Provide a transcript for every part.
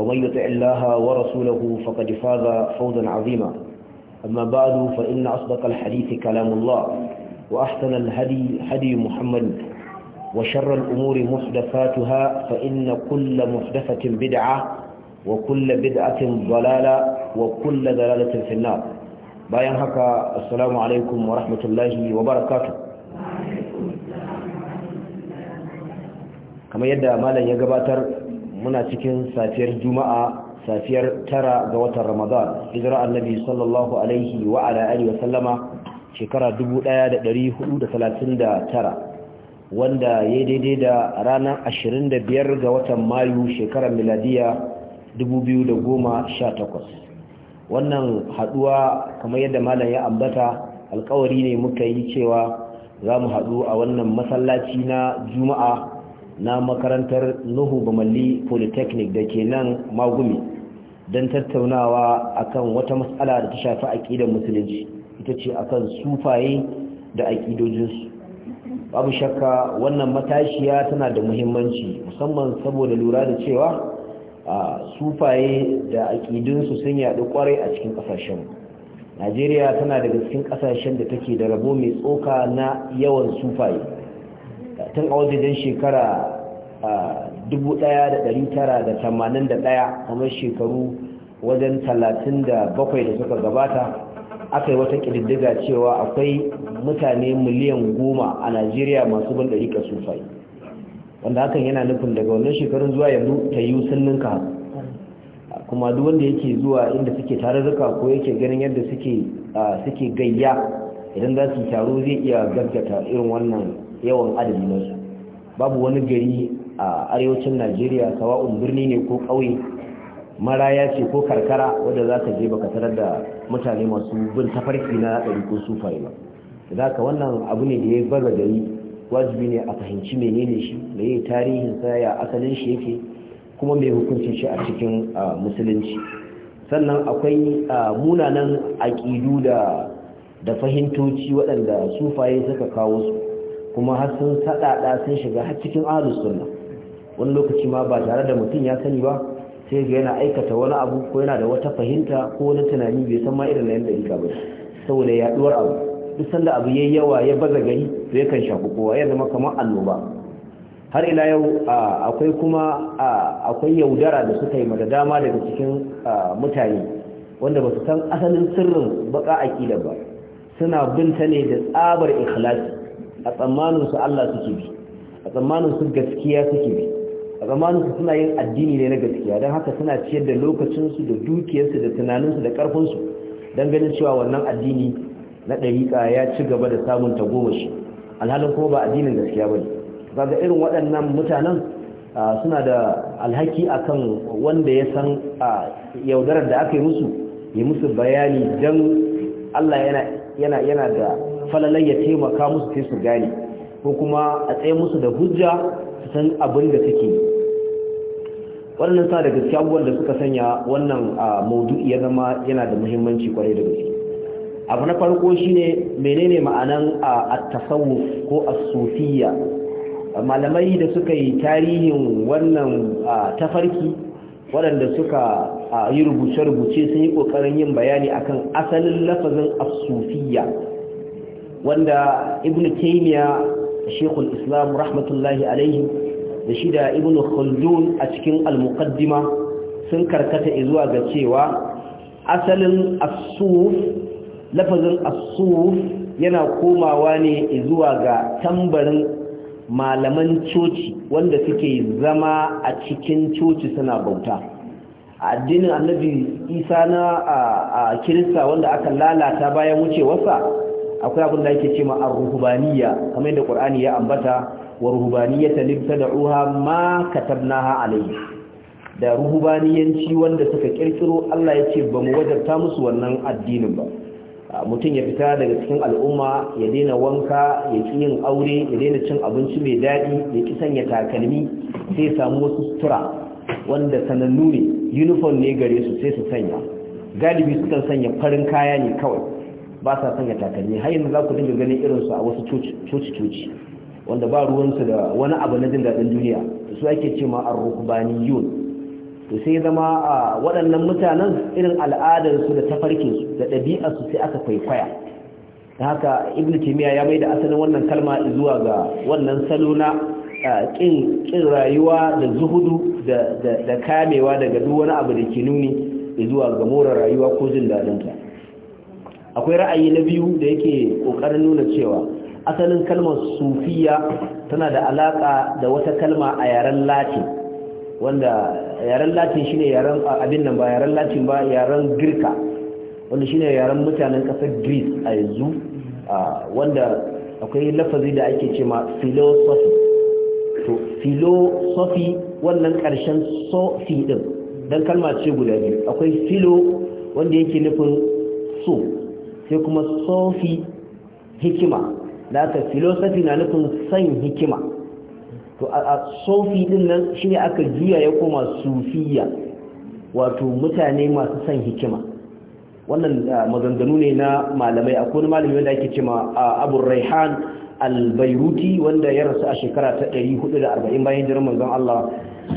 ومن يطع الله ورسوله فقد فاز فوزا عظيما أما بعد فإن أصدق الحديث كلام الله وأحسن الهدي هدي محمد وشر الأمور محدثاتها فإن كل محدثة بدعة وكل بدعة ضلالة وكل ضلالة في النار باين هكا السلام عليكم ورحمة الله وبركاته كما يدى مالا يقباتر muna cikin safiyar juma'a safiyar tara ga watan ramadan hijira annabi sallallahu alaihi wa ala alihi wa sallama shekara 1439 wanda ya daidai da ranar 25 ga watan mayu shekarar miladiya 2018 wannan haduwa kamar yadda malam ya ambata alkawari ne muka yi cewa za mu haɗu a wannan masallaci na juma'a na makarantar nuhu bamalli polytechnic da ke nan magumi don tattaunawa akan wata matsala da ta shafi aƙidar musulunci ita ce akan sufaye da aƙidojinsu babu shakka wannan matashiya tana da muhimmanci musamman saboda lura da cewa a sufaye da aƙidunsu sun yaɗu ƙwarai a cikin ƙasashen najeriya tana daga cikin ƙasashen da take da rabo mai tsoka na yawan sufaye tun a wajen shekara 1981 kamar shekaru wajen talatin da bakwai suka gabata aka yi wata ƙididdiga cewa akwai mutane miliyan goma a najeriya masu ban ɗarika sufai wanda hakan yana nufin daga wannan shekarun zuwa yanzu ta yi sun ninka kuma duk wanda yake zuwa inda suke tarurruka ko yake ganin yadda suke gayya idan za su taro zai iya gaggata irin wannan yawan adadi na babu wani gari a arewacin najeriya sawa'un birni ne ko ƙauye maraya ce ko karkara wadda za ka je baka tarar da mutane masu bin tafarki na ɗari ko sufaye ba da ka wannan abu ne da ya baza gari wajibi ne a fahimci menene shi da ya tarihin sa ya asalin shi yake kuma mai hukunci shi a cikin musulunci sannan akwai munanan aƙidu da da fahimtoci waɗanda sufaye suka kawo su kuma har sun saɗaɗa sun shiga har cikin ahlus sunna wani lokaci ma ba tare da mutum ya sani ba sai ga yana aikata wani abu ko yana da wata fahimta ko wani tunani bai san ma irin nan da yake ba saboda duwar abu duk sanda abu yayi yawa ya baza gari to yakan shafi kowa ya zama kamar annoba har ila yau akwai kuma akwai yaudara da suka yi mata dama daga cikin mutane wanda ba su san asalin sirrin baka akida ba suna ta ne da tsabar ikhlasi a tsammanin su Allah suke bi a tsammanin su gaskiya suke bi a tsammanin su suna yin addini ne na gaskiya don haka suna ciyar da lokacin da dukiyarsu da tunaninsu da ƙarfinsu don ganin cewa wannan addini na dariƙa ya ci gaba da samun tagomashi alhalin kuma ba addinin gaskiya ba bane ga irin waɗannan mutanen suna da alhaki akan wanda ya san yaudarar da aka yi musu yi musu bayani don Allah yana da falalai ya taimaka musu sai su gane ko kuma a tsaye musu da hujja su san abin da suke waɗannan sa da gaskiya, abubuwan da suka sanya wannan maudu'i ya zama yana da muhimmanci kwarai da gaske abu na farko shine menene ma'anan at-tasawuf ko as-sufiyya malamai da suka yi tarihin wannan tafarki waɗanda suka yi rubuce-rubuce sun yi ƙoƙarin yin bayani akan asalin lafazin as wanda ibn taymiya shekul islam rahmatullahi alaihi da shida ibn khaldun a cikin al-muqaddima sun karkata zuwa ga cewa asalin as-suf lafazin as-suf yana komawa ne zuwa ga tambarin malaman coci wanda suke zama a cikin coci suna bauta addinin annabi isa na a kirista wanda aka lalata bayan wucewarsa akwai abin da yake ce ma ar-ruhbaniyya kamar yadda Qur'ani ya ambata wa ruhbaniyyatan libtad'uha ma katabnaha alayhi da ruhbaniyanci wanda suka kirkiro Allah ya ce bamu wajabta musu wannan addinin ba mutum ya fita daga cikin al'umma ya daina wanka ya ki yin aure ya daina cin abinci mai daɗi ya ki sanya takalmi sai ya samu wasu sutura wanda sanannu ne uniform ne gare su sai su sanya galibi sukan sanya farin kaya ne kawai ba sa sanya takalmi har yanzu za ku dinga ganin irinsu a wasu coci-coci wanda ba ruwansu da wani abu na jin daɗin duniya su ake ce ma a rukbaniyun to sai zama a waɗannan mutanen irin al'adarsu da tafarkinsu da su sai aka kwaikwaya ta haka ibn kimiyya ya mai da asalin wannan kalma zuwa ga wannan salo na ƙin rayuwa da zuhudu da kamewa daga duk wani abu da ke nuni zuwa ga more rayuwa ko jin daɗinta akwai ra'ayi na biyu da yake kokarin nuna cewa asalin kalmar sufiya tana da alaka da wata kalma a yaren latin wanda yaren latin shine yaren abin nan ba yaren latin ba yaren girka wanda shine yaren mutanen kasar greece a yanzu wanda akwai lafazi da ake cema philosophy to philosophy wannan karshen sofi din dan kalma ce guda biyu akwai philo wanda yake nufin so sai kuma sofi hikima da aka filosofi na nufin san hikima to a sofi din nan shi ne aka juya ya koma sufiya wato mutane masu san hikima wannan maganganu ne na malamai akwai malami wanda ake cema abu raihan albairuti wanda ya rasu a shekara ta 440 bayan jiran manzon Allah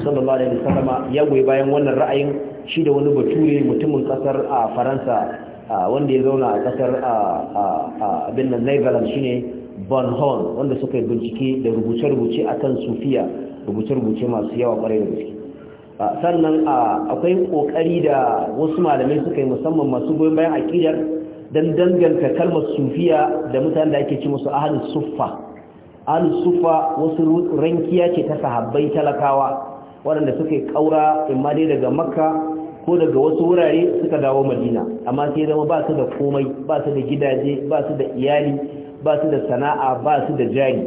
sallallahu alaihi wasallam ya goyi bayan wannan ra'ayin shi da wani bature mutumin kasar a faransa wanda ya zauna a kasar abin nan Netherlands shine Bonhorn wanda suka yi bincike da rubuce-rubuce a kan sufiya rubuce-rubuce masu yawa kwarai da gaske sannan akwai kokari da wasu malamai suka yi musamman masu goyon bayan aqidar dan danganta kalmar sufiya da mutanen da ake ci musu ahlus sufa ahlus sufa wasu rankiya ce ta sahabbai talakawa waɗanda suka yi kaura imma dai daga makka ko daga wasu wurare suka dawo madina amma sai zama ba su da komai ba su da gidaje ba su da iyali ba su da sana'a ba su da jari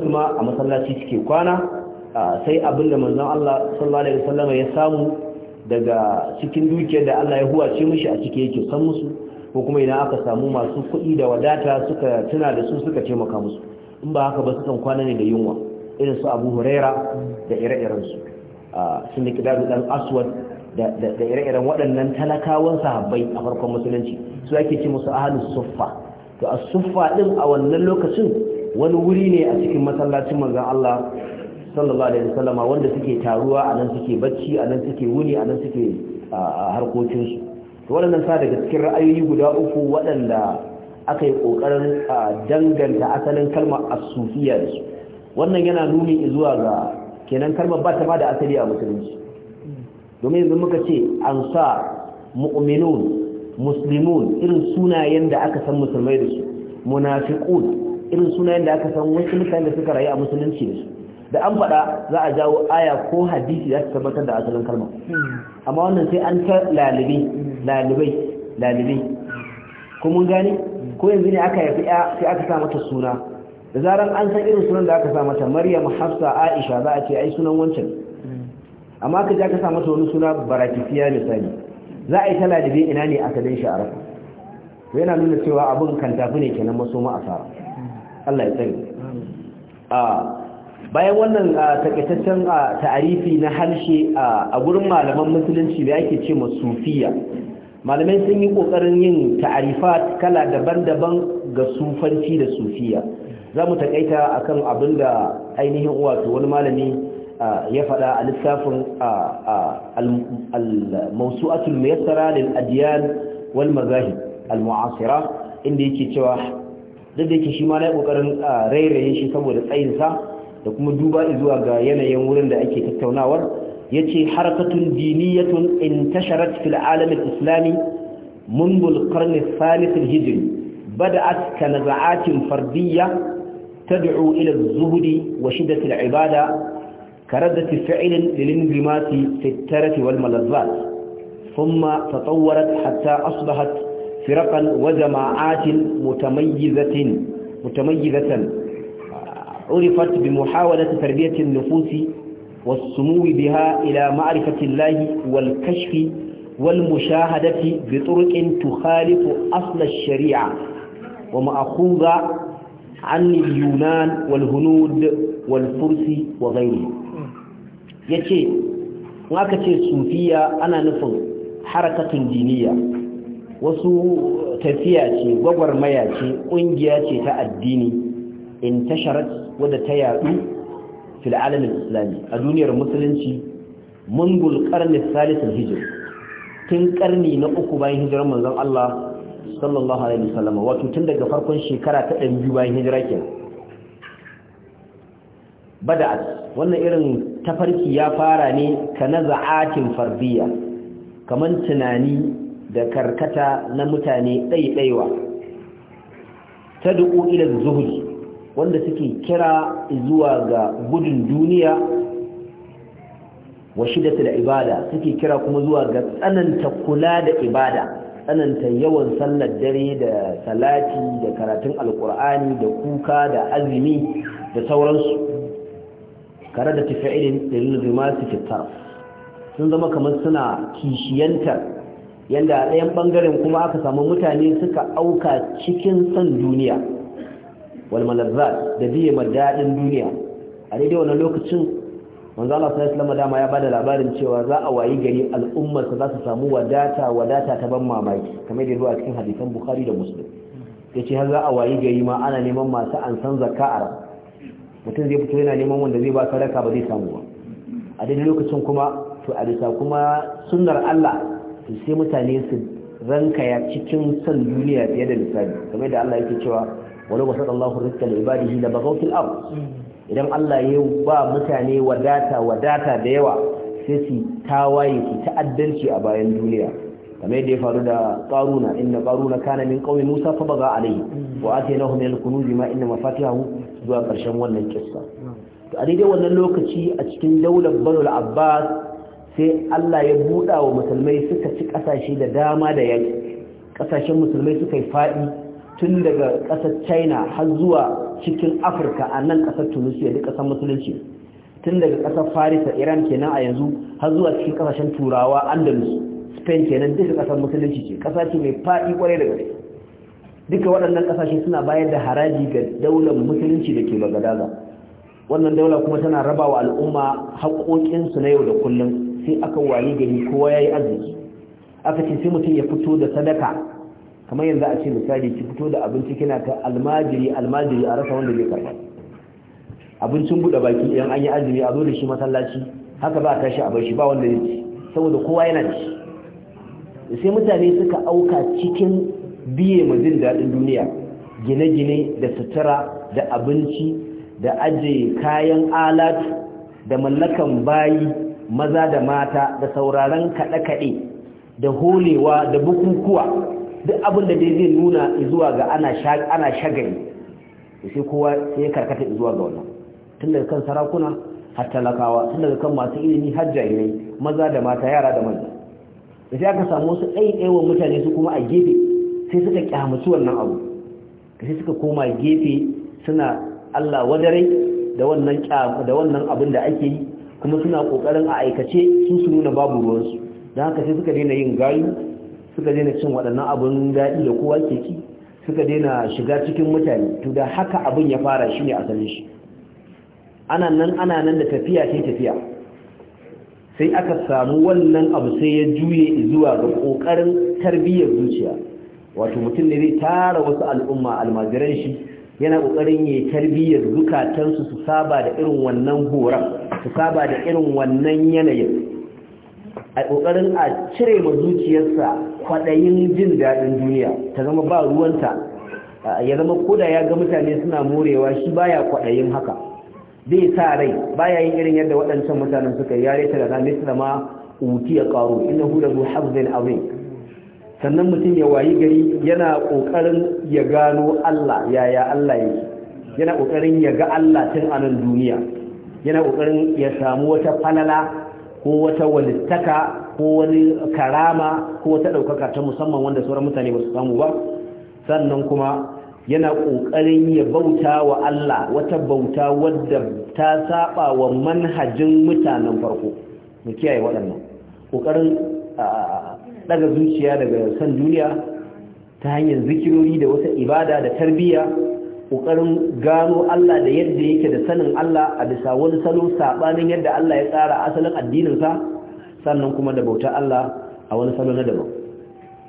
su ma a masallaci suke kwana sai abin da manzon Allah sallallahu alaihi wasallam ya samu daga cikin dukiyar da Allah ya huwace mishi a cike yake san musu ko kuma idan aka samu masu kuɗi da wadata suka tuna da su suka taimaka musu in ba haka ba su sukan kwana ne da yunwa irin su Abu Huraira da ire-irensu iren sun da kidaru dan Aswad da ire-iren waɗannan talakawan sahabbai a farkon musulunci su ake ce musu ahalus suffa to a suffa din a wannan lokacin wani wuri ne a cikin masallacin manzon Allah sallallahu alaihi wasallam wanda suke taruwa anan suke bacci anan suke wuni anan suke harkokin su to waɗannan sa daga cikin ra'ayoyi guda uku waɗanda aka yi kokarin danganta asalin kalmar as-sufiyya wannan yana nuni zuwa ga kenan kalmar ba ta ba da asali a musulunci domin yanzu muka ce ansar mu'minun musulmun irin sunayen da aka san musulmai da su munafiqun irin sunayen da aka san wasu mutane da suka rayu a musulunci da su da an faɗa za a jawo aya ko hadisi za su tabbatar da asalin kalma hmm. amma wannan sai an ta lalibai lalibai lalibai mun gane hmm. ko yanzu ne aka yafi ya sai aka sa mata suna da zaran an san irin sunan da aka sa mata maryam hafsa aisha za a ce ai sunan wancan amma ka ja ka sa mata wani suna barakisiya misali za a yi tala da bai ina ne a dan shi a rafa to yana nuna cewa abin kan tafi ne kenan maso ma asara Allah ya tsari bayan wannan takaitaccen ta'arifi na harshe a gurin malaman musulunci da ake ce sufiya malamai sun yi kokarin yin ta'arifa kala daban-daban ga sufanci da sufiya za mu takaita akan abin da ainihin wato wani malami ya faɗa a littafin al-mawsu'atul muyassara lil adyan wal mazahib al-mu'asira inda yake cewa duk da yake shi ma na kokarin rairaye shi saboda tsayinsa da kuma duba zuwa ga yanayin wurin da ake tattaunawar yace harakatun diniyatun intasharat fil alam al-islami منذ القرن الثالث الهجري بدأت كنزعات فردية تدعو إلى الزهد وشدة العبادة كردة فعل للانغماس في الترة والملذات ثم تطورت حتى أصبحت فرقا وجماعات متميزة متميزة عرفت بمحاولة تربية النفوس والسمو بها إلى معرفة الله والكشف والمشاهدة بطرق تخالف أصل الشريعة ومأخوذة عن اليونان والهنود والفرس وغيرهم ce in aka ce sufiya ana nufin harakatun diniya wasu tafiya ce gwagwarmaya ce ƙungiya ce ta addini in tasharat wadda ta yaɗu fil islami a duniyar musulunci mungul karni salisul hijir tun ƙarni na uku bayan hijirar manzon Allah sallallahu alaihi wasallam wato tun daga farkon shekara ta 200 bayan hijira kenan bada'at wannan irin tafarki ya fara ne ka naza'atin fardiya kaman tunani da karkata na mutane ɗaiɗaiwa ta duku ilar zuhuri wanda suke kira zuwa ga gudun duniya wa shidata da ibada suke kira kuma zuwa ga tsananta kula da ibada tsananta yawan sallar dare da salati da karatun alkur'ani da kuka da azumi da sauransu kare da tafi'ilin dalil su fitar sun zama kamar suna kishiyantar yadda a ɗayan ɓangaren kuma aka samu mutane suka auka cikin son duniya da biye madadin daɗin duniya a daidai wannan lokacin manzo Allah sai alaihi dama ya bada labarin cewa za a wayi gari al'ummar za su samu wadata wadata ta ban mamaki kamar da zuwa cikin hadisan Bukhari da Muslim yace har za a wayi gari ma ana neman masu ansan zakara mutum zai fito yana neman wanda zai ba sadaka ba zai samu ba a daidai lokacin kuma to a bisa kuma sunnar Allah to sai mutane su ranka ya cikin son duniya fiye da lissafi kamar da Allah yake cewa walau wa sallallahu rizqa li ibadihi la baghaw ard idan Allah ya ba mutane wadata wadata da yawa sai su tawaye su ta'addanci a bayan duniya kamar yadda ya faru da qaruna inna qaruna kana min qaumi musa fa baga alayhi wa atainahu min al-kunuz ma inna mafatihahu zuwa ƙarshen wannan kissa to a daidai wannan lokaci a cikin daular banul abbas sai allah ya buɗa wa musulmai suka ci ƙasashe da dama da yaƙi ƙasashen musulmai suka yi faɗi tun daga ƙasar china har zuwa cikin afirka a nan ƙasar tunisia duk ƙasar musulunci tun daga ƙasar faris da iran kenan a yanzu har zuwa cikin ƙasashen turawa andalus spain kenan duka ƙasar musulunci ce ƙasa ce mai faɗi ƙwarai da gaske duka waɗannan ƙasashe suna bayar da haraji ga daular musulunci da ke bagadaza wannan daula kuma tana raba wa al'umma haƙoƙinsu na yau da kullum sai aka wali gani kowa ya yi arziki aka ce sai mutum ya fito da sadaka kamar yanzu a ce misali ki fito da abinci kina ta almajiri almajiri a rasa wanda zai karɓa abincin buɗe baki idan an yi azumi a zo da shi masallaci haka ba a tashi a bar shi ba wanda zai ci saboda kowa yana da shi sai mutane suka auka cikin biye ma jin daɗin duniya gine-gine da sutura da abinci da ajiye kayan alatu da mallakan bayi maza da mata da sauraron kaɗe-kaɗe da holewa da bukukuwa duk abin da dai zai nuna zuwa ga ana shagari sai kowa sai ya karkata zuwa ga wannan tun daga kan sarakuna har talakawa tun daga kan masu ilimi har jami'ai maza da mata yara da manya da sai aka samu wasu ɗaiɗaiwa mutane su kuma a gefe sai suka kyamaci wannan abu sai suka koma gefe suna Allah wadare da wannan da wannan abin da ake yi kuma suna kokarin a aikace su su nuna babu ruwansu don haka sai suka daina yin gayu suka daina cin waɗannan abun daɗi da kowa ke ci suka daina shiga cikin mutane to da haka abin ya fara shine ne asalin shi ana nan ana nan da tafiya sai tafiya sai aka samu wannan abu sai ya juye zuwa ga kokarin tarbiyyar zuciya wato mutum ne zai tara wasu al'umma almajiran shi yana ƙoƙarin ya tarbiyyar zukatansu su saba da irin wannan horon su saba da irin wannan yanayin a ƙoƙarin a cire ma zuciyarsa kwaɗayin jin daɗin duniya ta zama ba ruwanta ya zama koda ya ga mutane suna morewa shi baya kwaɗayin haka zai sa rai baya yin irin yadda waɗancan mutanen suka yare ta da na uti ya ƙaro inna hu da zu hazzin abin sannan mutum ya wayi gari yana ƙoƙarin ya gano Allah yaya Allah yake yana ƙoƙarin ya ga Allah tun a nan duniya yana ƙoƙarin ya samu wata falala ko wata walittaka ko wani karama ko wata ɗaukaka ta musamman wanda sauran mutane ba su samu ba sannan kuma yana ƙoƙarin ya bauta wa Allah wata bauta wadda ta saba wa manhajin mutanen farko mu kiyaye waɗannan ƙoƙarin daga zuciya daga san duniya ta hanyar zikirori da wata ibada da tarbiyya ƙoƙarin gano Allah da yadda yake da sanin Allah a bisa wani salo saɓanin yadda Allah ya tsara asalin addininsa sannan kuma da bauta Allah a wani salo na daban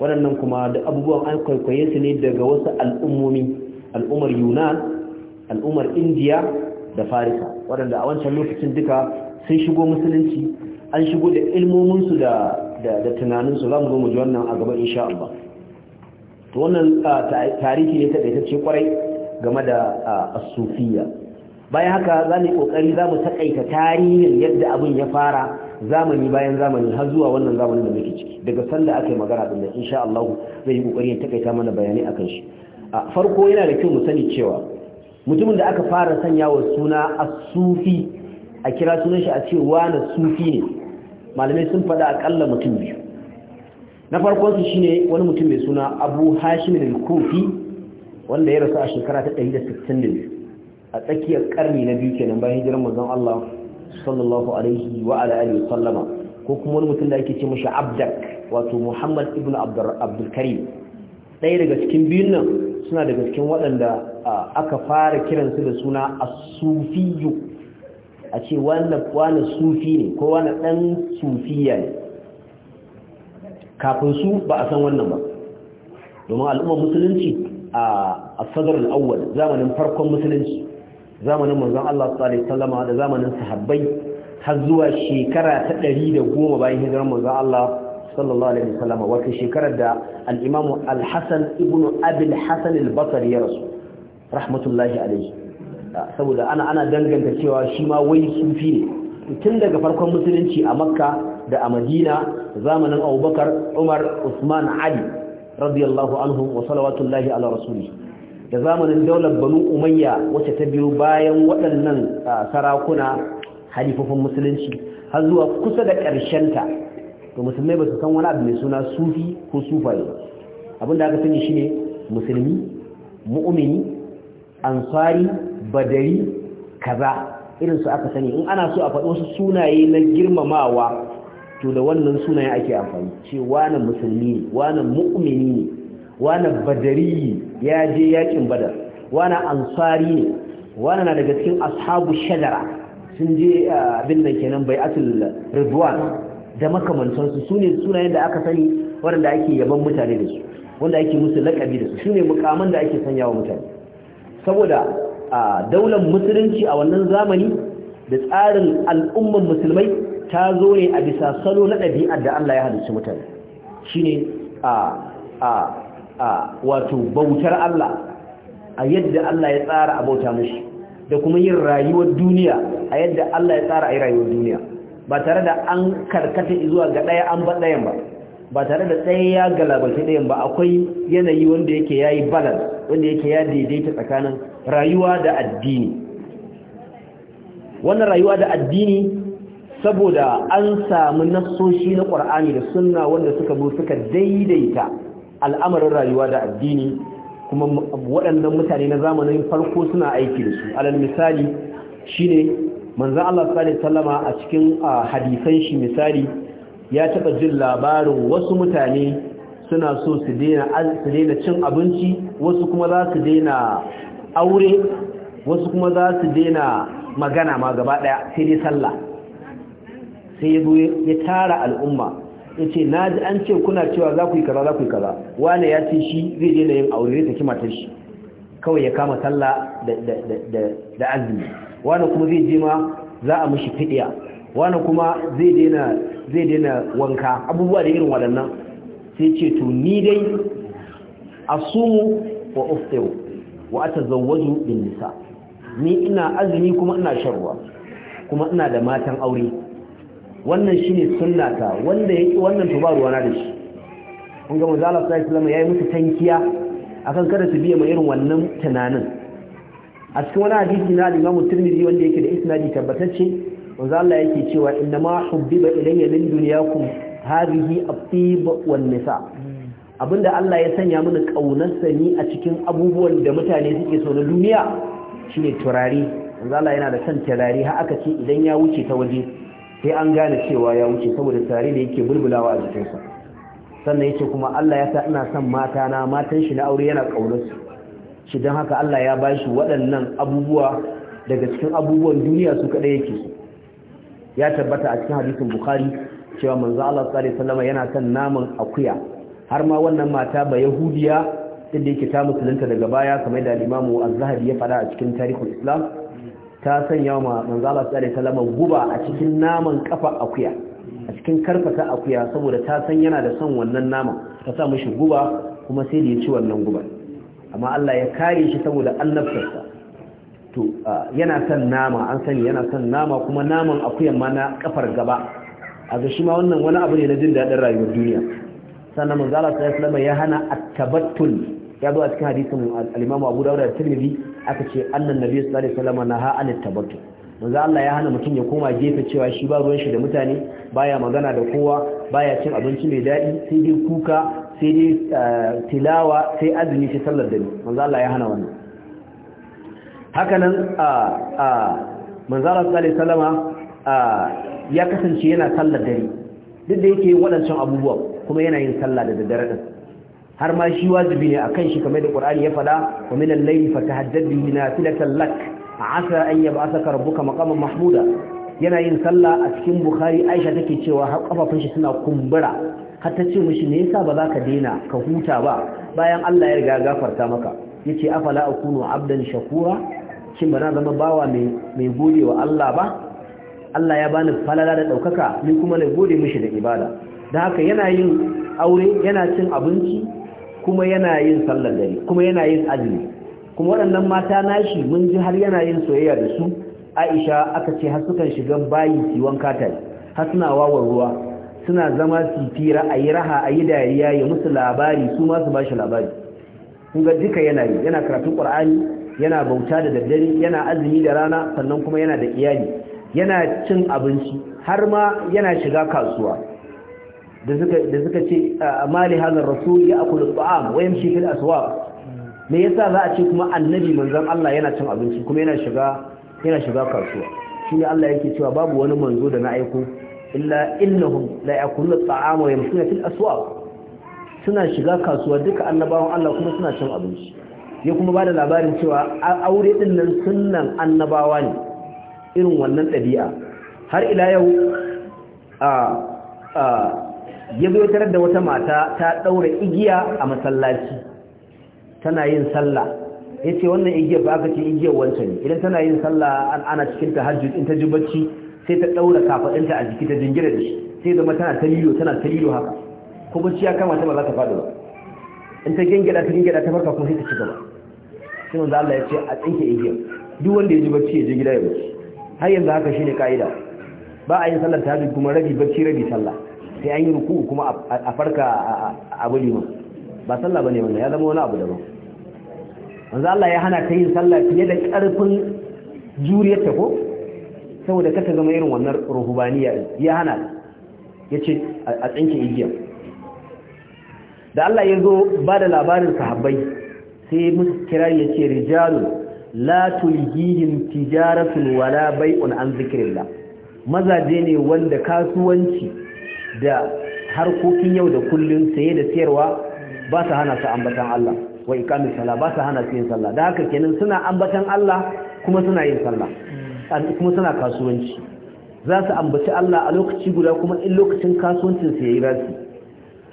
waɗannan kuma da abubuwan an kwaikwaye su ne daga wasu al'ummomi al'ummar yunan al'ummar indiya da farisa waɗanda a wancan lokacin duka sun shigo musulunci an shigo da su da da tunaninsu za mu zo mu ji wannan a gaba insha Allah to wannan tarihi ne ta taƙaitacce kwarai game da Asufiya. bayan haka za mu yi ƙoƙari za mu taƙaita tarihin yadda abin ya fara zamani bayan zamani har zuwa wannan zamanin da muke ciki daga sanda aka magana din nan insha Allah zai yi ƙoƙari ya taƙaita mana bayanai akan shi farko yana da kyau mu sani cewa mutumin da aka fara sanya wa suna as-sufi a kira sunan shi a ce wani sufi ne malamai sun faɗa akalla mutum biyu na farkon su shine wani mutum mai suna Abu Hashim al wanda ya rasu a shekara ta 162 a tsakiyar karni na biyu kenan bayan hijirar manzon Allah sallallahu alaihi wa ala alihi sallama ko kuma wani mutum da ake ce mishi Abdak wato Muhammad ibn Abdul Karim ɗaya daga cikin biyun nan suna daga cikin waɗanda aka fara kiransu da suna as a ce wani sufi ne ko wani ɗan sufiya ne kafin su ba a san wannan ba domin al'ummar musulunci a sadar al'awwal zamanin farkon musulunci zamanin manzon Allah sallallahu da zamanin sahabbai har zuwa shekara ta ɗari da goma bayan hijirar manzon Allah sallallahu alaihi wasallam wata shekarar da al-Imam ibn Abi al ya rasu rahmatullahi alaihi saboda ana ana danganta cewa shi ma wai sufi ne tun daga farkon musulunci a makka da a madina zamanin abubakar umar usman ali radiyallahu anhum wa salawatullahi ala rasuli da zamanin daular banu umayya wacce ta biyo bayan waɗannan sarakuna halifofin musulunci har zuwa kusa da ta, to musulmai ba su san wani abu mai suna sufi ko sufaye abinda aka sani shine musulmi mu'mini ansari badari kaza irin su aka sani in ana so a faɗo su sunaye na girmamawa to da wannan sunaye ake amfani ce wani musulmi ne wani mu'mini ne wani badari ya je yakin badar wani ansari ne wani na daga cikin ashabu shadara sun je abin da kenan bai atul rizwan da makamantansu su ne sunayen da aka sani waɗanda ake yaban mutane da su wanda ake musu laƙabi da su su ne mukaman da ake sanya wa mutane saboda a daular musulunci a wannan zamani da tsarin al'umman musulmai ta zo ne a bisa salo na ɗabi'ar da Allah ya halicci mutane shine a a wato bautar Allah a yadda Allah ya tsara a bauta mishi da kuma yin rayuwar duniya a yadda Allah ya tsara a yi rayuwar duniya ba tare da an karkata zuwa ga ɗaya an ba ɗayan ba ba tare da tsaye ya galabace ɗayan ba akwai yanayi wanda yake ya yi balance wanda yake ya daidaita tsakanin rayuwa da addini wannan rayuwa da addini saboda an samu nassoshi na ƙwar'ani da sunna wanda suka bu suka daidaita al'amarin rayuwa da addini kuma waɗannan mutane na zamanin farko suna aiki da su alal misali shine manzon Allah sallallahu alaihi wasallama a cikin hadisan shi misali ya taɓa jin labarin wasu mutane suna so su daina cin abinci wasu kuma za su daina aure wasu kuma za su daina magana ma gaba daya sai dai sallah sai ya tara al'umma ya ce na ji an ce kuna cewa za ku yi kaza za ku yi kaza wani ya ce shi zai daina yin aure zai saki matar shi kawai ya kama sallah da azumi wani kuma zai je ma za a mishi fidiya wani kuma zai daina zai daina wanka abubuwa da irin waɗannan sai ce to ni dai asumu wa uftiru wa ta zauwaju bin nisa ni ina azumi kuma ina sharwa kuma ina da matan aure wannan ne sunnata wanda ƙi wannan to ba da shi in ga manzo Allah ya ya yi musu tankiya akan kada su biya ma irin wannan tunanin a cikin wani hadisi na alimamu turmiri wanda yake da isnadi tabbatacce wanzu Allah yake cewa inna ma hubbiba ilayya min dunyakum hadhihi at-tib wal nisa abinda Allah ya sanya mana kaunar ni a cikin abubuwan da mutane suke so na duniya shine turare wanzu Allah yana da san turare har aka ce idan ya wuce ta waje sai an gane cewa ya wuce saboda turare da yake bulbulawa a jikinsa sannan yace kuma Allah ya sa ina son mata na matan shi na aure yana kaunar su shi don haka Allah ya bashi waɗannan abubuwa daga cikin abubuwan duniya su kaɗai yake su ya tabbata a cikin hadisin bukhari cewa manzo Allah sallallahu alaihi wasallam yana san naman akuya har ma wannan mata ba yahudiya din da yake ta musulunta daga baya kamar da Imam Az-Zahabi ya fada a cikin Tarikhul Islam ta sanya ma manzo Allah sallallahu alaihi wasallam guba a cikin naman kafa akuya a cikin karfata akuya saboda ta san yana da son wannan nama ta sa mishi guba kuma sai da ya ci wannan guba amma Allah ya kare shi saboda annabtarsa to yana son nama an sani yana son nama kuma naman akuyan ma na kafar gaba a ga shi ma wannan wani abu ne na jin daɗin rayuwar duniya sannan Allah sallallahu alaihi ya hana at-tabattul ya zo a cikin hadisin al-Imam Abu Dawud da Tirmidhi aka ce annan nabi sallallahu alaihi wasallam ha an-tabattul manzo Allah ya hana mutum ya koma gefe cewa shi ba ruwan shi da mutane baya magana da kowa baya cin abinci mai daɗi sai dai kuka sai dai eh, tilawa sai azumi sai sallar dare manzo Allah ya hana wannan hakanan a a manzara sallallahu alaihi ya kasance yana sallar dare duk da yake waɗancan abubuwa kuma yana yin sallah da daddare din har ma shi wajibi ne akan shi kamar da Qur'ani ya fada wa min al-layli fatahajjad bihi nafilatan lak asa an yab'athaka rabbuka maqaman mahmuda yana yin sallah a cikin Bukhari Aisha take cewa har kafafun shi suna kumbura har ta ce mishi me yasa ba za ka daina ka huta ba bayan Allah ya riga gafarta maka yace afala akunu abdan shakura shin ba na zama bawa mai gode wa Allah ba Allah ya bani falala da ɗaukaka ni kuma na gode mishi da ibada da haka yana yin aure yana cin abinci kuma yana yin sallar dare kuma yana yin azumi kuma waɗannan mata nashi mun ji har yana yin soyayya da su Aisha aka ce har sukan shiga bayi su wanka ta har suna wawar ruwa suna zama su fira ayi raha a yi dariya ya musu labari su ma su bashi labari kun ga duka yana yi yana karatun Qur'ani yana bauta da daddare yana azumi da rana sannan kuma yana da iyali yana cin abinci har ma yana shiga kasuwa da suka ce amali hazar rasu ya akulu ta'am wa yamshi fil aswaq me yasa za a ce kuma annabi manzon Allah yana cin abinci kuma yana shiga yana shiga kasuwa shine Allah yake cewa babu wani manzo da na aiko illa innahum la yakulu ta'am wa yamshuna fil aswaq suna shiga kasuwa duka annabawan Allah kuma suna cin abinci ya kuma ba da labarin cewa aure din nan sunnan annabawa ne irin wannan ɗabi'a har ila yau a ya zo tarar da wata mata ta ɗaura igiya a masallaci tana yin sallah ya ce wannan igiyar ba aka ce igiyar wancan ne idan tana yin sallah ana cikin ta hajji in ta ji bacci sai ta ɗaura kafaɗinta a jiki ta jingira da shi sai zama tana ta lilo tana ta lilo haka ko bacci ya kama ta ba za ta faɗi ba in ta gengada ta gengada ta farka kuma sai ta ci gaba sai manzo Allah ya ce a tsinke igiyar duk wanda ya ji bacci ya je gida ya bacci har yanzu haka shine kaida ba a yin sallar tahajjud kuma rabi bacci rabi sallah sai an yi ruku kuma a farka a guri ma ba sallah bane wannan ya zama wani abu daban manzo Allah ya hana ta yin sallah fiye da karfin ta ko saboda kata zama irin wannan ruhubaniya ya hana ya ce a tsinke igiyar da Allah ya zo ba da labarin sahabbai sai musu kirari ce rijalun la tulhihim tijaratun wala bai'un an zikrillah mazaje ne wanda kasuwanci da harkokin yau da kullun saye da sayarwa ba su hana su ambatan Allah wa iqamis sala ba su hana su yin sallah da haka kenan suna ambatan Allah kuma suna yin sallah kuma suna kasuwanci za su ambaci Allah a lokaci guda kuma in lokacin kasuwancin su yayi rasi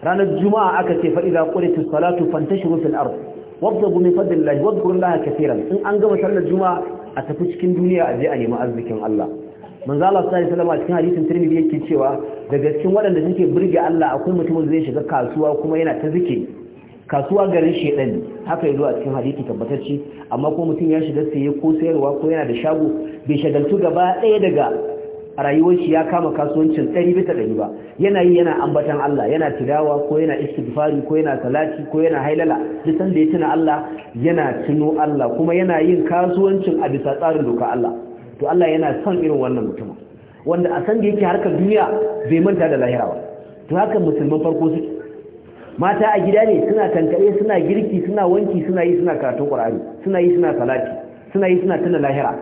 ranar juma'a aka ce fa idza qulatu salatu fantashiru fil ardh wabdabu min fadlillahi wadhkurullaha katiran in an gama sallar juma'a a tafi cikin duniya a je a nemi arzikin Allah manzo Allah sallallahu alaihi wasallam a cikin hadisin Tirmidhi yake cewa daga cikin waɗanda suke burge Allah akwai mutumin zai shiga kasuwa kuma yana ta zike. kasuwa garin shedan haka yazo a cikin hadisi tabbatacce amma ko mutum ya shiga saye ko sayarwa ko yana da shago bai shagaltu gaba ɗaya daga a rayuwar shi ya kama kasuwancin ɗari bisa ɗari ba yana yi yana ambatan Allah yana tilawa ko yana istighfari ko yana salati ko yana hailala duk sanda ya tuna Allah yana tuno Allah kuma yana yin kasuwancin a bisa tsarin doka Allah to Allah yana son irin wannan mutum wanda a san da yake harkar duniya bai manta da lahira ba to haka musulman farko suke mata a gida ne suna kankare suna girki suna wanki suna yi suna karatun qur'ani suna yi suna salati suna yi suna tuna lahira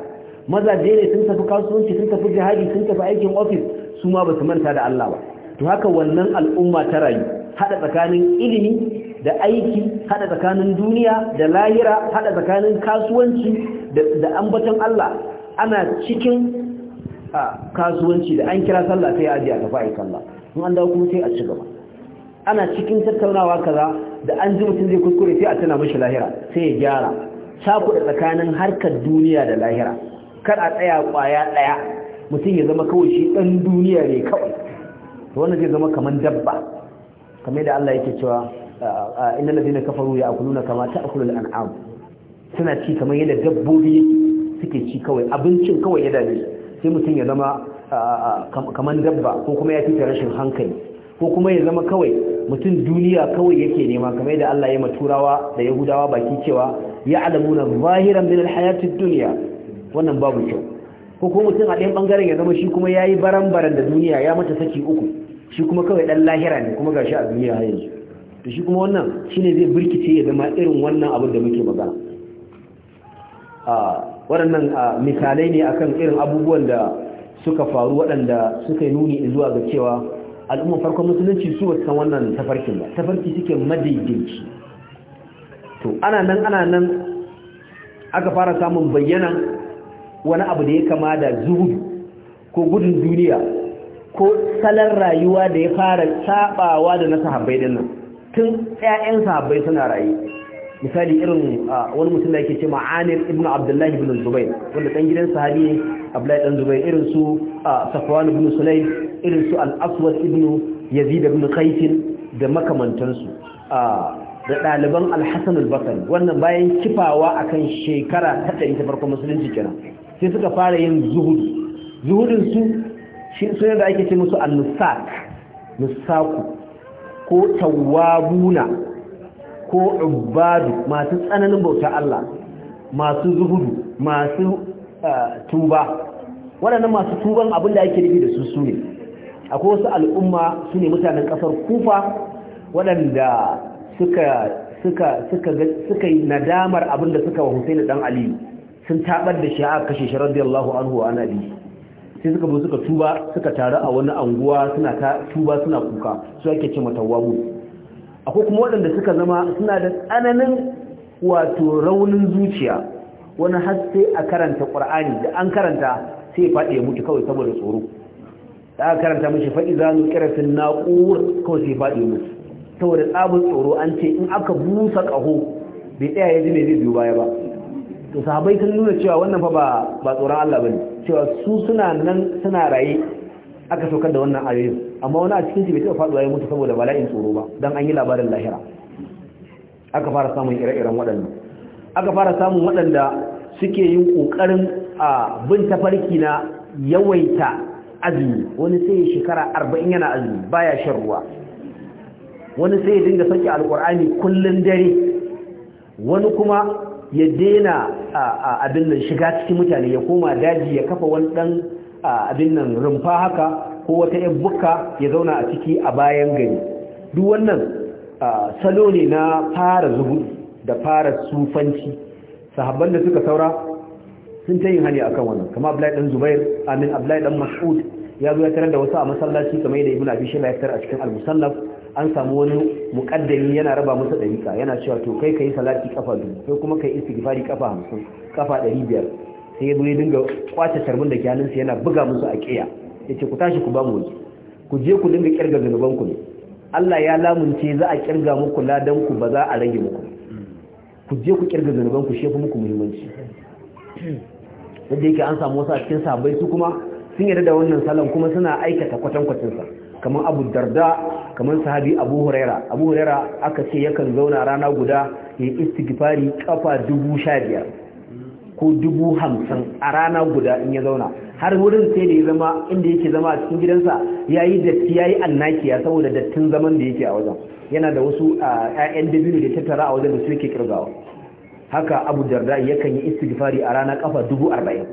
mazaje ne sun tafi kasuwanci sun tafi jihadi sun tafi aikin ofis su ma ba su manta da Allah ba to haka wannan al'umma ta rayu hada tsakanin ilimi da aiki hada tsakanin duniya da lahira hada tsakanin kasuwanci da ambaton Allah ana cikin kasuwanci da an kira sallah sai aje a tafi aikin Allah an dawo kuma sai a ci gaba ana cikin tattaunawa kaza da an ji mutum zai kuskure sai a tana mishi lahira sai ya gyara cakuɗa tsakanin harkar duniya da lahira kar a tsaya kwaya daya mutum ya zama kawai shi dan duniya ne kawai to wannan zai zama kaman dabba kamar da Allah yake cewa inna ladina kafaru ya'kuluna kama ta'kulu al-an'am suna ci kamar yadda dabbobi suke ci kawai abincin kawai ya dace sai mutum ya zama kaman dabba ko kuma ya fita rashin hankali ko kuma ya zama kawai mutum duniya kawai yake nema kamar yadda Allah ya maturawa da Yahudawa baki cewa ya'lamuna zahiran min al-hayatid dunya wannan babu kyau ko kuma mutum a ɗayan ɓangaren ya zama shi kuma ya yi baran-baran da duniya ya mata saki uku shi kuma kawai ɗan lahira ne kuma gashi a duniya har yanzu to shi kuma wannan shi ne zai birkice ya zama irin wannan abin da muke magana a waɗannan misalai ne akan irin abubuwan da suka faru waɗanda suka yi nuni zuwa ga cewa al'umma farkon musulunci su wasu san wannan tafarkin ba tafarki suke madaidaici to ana nan ana nan aka fara samun bayyana wani abu da ya kama da zuhudu ko gudun duniya ko salon rayuwa da ya fara sabawa da na sahabbai din tun ƴaƴan sahabbai suna rayu misali irin wani mutum da yake ce ma'anir ibnu abdullahi ibn zubair wanda dan gidan sahabi ne abdullahi dan zubair irin su safwan ibn sulaim irin su al-aswad ibn yazid ibn qais da makamantansu da ɗaliban al-basri wannan bayan kifawa akan shekara ta ɗari ta farkon musulunci kenan sai suka fara yin zuhudu zuhudun su shi sun da ake ce musu annusak nusaku ko tawabuna ko ubadu masu tsananin bauta Allah masu zuhudu masu eh, tuba waɗannan masu tuban abin da ake nufi da su su ne akwai wasu al'umma su ne mutanen ƙasar kufa waɗanda suka yi nadamar abin da suka wa Husaini dan Aliyu sun tabar da shi a kashe shi radiyallahu anhu ana bi sai suka zo suka tuba suka taru a wani anguwa suna ta tuba suna kuka su ake ce matawabu akwai kuma waɗanda suka zama suna da tsananin wato raunin zuciya wani har sai a karanta qur'ani da an karanta sai ya faɗi ya mutu kawai saboda tsoro da aka karanta mashi faɗi za mu kira fin na'ur kawai sai ya faɗi ya mutu saboda tsabin tsoro an ce in aka busa ƙaho bai tsaya ya ji mai zai biyo baya ba to sahabbai sun nuna cewa wannan fa ba tsoron Allah bane cewa su suna nan suna raye aka saukar da wannan ayoyin amma wani a cikin su bai taɓa faɗuwa ya mutu saboda bala'in tsoro ba dan an yi labarin lahira aka fara samun ire-iren waɗannan aka fara samun waɗanda suke yin ƙoƙarin a bin tafarki na yawaita azumi wani sai shekara arba'in yana azumi baya shan ruwa wani sai ya dinga sauke alƙur'ani kullum dare wani kuma ya dena abin nan shiga cikin mutane ya koma daji ya kafa wani dan abin nan rumfa haka ko wata yan bukka ya zauna a ciki a bayan gari duk wannan salo ne na fara zubu da fara sufanci sahabban da suka saura sun ta yin hali akan wannan kama Abdullahi dan Zubair amin Abdullahi dan Mas'ud ya zo ya tarar da wasu a masallaci kamar yadda Ibn Abi Shayba ya tarar a cikin al an samu wani mukaddami yana raba masa dariƙa yana cewa to kai kai salati kafa dubu kai kuma kai istighfari kafa 50 kafa 500 sai yazo ya dinga kwace tarbin da kyanin sa yana buga musu a aqiya yace ku tashi ku ba mu waje ku je ku dinga kirga zunuban ku ne Allah ya lamunce za a kirga muku ladan ku ba za a rage muku ku je ku kirga zunuban ku shefu muku muhimmanci yadda yake an samu wasu a cikin sabai su kuma sun yarda da wannan salon kuma suna aikata kwatankwacin sa kamar abu darda kamar sahabi abu huraira abu huraira aka ce yakan zauna rana guda ya istigifari kafa dubu sha biyar ko dubu hamsin a rana guda in ya zauna har wurin sai da ya zama inda yake zama a cikin gidansa ya yi datti ya yi annakiya saboda dattin zaman da yake a wajen yana da wasu 'ya'yan dabino da tattara a wajen da su yake kirgawa haka abu darda yakan yi istigifari a rana kafa dubu arba'in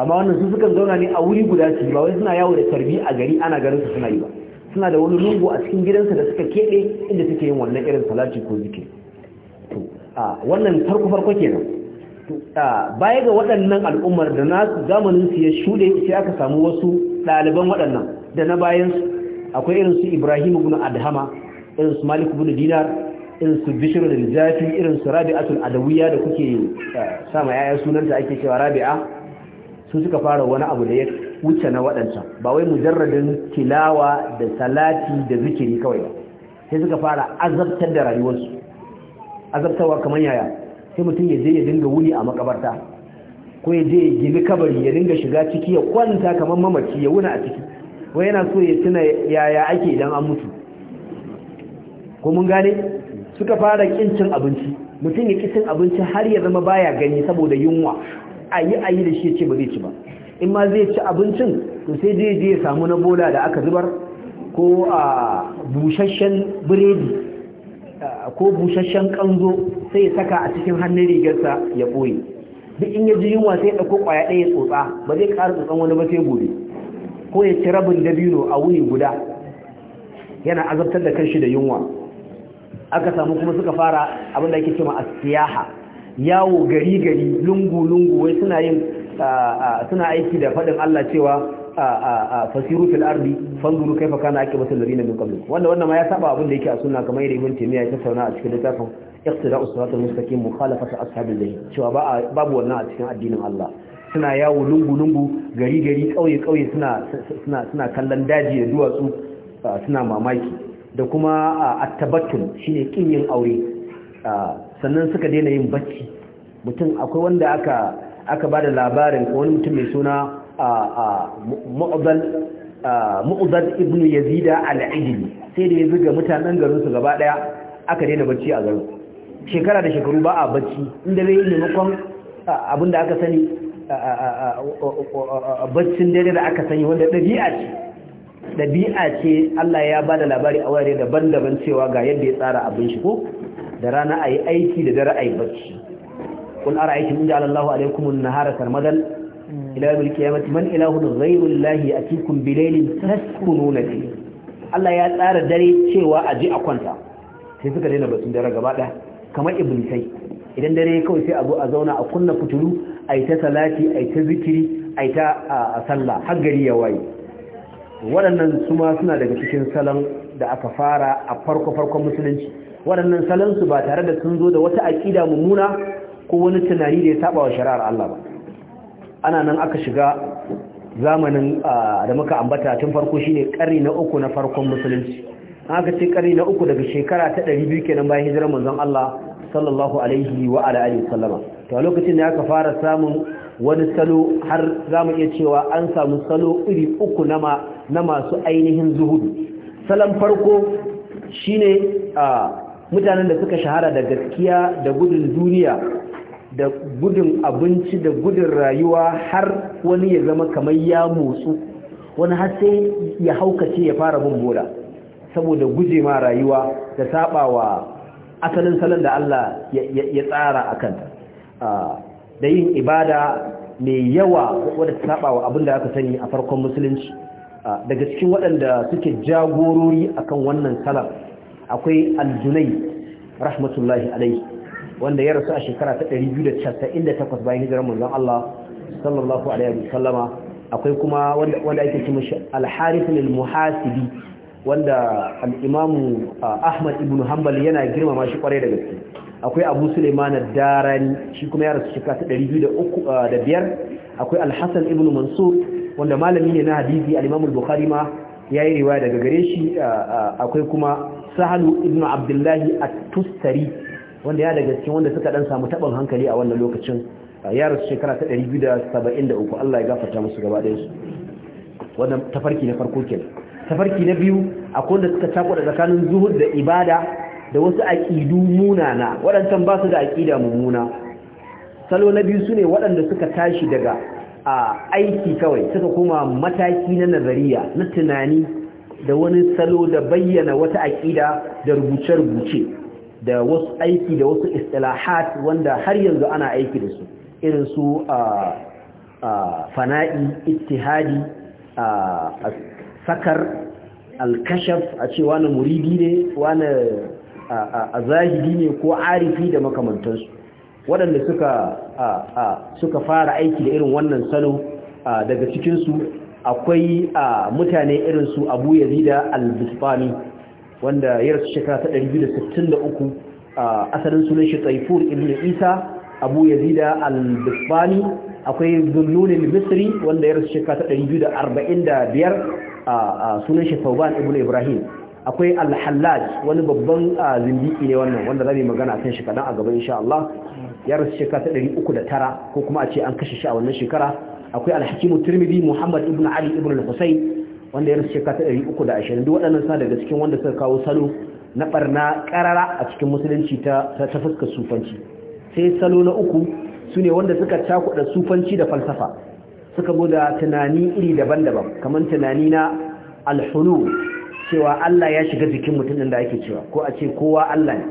amma wannan su sukan zauna ne a wuri guda su ba wai suna yawo da karbi a gari ana ganin su suna yi ba suna da wani lungu a cikin gidansa da suka keɓe inda suke yin wannan irin salati ko zikiri to a wannan farko farko kenan to baya ga waɗannan al'ummar da na zamanin su ya shuɗe sai aka samu wasu ɗaliban waɗannan da na bayan su akwai irin su Ibrahim ibn Adhama irin su Malik ibn Dinar irin su Bishr ibn Zafi irin su Rabi'atul Adawiyya da kuke sama yaya sunanta ake cewa Rabi'a su suka fara wani abu da ya wuce na waɗancan ba wai mujarradin tilawa da salati da zikiri kawai ba sai suka fara azabtar da rayuwarsu azabtarwa kamar yaya sai mutum ya je ya dinga wuni a makabarta ko ya je ya gini kabari ya dinga shiga ciki ya kwanta kamar mamaci ya wuna a ciki wai yana so ya tuna yaya ake idan an mutu ko mun gane suka fara kin cin abinci mutum ya ki cin abinci har ya zama baya gani saboda yunwa ayi ayi da shi ce ba zai ci ba in ma zai ci abincin to sai zai je ya samu na bola da aka zubar ko a busasshen biredi ko busasshen kanzo sai ya saka a cikin hannun rigarsa ya ɓoye duk in ya ji yunwa sai ya ɗauko ƙwaya ɗaya tsotsa ba zai ƙara tsotsan wani ba sai gobe ko ya ci rabin dabino a wuni guda yana azabtar da kanshi da yunwa aka samu kuma suka fara abin da ake cewa siyaha. yawo gari gari lungu lungu wai suna yin suna aiki da faɗin Allah cewa fasiru fil ardi fanzuru kaifa kana aqibatul ladina min qablikum wanda wannan ma ya saba abin da yake a sunna kamar yadda Ibn timiya ya tattauna a cikin littafin iqtida usratul mustaqim mukhalafatu ashabil jahil cewa ba babu wannan a cikin addinin Allah suna yawo lungu lungu gari gari kauye kauye suna suna suna kallon daji da duwatsu suna mamaki da kuma at-tabattul shine kin yin aure sannan suka daina yin bacci mutum akwai wanda aka aka bada labarin ko wani mutum mai suna mu'udal ibnu yazida al ajli sai da ya zuga mutanen garin su gaba daya aka daina bacci a garin shekara da shekaru ba a bacci inda zai maimakon abinda aka sani baccin dare da aka sani wanda ɗabi'a ce dabi'a ce Allah ya bada labari a wurare daban-daban cewa ga yadda ya tsara abin shi ko da rana a yi aiki da dare a yi bacci kun ara aiki mun ja'ala Allahu alaikum an-nahara sarmadan ila yawmil qiyamati man ilahun ghayru Allahi atikum bilailin taskununa ce. Allah ya tsara dare cewa a ji a kwanta sai suka daina batun dare gaba kamar iblisai idan dare kawai sai a zo a zauna a kunna fitulu a yi ta salati a yi ta zikiri a yi ta sallah har gari ya waye waɗannan su ma suna daga cikin salon da aka fara a farko-farkon musulunci waɗannan salansu ba tare da sun zo da wata aƙida mummuna ko wani tunani da ya saba wa shari'ar Allah ba ana nan aka shiga zamanin da muka ambata tun farko shine ƙarni na uku na farkon musulunci aka ce ƙarni na uku daga shekara ta ɗari biyu kenan bayan hijirar manzon Allah sallallahu alaihi wa ala alihi sallama to a lokacin da aka fara samun wani salo har za mu iya cewa an samu salo iri uku na masu ainihin zuhudu salon farko shine a mutanen da suka shahara da gaskiya da gudun duniya da gudun abinci da gudun rayuwa har wani ya zama kamar ya motsu wani har sai ya haukace ya fara bin bola saboda guje ma rayuwa da sabawa asalin salon da Allah ya tsara a kanta da yin ibada mai yawa wadda ta sabawa abin da aka sani a farkon musulunci daga cikin waɗanda suke jagorori akan wannan salon akwai aljunai rahmatullahi alaihi wanda ya rasu a shekara ta 298 bayan hijirar manzon Allah sallallahu alaihi wasallama akwai kuma wanda ake cewa al-harith al-muhasibi wanda al-imamu uh, Ahmad ibn Hanbal yana girmama shi kwarai da gaske akwai Abu Sulaiman ad-Darani shi kuma ya rasu shekara ta uh, biyar akwai al-Hasan ibn Mansur wanda malami ne na hadisi al-Imam al-Bukhari ma yayi riwaya daga gare shi uh, akwai kuma sahalu ibnu abdullahi at-tustari wanda ya daga cikin wanda suka dan samu taɓin hankali a wannan lokacin uh, ya rasu shekara ta 273 Allah ya gafarta musu gaba ɗaya su wannan tafarki na farko kenan tafarki na biyu akwai wanda suka tako da tsakanin zuhud da ibada da wasu aqidu munana waɗancan ba su da aqida mummuna salo na biyu sune waɗanda suka tashi daga a uh, aiki kawai suka koma mataki na nazariya na tunani da wani salo da bayyana wata aƙida da rubuce-rubuce da wasu aiki da wasu istilahat wanda har yanzu ana aiki da su irin su a fana'i ittihadi sakar alkashaf a ce wani muridi ne wani a zahidi ne ko arifi da makamantansu waɗanda suka fara aiki da irin wannan salo daga cikinsu akwai a mutane irin su abu Zida al-bisfani wanda ya rasu shekara ta 263 asalin sunan shi tsaifur ibn isa abu ya Zida al-bisfani akwai zunnun misri wanda ya rasu shekara ta 245 sunan shi tauban ibn ibrahim akwai al-hallaj wani babban zindiki ne wannan wanda zamu magana kan shi kadan a gaba insha Allah ya rasu shekara ta 309 ko kuma a ce an kashe shi a wannan shekara akwai alhakimu turmidi muhammad ibn ali ibn al-husayn wanda ya rasu shekara ta 320 duk waɗannan sa daga cikin wanda suka kawo salo na barna karara a cikin musulunci ta ta fuskar sufanci sai salo na uku sune wanda suka cakuɗa sufanci da falsafa suka zo da tunani iri daban-daban kamar tunani na alhulu cewa Allah ya shiga jikin mutum da ake cewa ko a ce kowa Allah ne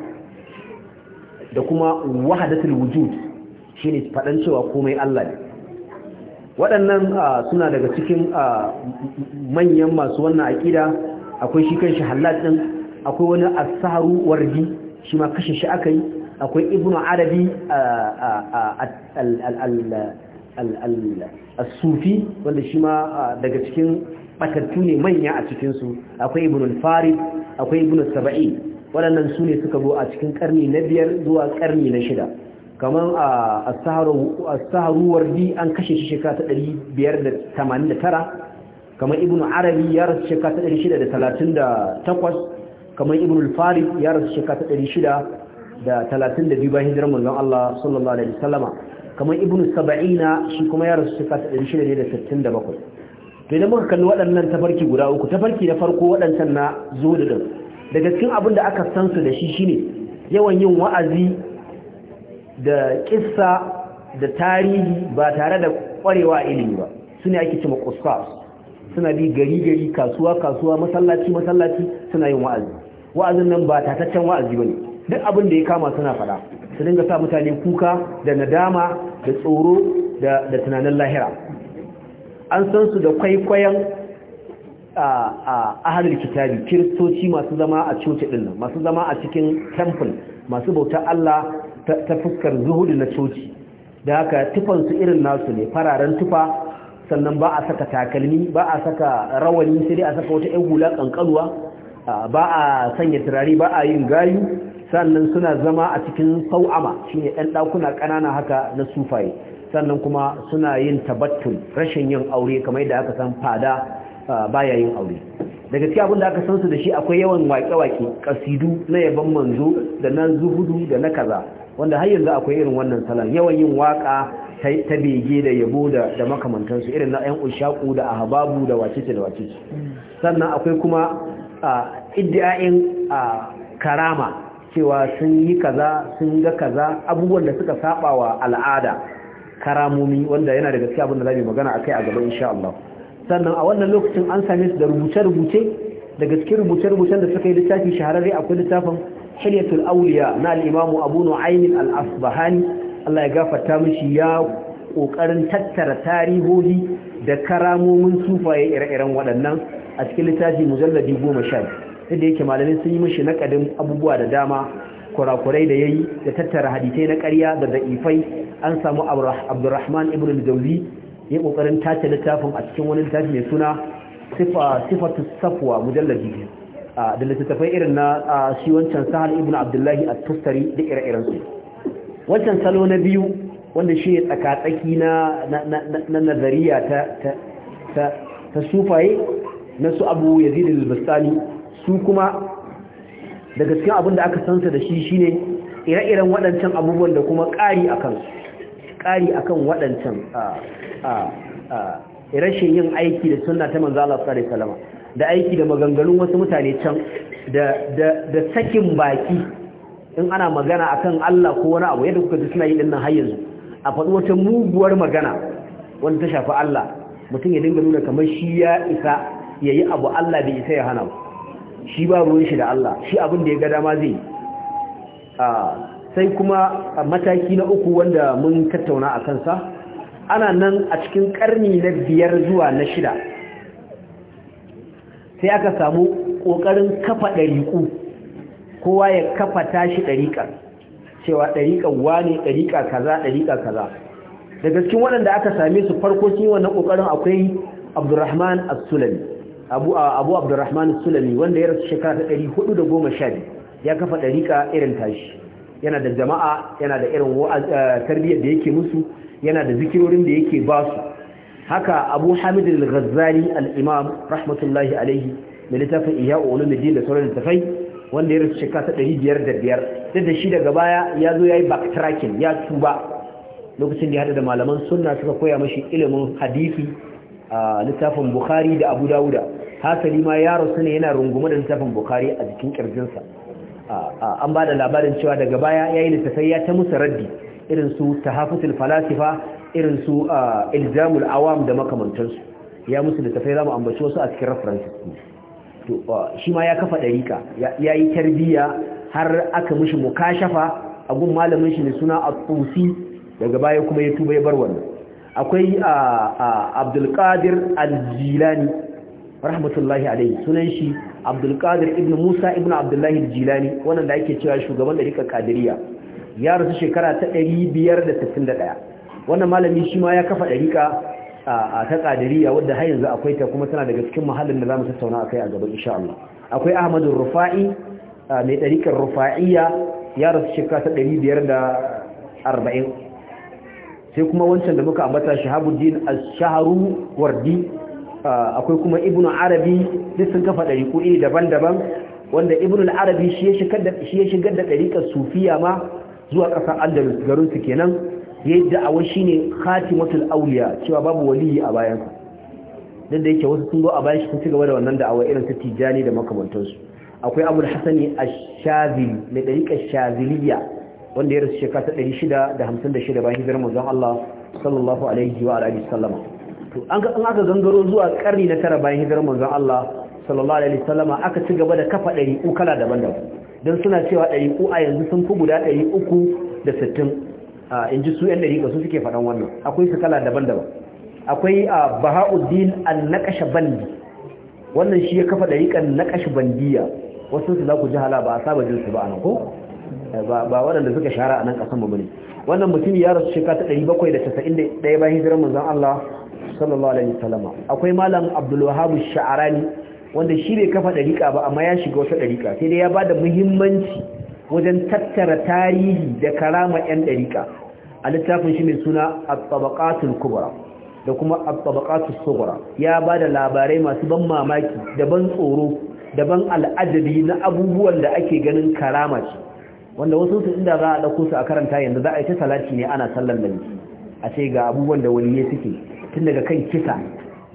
da kuma wahadatul wujud shine faɗan cewa komai Allah ne waɗannan suna daga cikin manyan masu wannan aƙida akwai shi kan shi halal ɗin akwai wani asaru wardi shi ma kashe shi aka yi akwai ibnu arabi al-sufi wanda shi ma daga cikin batattu ne manya a cikinsu akwai ibnu farid akwai ibnu saba'i waɗannan su ne suka zo a cikin ƙarni na biyar zuwa ƙarni na shida kamar a saharuwar di an kashe shi shekara ta 589 kamar ibn arabi ya rasu shekara ta 638 kamar ibn al-farid ya rasu shekara ta 632 bayan hijirar manzon Allah sallallahu alaihi wasallama kamar ibn saba'ina shi kuma ya rasu shekara ta 667 to idan muka kalli waɗannan tafarki guda uku tafarki na farko waɗancan na zo da daga cikin abin da aka san su da shi shine yawan yin wa'azi da kissa da tarihi ba tare da kwarewa ilimi ba suna yake cewa kuska, suna bi gari gari kasuwa kasuwa masallaci masallaci suna yin wa'azi wa'azin nan ba tataccen wa'azi bane duk abin da ya kama suna fada su dinga sa mutane kuka da nadama da tsoro da da tunanin lahira an san su da kwaikwayon a ahalul kitabi kiristoci masu zama a coci din masu zama a cikin temple masu bautar Allah ta fuskar zuhudu na coci da haka tufansu irin nasu ne fararen tufa sannan ba a saka takalmi ba a saka rawani sai dai a saka wata yan hula kankanuwa ba a sanya turare ba a yin gayu sannan suna zama a cikin sau'ama shine ɗan ɗakuna ƙanana haka na sufaye sannan kuma suna yin tabattun rashin yin aure kamar yadda aka san fada baya yin aure da abin da aka san su da shi akwai yawan waƙe-waƙe ƙasidu na yaban manzo da na zuhudu da na kaza wanda har yanzu akwai irin wannan salon yawan yin waka ta bege da yabo da makamantansu irin na 'yan ushaku da ahababu da wacece da wacece sannan akwai kuma iddiyayin karama cewa sun yi kaza sun ga kaza abubuwan da suka saba wa al'ada karamomi wanda yana daga cikin abin da zamu magana akai a gaba insha Allah sannan a wannan lokacin an same su da rubuce-rubuce daga cikin rubuce-rubucen da suka yi littafi shahararre akwai littafin hilyatul auliya na al abu nu'aym al-asbahani Allah ya gafarta mishi ya kokarin tattara tarihohi da karamomin sufaye ire-iren waɗannan a cikin littafi mujalladi sai da yake malamin sun yi mishi ƙadin abubuwa da dama kurakurai da yayi da tattara hadisai na ƙarya da da'ifai an samu Abdurrahman ibn al ya kokarin tace littafin a cikin wani littafi mai suna sifatu safwa mujalladi biyu Ah, da littattafai irin na ah, shi wancan sahal ibn abdullahi a tustari da ire-iren su wancan salo na biyu wanda shi tsakatsaki na nazariya ta sufaye na su abu yazid al su kuma daga cikin abin da aka sansa da shi shine ire-iren waɗancan abubuwan da kuma ƙari akan ƙari akan waɗancan ah, rashin yin aiki da sunna ta manzo Allah sallallahu alaihi wasallam da aiki da maganganun wasu mutane can da sakin baki in ana magana a kan Allah ko wani abu yadda kuka ji suna yi dinnan har yanzu a faɗi wata muguwar magana wanda ta shafi Allah mutum ya dinga nuna kamar shi ya isa ya yi abu Allah bai isa ya hana shi ba ruwan shi da Allah shi abin da ya ga dama zai sai kuma a mataki na uku wanda mun tattauna a kansa ana nan a cikin karni na biyar zuwa na shida sai aka samu ƙoƙarin kafa ɗariƙu kowa ya kafa tashi ɗariƙar cewa ɗariƙar wane ɗariƙa kaza ɗariƙa kaza daga cikin waɗanda aka same su farko shi wannan ƙoƙarin akwai abdurrahman as-sulami abu abu abdurrahman as-sulami wanda ya rasu shekara ta da 412 ya kafa ɗariƙa irin tashi yana da jama'a yana da irin eh, tarbiyyar da yake musu yana da zikirorin da yake ba su haka abu hamid al-ghazali al-imam rahmatullahi alaihi mai littafin iya ulumuddin da sauran littafai wanda ya rasu shekara ta ɗari biyar da biyar duk da shi daga baya ya zo ya yi backtracking ya tuba lokacin da ya haɗa da malaman sunna suka koya mashi ilimin hadisi a littafin bukhari da abu dawuda hasali ma yaro su ne yana rungume da littafin bukhari a jikin sa an ba da labarin cewa daga baya ya yi littafai ya ta musa raddi irin su tahafutul falasifa irin su ilzamul awam da makamantansu ya musu littafai za mu ambaci wasu a cikin references to shi ma ya kafa ɗarika ya yi tarbiyya har aka mishi mukashafa a gun malamin shi ne suna at daga baya kuma ya tuba ya bar wannan akwai abdul qadir al-jilani rahmatullahi sunan shi abdul qadir ibn musa ibn abdullahi al-jilani wannan da ake cewa shugaban ɗarika qadiriyya ya rasu shekara ta 561 wannan malami shi ma ya kafa ɗariƙa a ta tsadiriya wadda har yanzu akwai ta kuma tana daga cikin mahallin da za mu tattauna a kai a gaban insha Allah akwai Ahmadu Rufa'i mai ɗariƙar Rufa'iya. ya rasu shekara ta 540 sai kuma wancan da muka ambata Shahabuddin Ash-Shaharu Wardi akwai kuma Ibn Arabi duk sun kafa ɗariƙu daban-daban wanda Ibn Arabi shi ya shigar da ɗariƙar Sufiya ma zuwa ƙasar andalus garin su kenan yadda awai shine khatimatul awliya cewa babu waliyi a bayan sa dan da yake wasu sun zo a bayan shi sun ci gaba da wannan da'awa irin ta tijani da makamantansu akwai abul hasani ash-shazili na dariqa shaziliya wanda ya rasu shekara 656 bayan hijirar manzon Allah sallallahu alaihi wa alihi sallama to an ga an aka gangaro zuwa karni na tara bayan hijirar manzon Allah sallallahu alaihi wa sallama aka ci gaba da kafa ɗari ukala daban-daban don suna cewa ɗari ɗariƙu a yanzu sun fi guda ɗari uku da sittin in ji su yan ɗari ga su suke faɗan wannan akwai su kala daban-daban akwai a baha'uddin al naƙashe bandi wannan shi ya kafa ɗariƙan naƙashe bandiya wasu su za ku ji hala ba a saba jinsu ba a nan ko eh, ba waɗanda suka shara a nan ƙasan mu bane wannan mutum ya rasu shekara ta ɗari bakwai da da casa'in ɗaya, bayan hijirar manzon Allah sallallahu alaihi wasallam akwai malam Abdul Sha'arani. wanda shi bai kafa ɗariƙa ba amma ya shiga wata ɗariƙa sai dai ya ba da muhimmanci wajen tattara tarihi da karama 'yan ɗariƙa a littafin shi mai suna abtabakatul kubra da kuma abtabakatul sugura ya ba da labarai masu ban mamaki da ban tsoro da ban al'ajabi na abubuwan da ake ganin karama ce wanda wasu su inda za a ɗauko su a karanta yanzu za a yi ta salati ne ana sallan da a ce ga abubuwan da wani ne suke tun daga kan kisa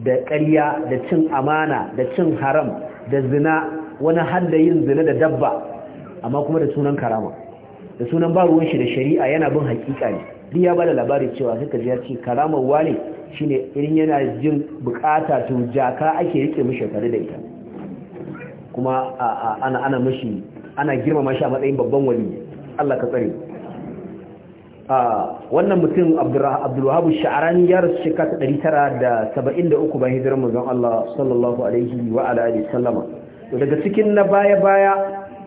da ƙarya da cin amana da cin haram da zina wani hadda yin zina da dabba amma kuma da sunan karama da sunan ba ruwan shi da shari'a yana bin hakika ne duk ya bada labari cewa suka ji ya ce karamar wale shine irin yana jin bukata to jaka ake rike mishi tare da ita kuma ana ana mishi ana girmama shi a matsayin babban wali Allah ka tsare wannan mutum abdulwahabu sha'arani ya rasu shekara ta ɗari tara da saba'in da uku bayan hijirar manzon Allah sallallahu alaihi wa sallama daga cikin na baya baya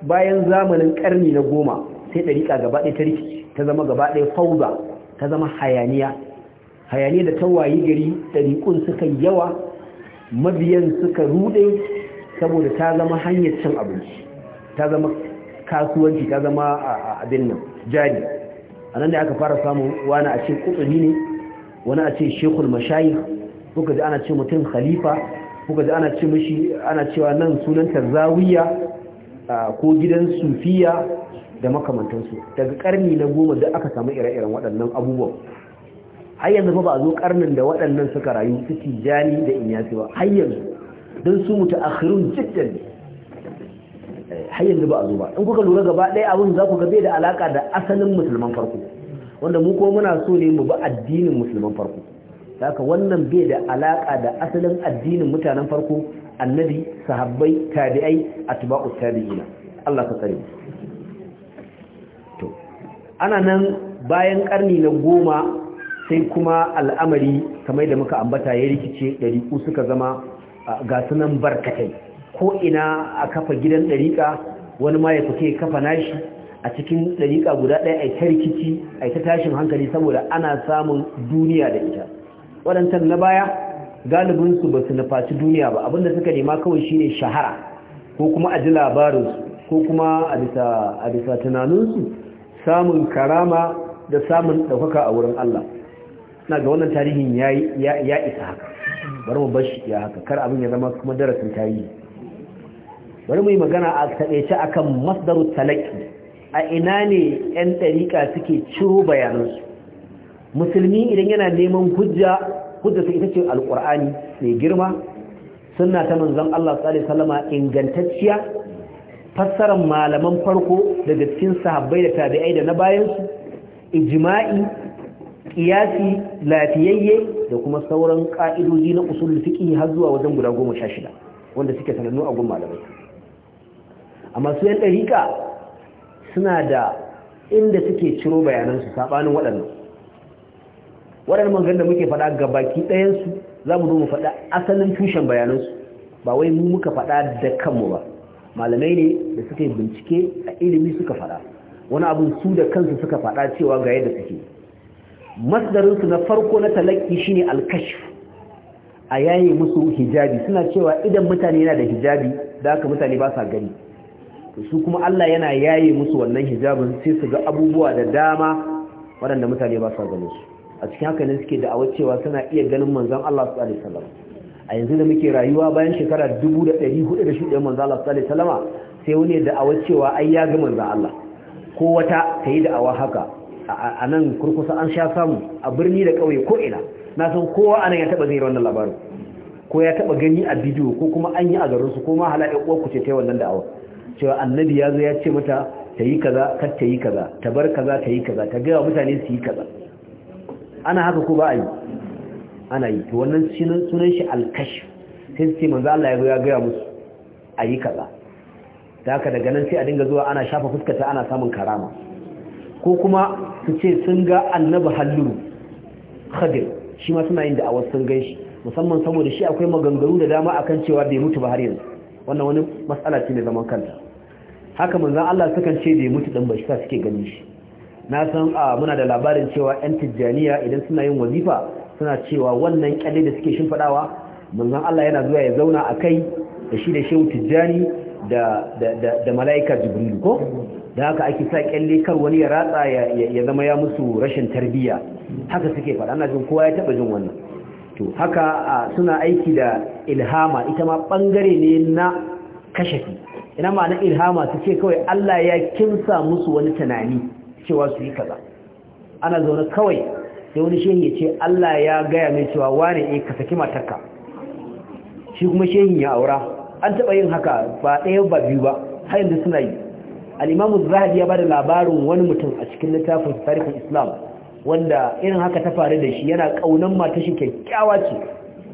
bayan zamanin karni na goma sai ɗariƙa gaba ɗaya ta rikici ta zama gaba ɗaya fauza ta zama hayaniya hayaniya da ta wayi gari ɗariƙun suka yawa mabiyan suka ruɗe saboda ta zama hanyar cin abinci ta zama kasuwanci ta zama abin nan jari a nan da aka fara samun wani a ce kutsubi ne wani a ce shekul mashayi kuka ji ana ce mutum khalifa kuka ji ana ce ana cewa nan sunanta zawiya ko gidan sufiya da makamantansu daga karni na goma da aka samu ire-iren waɗannan abubuwan har yanzu ba a zo karnin da waɗannan suka rayu su tijjani da inyasi ba har yanzu don su mutu akhirun jiddan Eh, har yanzu ba a zo ba in kuka lura gaba ɗaya abin za ku ga bai da alaka da asalin musulman farko wanda mu ko muna so ne mu bi addinin musulman farko haka wannan bai da alaka da asalin addinin mutanen farko annabi sahabbai tabi'ai atba'u tabi'ina Allah ka tsare to ana nan bayan karni na goma sai kuma al'amari kamar da muka ambata ya rikice ɗariƙu suka zama ga sunan barkatai ko ina a kafa gidan ɗariƙa wani ma ya fi kafa nashi a cikin ɗariƙa guda ɗaya a ta rikici a ta tashin hankali saboda ana samun duniya da ita waɗancan na baya galibinsu ba su nufaci duniya ba abinda suka nema kawai shine shahara ko kuma a ji labarinsu ko kuma a bisa tunaninsu samun karama da samun ɗaukaka a wurin Allah na ga wannan tarihin ya isa haka bari mu bashi ya haka kar abin ya zama kuma darasin tarihi bari mu yi magana a a kan masdaru talaki a ina ne 'yan ɗariƙa suke ciro bayanansu musulmi idan yana neman hujja hujja su ita ce alƙur'ani mai girma suna ta manzan Allah tsari salama ingantacciya fassarar malaman farko daga cikin sahabbai da tabi'ai da na bayansu ijima'i, ƙiyasi, lafiyayye da kuma sauran ƙa'idoji na usul fiƙi har zuwa wajen guda goma sha shida, wanda suke sanannu a gun malamai amma su yan ɗariƙa suna da inda suke ciro bayanansu saɓanin waɗannan waɗannan maganin da muke faɗa ga baki ɗayansu za mu zo faɗa asalin tushen bayanansu ba wai mu muka faɗa da kanmu ba malamai ne da suka yi bincike a ilimi suka faɗa wani abin su da kansu suka faɗa cewa ga yadda suke masdarinsu na farko na talaki shine alkashf a yayi musu hijabi suna cewa idan mutane yana da hijabi da haka mutane ba sa gani su kuma Allah yana yaye musu wannan hijabin sai su ga abubuwa da dama waɗanda mutane ba su ganin su a cikin haka ne suke da'awar cewa suna iya ganin manzon Allah sallallahu alaihi wasallam a yanzu da muke rayuwa bayan shekara 1400 da manzon Allah sallallahu alaihi wasallama sai wani da da'awar cewa ai ya ga manzon Allah ko wata ta yi da'awa haka a nan kurkusa an sha samu a birni da ƙauye ko ina na san kowa anan ya taɓa zai wannan labarin ko ya taɓa gani a bidiyo ko kuma an yi a garinsu ko ma halayen uwar ku ce ta wannan da'awar cewa annabi ya zo ya ce mata ta yi kaza kar ta yi kaza ta bar kaza ta yi kaza ta gaya mutane su yi kaza ana haka ko ba a yi ana yi to wannan sunan shi alkashi sai su ce manzo Allah ya zo ya gaya musu a yi kaza da haka daga nan sai a dinga zuwa ana shafa ta ana samun karama ko kuma su ce sun ga annabi halluru khadir shi ma suna yin da awas sun gan shi musamman saboda shi akwai maganganu da dama akan cewa bai mutu ba har yanzu wannan wani matsala ce mai zaman kanta haka manzan Allah sukan ce bai mutu ɗan bashi sa suke gani shi na san a muna da labarin cewa yan tijjaniya idan suna yin wazifa suna cewa wannan kyalle da suke shimfadawa manzan Allah yana zuwa ya zauna a kai da shi da shehu tijjani da da da mala'ika jibril ko da haka ake sa kyalle kar wani ya ratsa ya zama ya musu rashin tarbiyya haka suke faɗa ana jin kowa ya taɓa jin wannan to haka suna aiki da ilhama ita ma ɓangare ne na kashafi ina ma na ilhama ta ce kawai Allah ya kimsa musu wani tunani cewa su yi kaza ana zaune kawai sai wani shehi ya ce Allah ya gaya mai cewa wane eh ka saki matarka shi kuma shehi ya aura an taɓa yin haka ba ɗaya ba biyu ba har yanzu suna yi al'imamu zahadi ya bada labarin wani mutum a cikin littafin tarihin islam wanda irin haka ta faru da shi yana ƙaunan mata kyakkyawa ce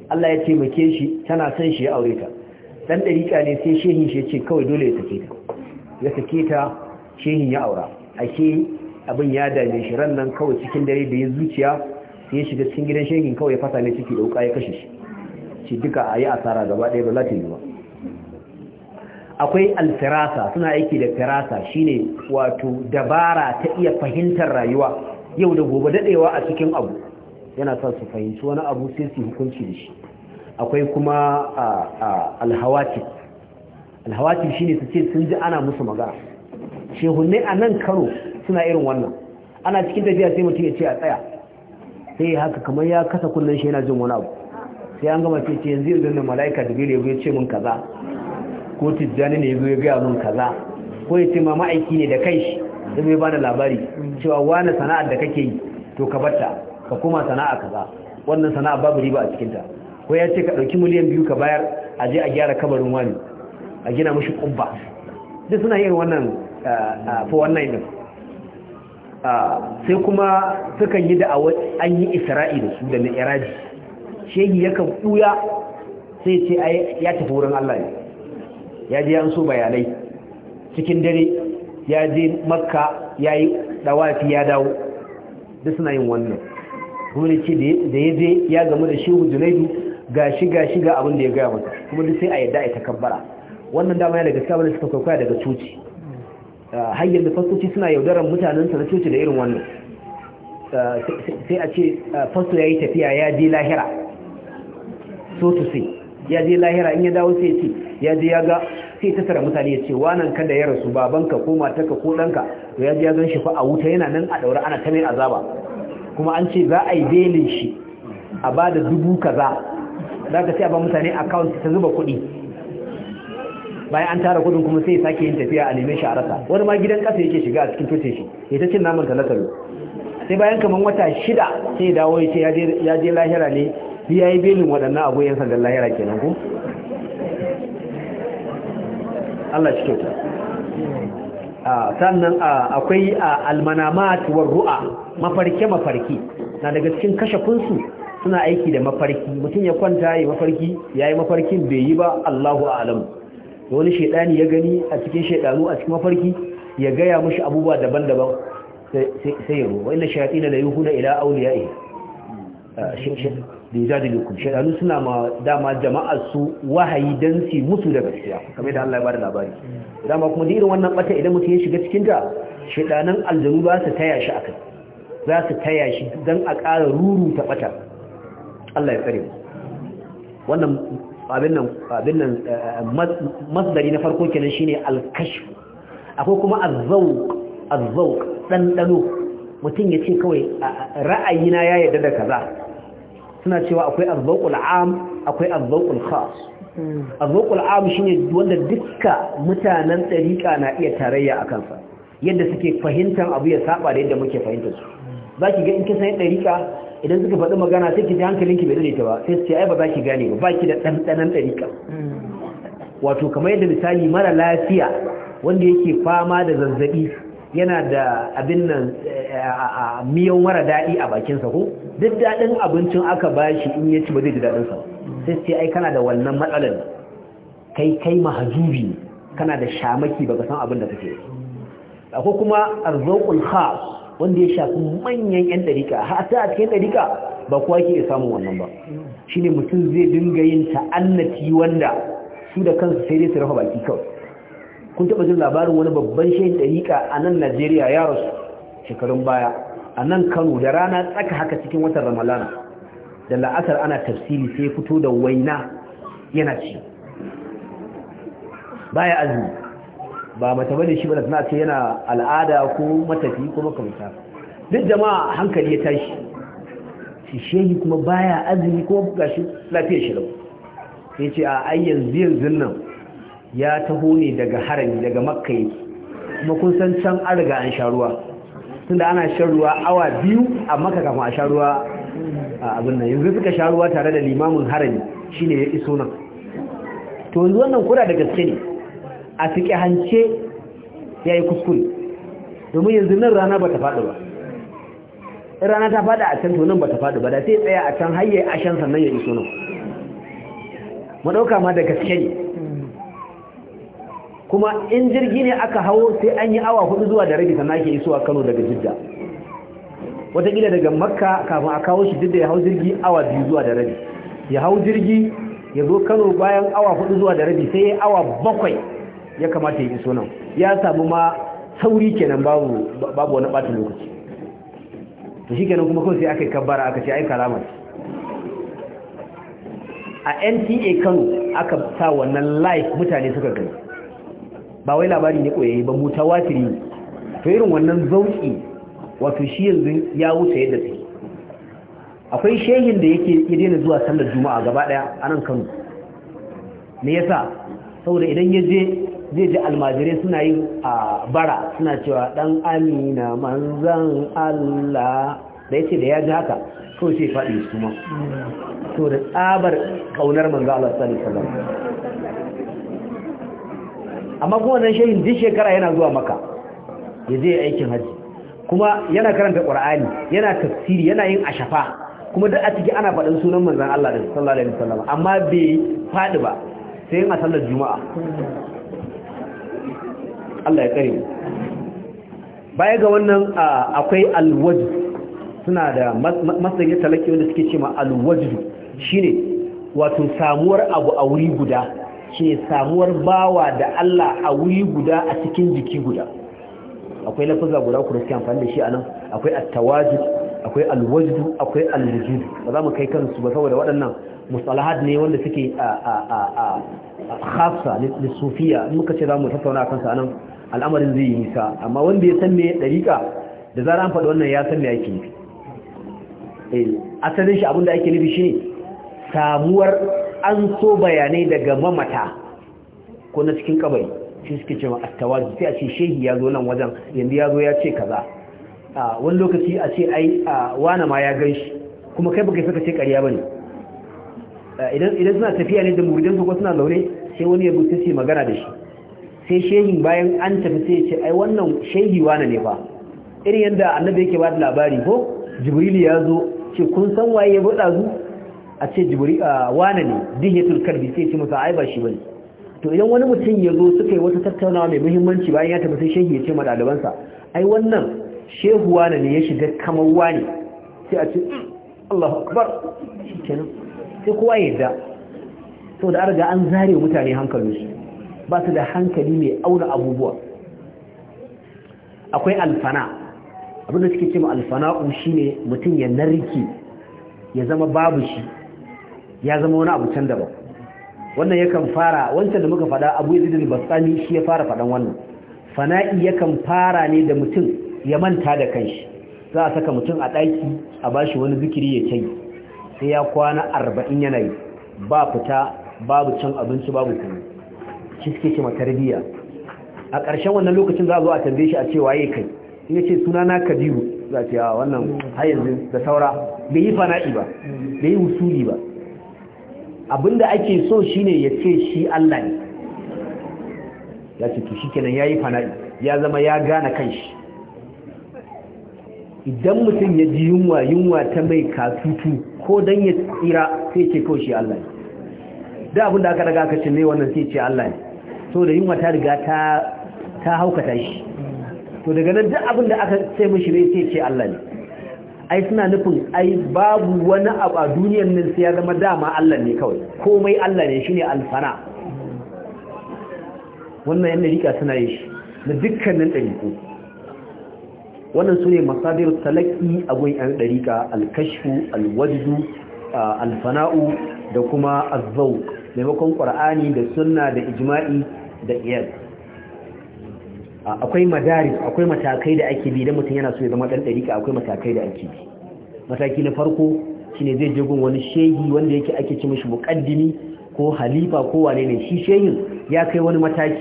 Allah ya taimake shi tana son shi ya aure ta dan dariƙa ne sai shehin shi ce kawai dole ya sake ta ya sake ta shehin ya aura ake abin ya dame shi ran nan kawai cikin dare da ya zuciya sai ya shiga cikin gidan shehin kawai ya fasa ne ciki da ya kashe shi shi duka a yi asara gaba ɗaya ba za ta yi ba akwai alfirasa suna aiki da firasa shine wato dabara ta iya fahimtar rayuwa yau da gobe daɗewa a cikin abu yana sa su fahimci wani abu sai su hukunci da shi akwai kuma alhawatif alhawatif shine su ce sun ji ana musu magana shehunne a nan karo suna irin wannan ana cikin tafiya sai mutum ya ce a tsaya sai ya haka kamar ya kasa kullun shi yana jin wani abu sai an gama ce yanzu yanzu da mala'ika da gire ya ce min kaza ko tijjani ne ya gaya min kaza ko ya ce ma ma'aiki ne da kai shi zai ya bada labari cewa wani sana'ar da kake yi to ka batta ka koma sana'a kaza wannan sana'a babu riba a cikinta ko ya ce ka ɗauki miliyan biyu ka bayar a je a gyara kabarin wani a gina mashi ƙubba duk suna yin wannan for wannan sai kuma sukan yi da an yi isra'i da su da na iraji shehi kan ɓuya sai ce ya tafi wurin allah ne ya je yan so bayanai cikin dare ya je makka ya yi ɗawafi ya dawo duk suna yin wannan kuma ce da ya je ya gamu da shehu junaidu gashi gashi ga abin da ya gaya mata kuma duk sai a yadda a ta kabbara wannan dama yana gaskiya bane suka kwaikwaya daga coci ah, har yanzu fastoci suna yaudarar mutanen sa na coci da irin wannan ah, sai a ce ah, fasto yayi tafiya ya je lahira so to sai ya je lahira in ya dawo sai ya ce ya je ya ga sai ta tara mutane ya ce wanan kada ya rasu babanka ko matarka ko danka to ya je ya gan shi fa a wuta yana nan a daura ana ta azaba kuma an ce za a yi belin shi a ba da dubu kaza za ka sai ba mutane account ta zuba kuɗi bayan an tara kudin kuma sai sake yin tafiya a neman shi a rasa wani ma gidan ƙasa yake shiga a cikin tushe shi ya ta cin naman talatar sai bayan kamar wata shida sai dawo ya ce ya je lahira ne ya yi belin waɗannan abu agoyen sandan lahira kenan ku Allah shi kyauta sannan akwai almanamat wa ru'a mafarki mafarki na daga cikin kashe kunsu suna aiki da mafarki mutum ya kwanta ya mafarki ya yi mafarkin bai yi ba allahu alam wani shaidani ya gani a cikin shaidanu a cikin mafarki ya gaya mashi abubuwa daban-daban sai ya ruwa inda shayaɗi na layu huna ila auliya ihe da ya jajin shaidanu suna ma dama jama'ar su wahayi don su musu da gaskiya kamar da allah ya bada labari dama kuma irin wannan bata idan mutum ya shiga cikin ta shaidanan aljanu ba su taya shi akai za su taya shi don a ƙara ruru ta bata Allah ya tsare wannan abin nan abin nan eh, masdari na farko kenan shine al-kashf akwai kuma az-zawq az-zawq dandano mutum yace kawai na ya yarda da kaza suna cewa akwai az-zawqul 'am akwai az-zawqul khas hmm. az-zawqul 'am shine wanda dukka mutanen ɗariƙa na iya tarayya akan sa yadda suke fahimtar abu ya saba da yadda muke fahimtar su zaki ga in kisan dariƙa idan suka faɗi magana sai ki ji ki bai daidaita ba sai ce ai ba za ki gane ba ba ki da ɗanɗanan dariƙa wato kamar yadda misali mara lafiya wanda yake fama da zazzabi yana da abin nan eh, miyan mara daɗi a bakinsa ko duk daɗin abincin aka bashi in ya ci ba zai ji sa sai ce ai kana da wannan matsalar kai kai mahajubi kana da shamaki baka san abin da kake Akwai kuma arzaqul khas wanda ya shafi manyan 'yan ɗarika hata a cikin ɗarika ba kuwa ke samun wannan ba shi mutum zai dinga yin ta'annati wanda su da kansu sai dai su rafa baki kawai kun taɓa jin labarin wani babban shayin ɗarika a nan najeriya ya rasu shekarun baya a nan kano da rana tsaka haka cikin watan ramalana da la'asar ana tafsiri sai fito da waina yana ci baya azumi ba mace bane shi ba na ce yana al'ada ko matafi ko makamta duk jama'a hankali ya tashi shi shehi kuma baya azumi ko gashi lafiyar shi lau sai ce a ai yanzu yanzu nan ya taho ne daga harami daga makka yake kuma kun san can an riga an sha ruwa tunda ana shan ruwa awa biyu a makka kafin a sha ruwa a abin nan yanzu suka sha ruwa tare da limamin harami shine ya iso nan to yanzu wannan kura da gaske ne a hance ya yi kuskure domin yanzu nan rana ba ta faɗi ba rana ta faɗi a can tonin ba ta faɗi ba da sai tsaye a can a ashen sannan ya iso nan maɗauka ma da gaske ne kuma in jirgi ne aka hau sai an yi awa hudu zuwa da rabi sannan ake a kano daga jidda Wataƙila daga makka kafin a kawo shi jidda ya hau jirgi awa biyu zuwa da rabi ya hau jirgi ya zo kano bayan awa hudu zuwa da rabi sai ya yi awa bakwai ya kamata ya iso nan ya samu ma sauri kenan babu babu wani ɓata lokaci to shi kenan kuma kawai sai aka yi kabbara aka ce ai karama a nta kano aka sa wannan live mutane suka gani ba wai labari ne koyayi ba watiri to irin wannan zauki wato shi yanzu ya wuce yadda take akwai shehin da yake ya daina zuwa sallar juma'a gaba daya a nan kano me yasa saboda idan ya je zai ji almajire suna yi a bara suna cewa dan amina manzan Allah da yake da ya ji haka so sai faɗi su ma so da tsabar kaunar manzo Allah sallallahu alaihi wasallam amma kuma nan shehin duk shekara yana zuwa maka ya je aikin haji kuma yana karanta qur'ani yana tafsiri yana yin ashafa kuma duk a ciki ana faɗin sunan manzan Allah sallallahu alaihi wasallam amma bai faɗi ba sai yin a sallar juma'a Allah ya kare baya ga wannan akwai alwajd suna da masayin talaki wanda suke cewa alwajd shine wato samuwar abu a wuri guda shine samuwar bawa da Allah a wuri guda a cikin jiki guda akwai lafaza guda ku suke amfani da shi anan akwai at-tawajud akwai alwajd akwai alwujud ba za mu kai kansu ba saboda waɗannan musalahat ne wanda suke a a a khassa lissufiya muka ce za mu tattauna kansu anan al'amarin zai yi nisa amma wanda ya san me dariƙa da zara an faɗi wannan ya san me ake nufi eh asalin shi abinda ake nufi ne, samuwar an so bayanai daga mamata ko na cikin kabari shi suke cewa attawazu sai a ce shehi ya zo nan wajen yanzu ya zo ya ce kaza a wani lokaci a ce ai wani ma ya gan shi kuma kai baka saka ce ƙarya bane ne. idan suna tafiya ne da muridan su ko suna zaune sai wani ya gusta sai magana da shi sai shehi bayan an tafi sai ce ai wannan shehi wane ne fa irin yadda annabi yake ba da labari ko jibril ya zo ce kun san waye ya buɗa zu a ce jibril wane ne dihiyatul kalbi sai ce masa ai ba shi bane to idan wani mutum ya zo suka yi wata tattaunawa mai muhimmanci bayan ya tafi sai shehi ya ce ma ɗalibansa ai wannan shehu wane ne ya shiga kamar wane sai a ce hmm, Allahu akbar shikenan sai kowa ya yarda saboda an riga an zare mutane hankalinsu ba su da hankali mai auna abubuwa akwai alfana abinda suke ce ma alfana'u ne mutum ya narki ya zama babu shi ya zama wani abu can daban wannan yakan fara wancan da muka faɗa abu yazid al-bastami shi ya fara faɗan wannan fana'i yakan fara ne da mutum ya manta da kanshi za a saka mutum a ɗaki a ba shi wani zikiri ya kai sai ya kwana arba'in yanayi ba fita babu can abinci babu kuma shi suke ce matarbiya a ƙarshen wannan lokacin za a zo a tambaye shi a ce waye kai ina ce suna na kabiru za a ce a ah, wannan hayanzu da saura bai yi fana'i ba bai yi wusuli ba abinda ake so shi ne ya ce shi Allah ne ya ce kenan ya yi fana'i ya zama ya gane shi idan mutum ya ji yunwa yunwa ta mai katutu ko dan ya tsira sai ce kawai shi Allah ne da abinda aka daga aka ce ne wannan sai ce Allah ne to da yunwa ta riga ta haukata shi to daga nan duk abin da aka sai mashi ne sai ce Allah ne ai suna nufin ai babu wani abu a duniyar nan sai ya zama dama Allah ne kawai komai Allah ne shine alfana wannan yan rika suna yi shi da dukkanin ɗariƙo wannan sune masadir talaki abun yan dariqa alkashfu alwajdu alfana'u da kuma Azau. maimakon qur'ani da sunna da ijma'i da iyal akwai madari akwai matakai da ake bi idan mutum yana so ya zama dan ɗarika. akwai matakai da ake bi mataki na farko shine zai je gun wani shehi wanda yake ake ci mishi muqaddimi ko halifa ko wane ne shi shehin ya kai wani mataki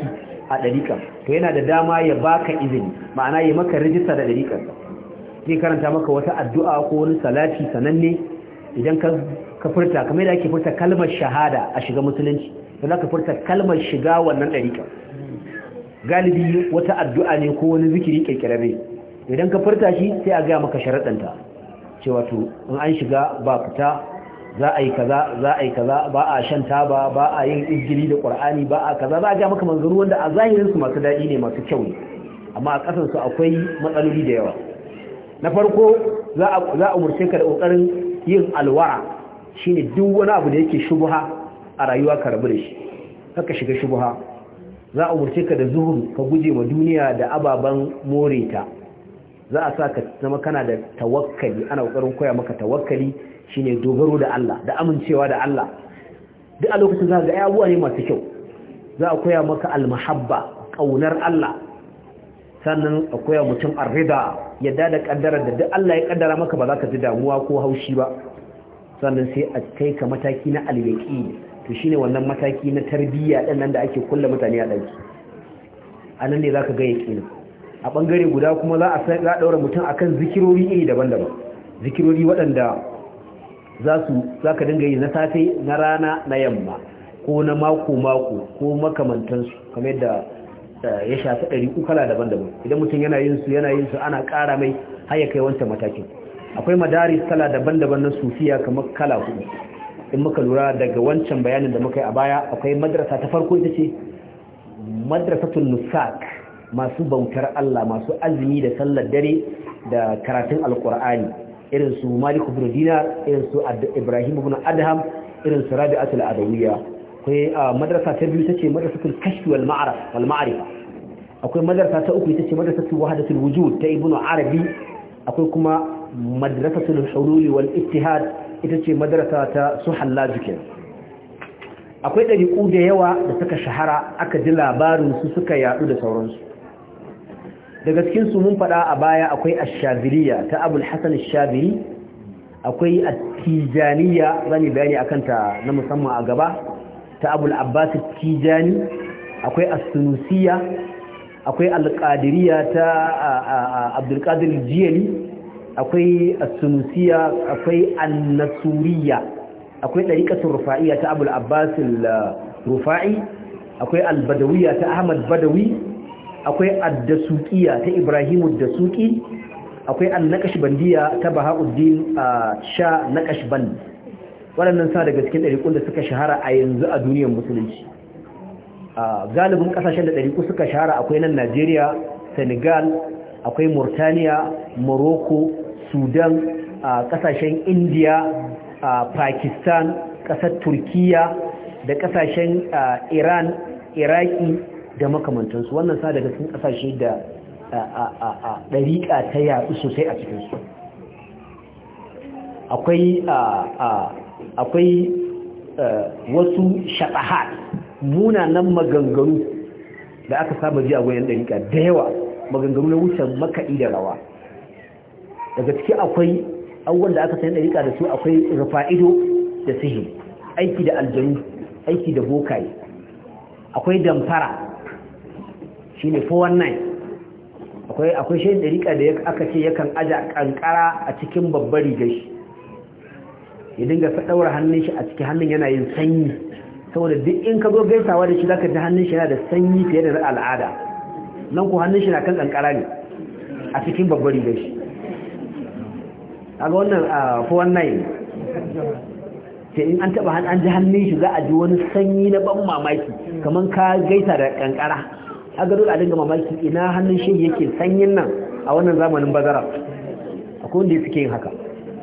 a ɗarika. to yana da dama ya baka izini ma'ana ya maka rijista da dariƙar zai karanta maka wata addu'a ko wani salati sananne idan ka furta kamar yadda ake furta kalmar shahada a shiga musulunci to za ka furta kalmar shiga wannan ɗariƙa galibi wata addu'a ne ko wani zikiri ne idan ka furta shi sai a gaya maka sharaɗanta cewa to in an shiga ba fita za a yi kaza za a yi kaza ba a shan taba ba a yin izgili da qur'ani ba a kaza za a ga maka manzuru wanda a zahirin su masu daɗi ne masu kyau ne amma a kasan su akwai matsaloli da yawa na farko za a a umurce ka da kokarin yin alwara shi ne duk wani abu da yake shubha a rayuwa ka rabu da shi kaka shiga shubha za a umurce ka da zuhun ka guje wa duniya da ababen more ta za a sa ka zama kana da tawakkali ana kokarin koya maka tawakkali shine dogaro da Allah da amincewa da Allah duk a lokacin za ga abubuwa ne masu kyau za a koya maka almahabba kaunar Allah sannan akwai mutum arrida yadda da kaddara da duk Allah ya kaddara maka ba za ka ji damuwa ko haushi ba sannan sai a kai ka mataki na alyaki to shine wannan mataki na tarbiyya din nan da ake kulla mutane a a anan ne za ka ga yaqini a bangare guda kuma za a za daura mutum akan zikirori iri daban-daban zikirori waɗanda za su ka dinga yi na safe na rana na yamma ko na mako mako ko makamantansu kamar yadda ya shafi ɗari kala daban-daban idan mutum yana yin su yana yin su ana ƙara mai har ya kai wancan matakin akwai madari kala daban-daban na sufiya kamar kala hudu in muka lura daga wancan bayanin da muka yi a baya akwai madrasa ta farko ita ce madrasatul nusak masu bautar Allah masu azumi da sallar dare da karatun alkur'ani irin su malik ibn dinar irin su ibrahim ibn adham irin su rabi'atul adawiyya akwai madrasa ta biyu tace madrasatul kashf wal ma'arif wal ma'rifa akwai madrasa ta uku tace madrasatul wahdatul wujud ta ibnu arabi akwai kuma madrasatul hulul wal ittihad ita ce madrasa ta suhallaji kenan akwai ɗariƙu da yawa da suka shahara aka ji su suka yaɗu da sauransu daga su mun faɗa a baya akwai ashabiriya ta abul hassan shabiri akwai zan zani bayani akan ta na musamman a gaba ta abul abbas tijani akwai as akwai alƙadiriya ta abdulkadir jiyali akwai as-sunusiya akwai annasuriya akwai dariqatul rufa'iyya ta abul abbas rufai akwai al ta ahmad badawi akwai ad ta Ibrahimu ad akwai an-naqshbandiyya ta bahauddin sha naqshbandi waɗannan sa daga cikin ɗariƙun da suka shahara a yanzu a duniyar musulunci a galibin ƙasashen da ɗariƙu suka shahara akwai nan najeriya senegal akwai murtaniya morocco sudan ƙasashen indiya pakistan ƙasar turkiya da ƙasashen iran iraki da makamantansu wannan sa daga cikin ƙasashe da ɗariƙa ta yaɗu sosai a cikinsu akwai akwai eh, wasu muna munanan maganganu da aka saba ji a wayan ɗariƙa da yawa maganganu na wucan makaɗi da rawa daga ciki akwai abubuwan da aka sayan ɗariƙa da su akwai rufa'ido da sihi aiki da aljanu aiki da bokai, akwai damfara shi ne 419 akwai shayin ɗariƙa da aka ce yakan aja ƙanƙara a cikin babbar rigar shi ya dinga ka daura hannun shi a cikin hannun yana yin sanyi saboda duk in ka zo gaisawa da shi zaka ji hannun shi yana da sanyi fiye da al'ada nan ko hannun shi na kan kankara ne a cikin babbar rigar shi kaga wannan a 419 sai in an taba an ji hannun shi za a ji wani sanyi na ban mamaki kaman ka gaisa da kankara kaga dole a dinga mamaki ina hannun shi yake sanyin nan a wannan zamanin bazara akwai wanda suke yin haka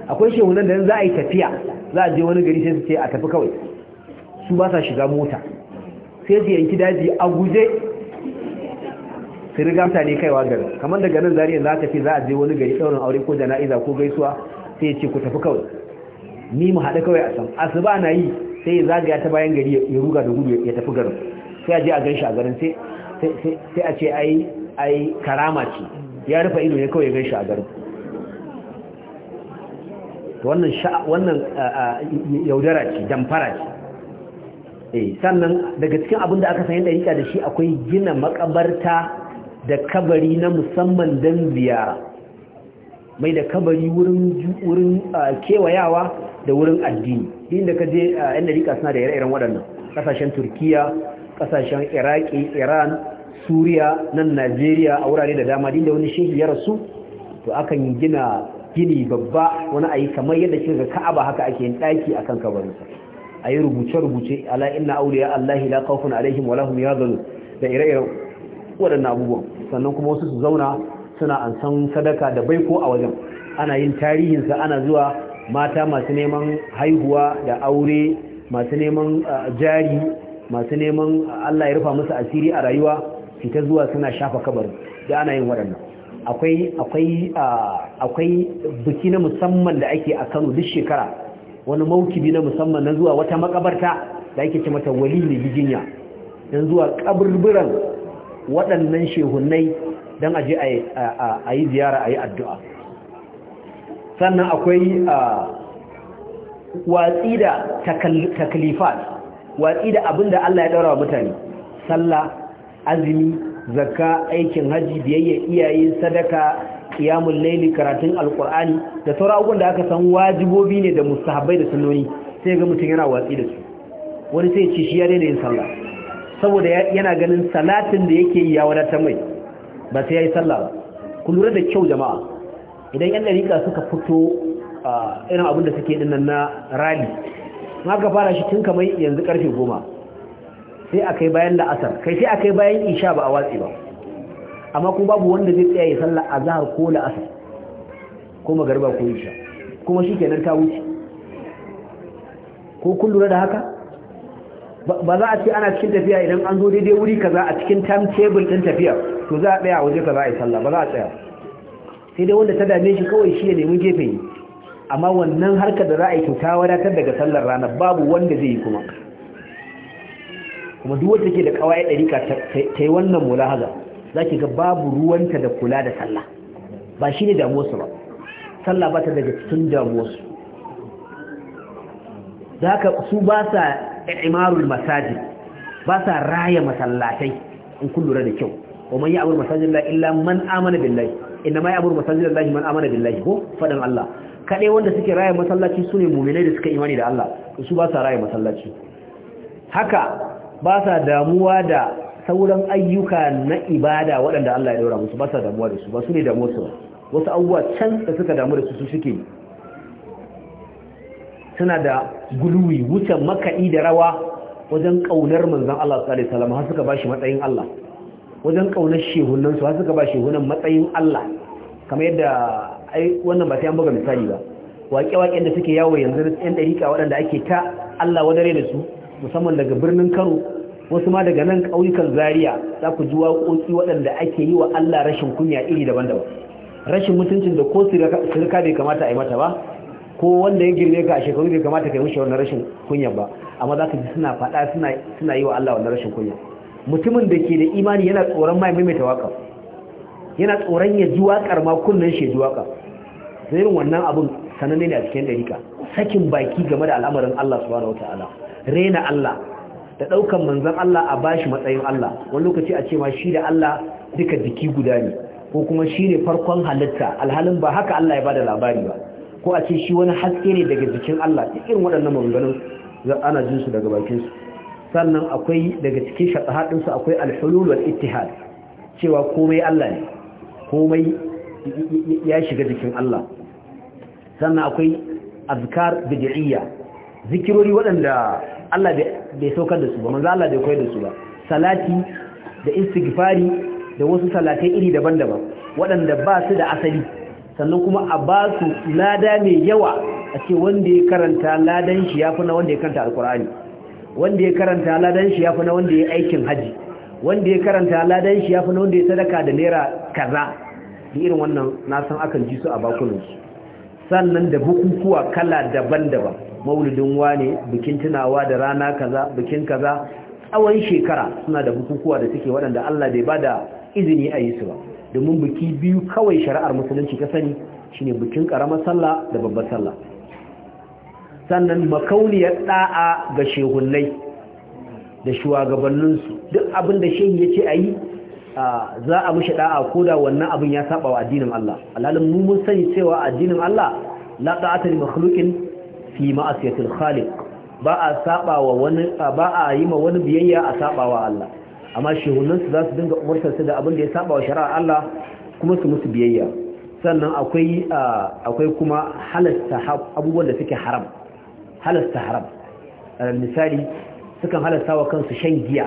akwai shehunan da za a yi tafiya za a je wani gari sai su ce a tafi kawai su ba sa shiga mota sai su yanki daji a guje su riga mutane kaiwa garin kamar daga nan zariya za a tafi za a je wani gari tsaurin aure ko jana'iza ko gaisuwa sai ya ce ku tafi kawai ni mu haɗu kawai a san asuba na yi sai ya zagaya ta bayan gari ya ruga da gudu ya tafi garin sai a je a gan shi a garin sai a ce ai karama ce ya rufe ido ne kawai ya gan shi a garin to wannan wannan yaudara ce damfara ce eh sannan daga cikin abin da aka sanya dariƙa da shi akwai gina makabarta da kabari na musamman dan ziyara mai da kabari wurin wurin kewayawa da wurin addini inda ka je yan dariƙa suna da ire-iren waɗannan ƙasashen turkiya ƙasashen iraki iran suriya nan najeriya a wurare da dama Din da wani shehi ya rasu to akan gina gini babba wani ayi kamar yadda kika ga Ka'aba haka ake yin daki akan kabarinsa ayi rubuce rubuce ala inna awliya Allah la khawfun alaihim wa lahum yahzanun da ire-iren waɗannan abubuwan sannan kuma wasu su zauna suna ansan sadaka da baiko a wajen ana yin tarihin sa ana zuwa mata masu neman haihuwa da aure masu neman jari masu neman Allah ya rufa musu asiri a rayuwa fita zuwa suna shafa kabarin da ana yin waɗannan akwai akwai akwai biki na musamman da ake a Kano duk shekara wani maukibi na musamman na zuwa wata makabarta da ake ce mata wali ne bijinya dan zuwa kaburburan waɗannan shehunnai dan aje a yi ziyara a yi addu'a sannan akwai watsi da takalifat watsi da abinda Allah ya daura wa mutane sallah azumi zakka aikin haji biyayya iyaye sadaka qiyamul laili karatun alqur'ani da sauran abubuwan da aka san wajibobi ne da mustahabbai da sunnoni sai ga mutum yana watsi da su wani sai ce shi ya daina yin sallah saboda yana ganin salatin da yake yi ya wadatar mai ba sai yayi sallah ba ku lura da kyau jama'a idan yan dariƙa suka fito irin abin da suke dinnan na rali ma ka fara shi tun kamar yanzu karfe goma sai a kai bayan la'asar kai sai a kai bayan isha ba a watsi ba amma kuma babu wanda zai tsaya ya sallah a zahar ko la'asar ko magarba ko isha kuma shi kenan ta wuce ko kun lura da haka ba za a ce ana cikin tafiya idan an zo daidai wuri kaza a cikin table din tafiya to za a tsaya waje ka za a yi sallah ba za a tsaya sai dai wanda ta dame shi kawai shi ya nemi gefe yi amma wannan harkar da za a yi to ta wadatar daga sallar rana babu wanda zai yi kuma kuma duk wacce ke da kawai ɗarika ta yi wannan mulahaza za ki ga babu ruwanta da kula da sallah ba shi ne damuwarsu ba sallah ba ta daga cikin damuwarsu za ka su ba sa imarul masajid ba sa raya masallatai in kun lura da kyau wa man ya'muru masajid la illa man amana billahi inna ma ya'muru masajid la man amana billahi ko fadan Allah kade wanda suke raya masallaci sune mu'minai da suka imani da Allah su ba sa raya masallaci haka ba sa damuwa da sauran ayyuka na ibada waɗanda Allah ya daura musu ba sa damuwa da su ba su ne damuwa su wasu abubuwa can da suka damu da su su suke suna da guluwi wuce makaɗi da rawa wajen ƙaunar manzan Allah su alaihi salama har suka bashi matsayin Allah wajen ƙaunar shehunan su har suka bashi shehunan matsayin Allah kamar yadda ai wannan ba sai an buga misali ba waƙe-waƙen da suke yawo yanzu yan ɗariƙa waɗanda ake ta Allah wadare da su musamman daga birnin kano wasu ma daga nan ƙauyukan zaria za ku ji waƙoƙi waɗanda ake yi wa allah rashin kunya iri daban-daban rashin mutuncin da ko sirka bai kamata a yi mata ba ko wanda ya girme ka a shekaru bai kamata ka yi mishi wannan rashin kunya ba amma za ka ji suna faɗa suna yi wa allah wannan rashin kunya mutumin da ke da imani yana tsoron mai maimaita waƙa, yana tsoron ya ji waƙar ma kunnen shi ji waƙa zai wannan abin sananne ne a cikin dariƙa sakin baki game da al'amarin Allah subhanahu ta'ala rena Allah da ɗaukan manzan Allah a bashi matsayin Allah wani lokaci a ce ma shi da Allah duka jiki guda ne ko kuma shi ne farkon halitta alhalin ba haka Allah ya bada labari ba ko a ce shi wani haske ne daga jikin Allah duk irin waɗannan maganganun ana jin su daga bakin su sannan akwai daga cikin shaɗahaɗin su akwai alhulul wal ittihad cewa komai Allah ne komai ya shiga jikin Allah sannan akwai azkar bid'iyya zikirori waɗanda Allah bai saukar da su ba manzo Allah bai koyar da su ba salati da istighfari da wasu salatai iri daban-daban waɗanda ba su da asali sannan kuma a ba su lada mai yawa a ce wanda ya karanta ladan shi ya fi na wanda ya karanta alkur'ani wanda ya karanta ladan shi ya fi na wanda ya aikin haji wanda ya karanta ladan shi ya fi na wanda ya sadaka da naira kaza da irin wannan na san akan ji su a bakunansu sannan da bukukuwa kala daban-daban maulidin wane bikin tunawa da rana kaza bikin kaza tsawon shekara suna da bukukuwa da suke waɗanda Allah bai ba da izini a yi su ba domin biki biyu kawai shari'ar musulunci ka sani shine bikin karamar sallah da babbar sallah sannan makauniyar da'a ga shehunnai da shugabanninsu duk abin da shehi ya ce a yi za a mushi da'a ko da wannan abin ya saba wa addinin Allah alhalin mu mun sani cewa addinin Allah la da'ata li makhluqin fi ma'asiyatul khaliq ba a saba wa wani ba a yi ma wani biyayya a saba wa Allah amma shehunan su za su dinga umartar su da abin da ya saba wa shari'ar Allah kuma su musu biyayya sannan akwai akwai kuma halasta abubuwan da suke haram halasta haram misali sukan halasta wa kansu shan giya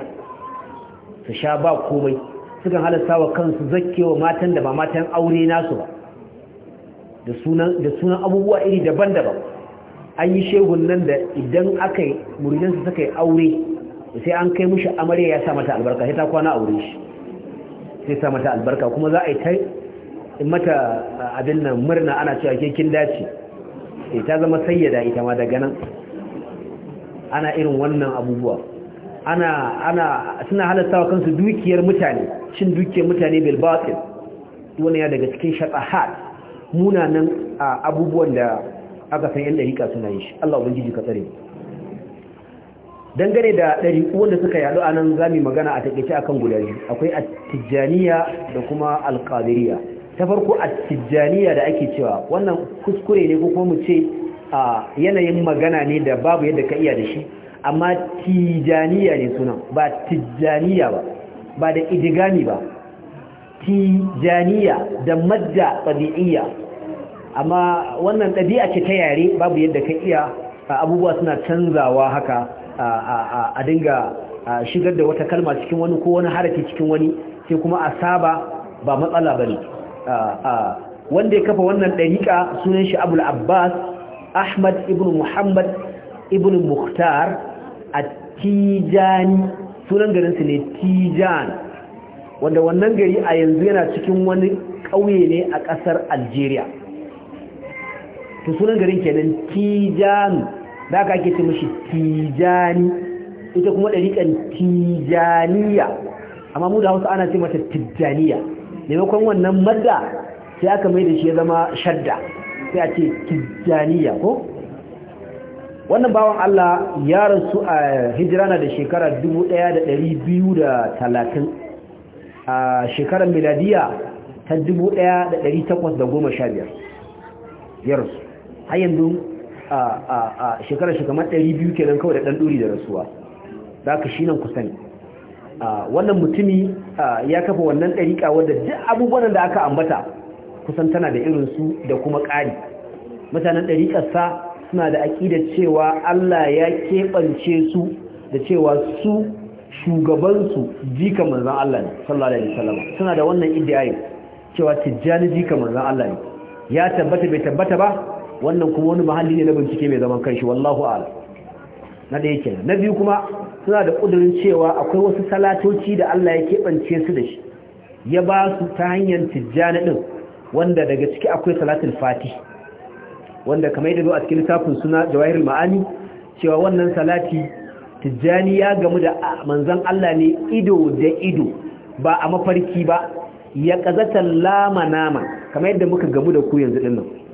su sha ba komai sukan halasta wa kansu wa matan da ba matan aure nasu ba da sunan abubuwa iri daban-daban an yi shehun nan da idan aka yi muridansa suka yi aure sai an kai mushi amarya ya sa mata albarka sai ta kwana aure shi sai sa mata albarka kuma za a yi ta mata abin nan murna ana cewa ke kin dace sai eh, ta zama sayyada ita ma daga nan ana irin wannan abubuwa ana ana suna halatta wa kansu dukiyar mutane cin dukiyar mutane bil batil wannan ya daga cikin shaqahat munanan abubuwan da aka san yan dariƙa suna yi shi Allah ubangiji ka tsare dangane da ɗariƙu wanda suka yaɗu a nan za mu magana a taƙaice akan guda biyu akwai tijjaniya da kuma alƙadiriya ta farko atijjaniya da ake cewa wannan kuskure ne ko kuma mu ce a yanayin magana ne da babu yadda ka iya da shi amma tijaniya ne sunan ba tijaniya ba ba da idigami ba tijaniya da madda tabi'iyya amma wannan ɗabi'a ce ta yare babu yadda ka iya abubuwa suna canzawa haka a dinga shigar da wata kalma cikin wani ko wani harafi cikin wani sai kuma a saba ba matsala ba ne wanda ya kafa wannan ɗariƙa sunan shi abul abbas ahmad ibn muhammad ibn muhtar a tijani sunan garinsu ne tijan wanda wannan gari a yanzu yana cikin wani ƙauye ne a ƙasar algeria to sunan garin kenan tijanu da aka ake ce mashi tijani ita kuma ɗariƙan tijaniya amma mu da hausa ana ce mata tijaniya maimakon wannan madda sai aka mai da shi ya zama shadda sai a ce tijaniya ko wannan bawan Allah ya rasu a hijirana da shekara 1230 a shekarar miladiya ta 1815 ya rasu har yanzu a shekarar shi kamar kenan kawai da ɗan ɗori da rasuwa za ka shi nan kusan wannan mutumi ya kafa wannan ɗariƙa wadda duk abubuwan da aka ambata kusan tana da irin su da kuma ƙari mutanen ɗariƙarsa suna da aƙidar cewa Allah ya keɓance su da cewa su shugabansu jika manzan Allah ne sallallahu alaihi wasallam suna da wannan iddiyayi cewa tijjani jika manzan Allah ne ya tabbata bai tabbata ba wannan kuma wani mahalli ne na bincike mai zaman kanshi wallahu a'lam na da yake na biyu kuma suna da kudurin cewa akwai wasu salatoci da Allah ya keɓance su da shi ya ba su ta hanyar tijjani din wanda daga ciki akwai salatul fati. wanda kamar yadda zo a cikin littafin suna jawahirul ma'ani cewa wannan salati tijjani ya gamu da manzon Allah ne ido da ido ba a mafarki ba ya kazata lama nama kamar yadda muka gamu da ku yanzu dinnan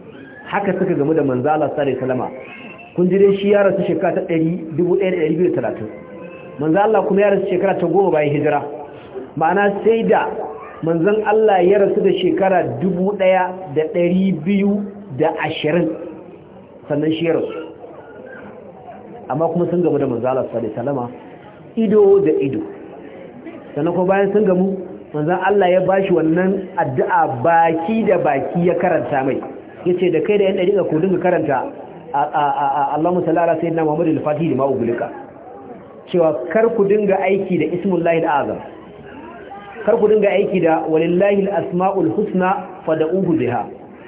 haka suka gamu da Manzala Allah Salama, kun jire dai shi ya rasu shekara ta 1230 manzo kuma ya rasu shekara ta goma bayan hijira ma'ana sai da manzan Allah ya rasu da shekara 1220 sannan shi ya rasu amma kuma sun gamu da Manzala Allah Salama ido da ido sannan kuma bayan sun gamu manzan Allah ya bashi wannan addu'a baki da baki ya karanta mai ce da kai da yan ɗari ku dinga karanta Allahumma salli ala sayyidina Muhammadu al-Fatih da ubulika cewa kar ku dinga aiki da ismullahi al-azam kar ku dinga aiki da walillahi al-asmaul husna fad'uhu biha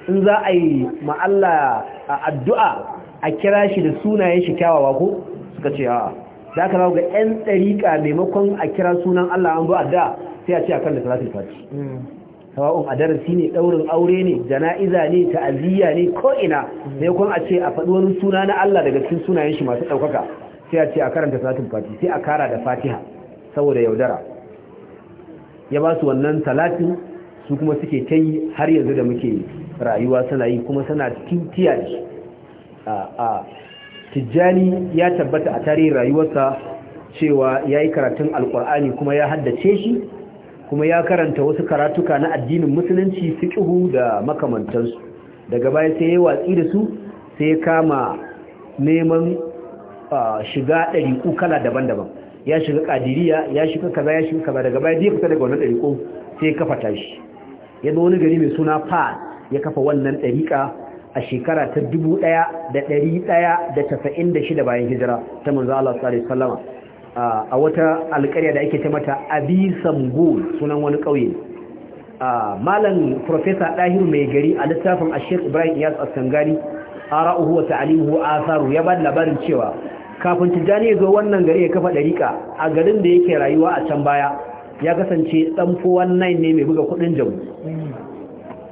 in za a yi ma Allah addu'a a kira shi da sunayen shi kyawawa ko suka ce a'a da aka ga yan ka maimakon a kira sunan Allah an zo addu'a sai a ce kan da salatul fatih hmm. sawa'un a darasi ne daurin aure ne jana'iza ne ta'aziyya ne ko ina sai kun a ce a faɗi wani suna na Allah daga cikin sunayen shi masu ɗaukaka sai a ce a karanta salatin fati sai a kara da fatiha saboda yaudara ya ba su wannan talatin su kuma suke ta yi har yanzu da muke rayuwa suna yi kuma suna tintiya da a tijjani ya tabbata a tarihin rayuwarsa cewa ya yi karatun alkur'ani kuma ya haddace shi kuma ya karanta wasu karatuka na addinin musulunci fiqhu da makamantansu daga baya sai ya watsi da su sai ya kama neman shiga ɗariƙo kala daban-daban ya shiga ƙadiriya ya shiga kaza ya shiga kaza daga baya zai fita daga wannan ɗariƙo sai ya kafa tashi ya wani gari mai suna fa ya kafa wannan ɗariƙa a shekara ta dubu ɗaya da ɗari ɗaya da tafa'in da shida bayan hijira ta manzo Allah sallallahu alaihi a wata alƙarya da ake taimata mata gul sunan wani ƙauye malam profesa ɗahiru mai gari a littafin ashir ibrahim a ra'uhu wata wa a asaru ya ba labarin cewa kafin tijjani ya zo wannan gari ya kafa ɗariƙa a garin da yake rayuwa a can baya ya kasance ɗan 419 ne mai buga kuɗin jabu hmm.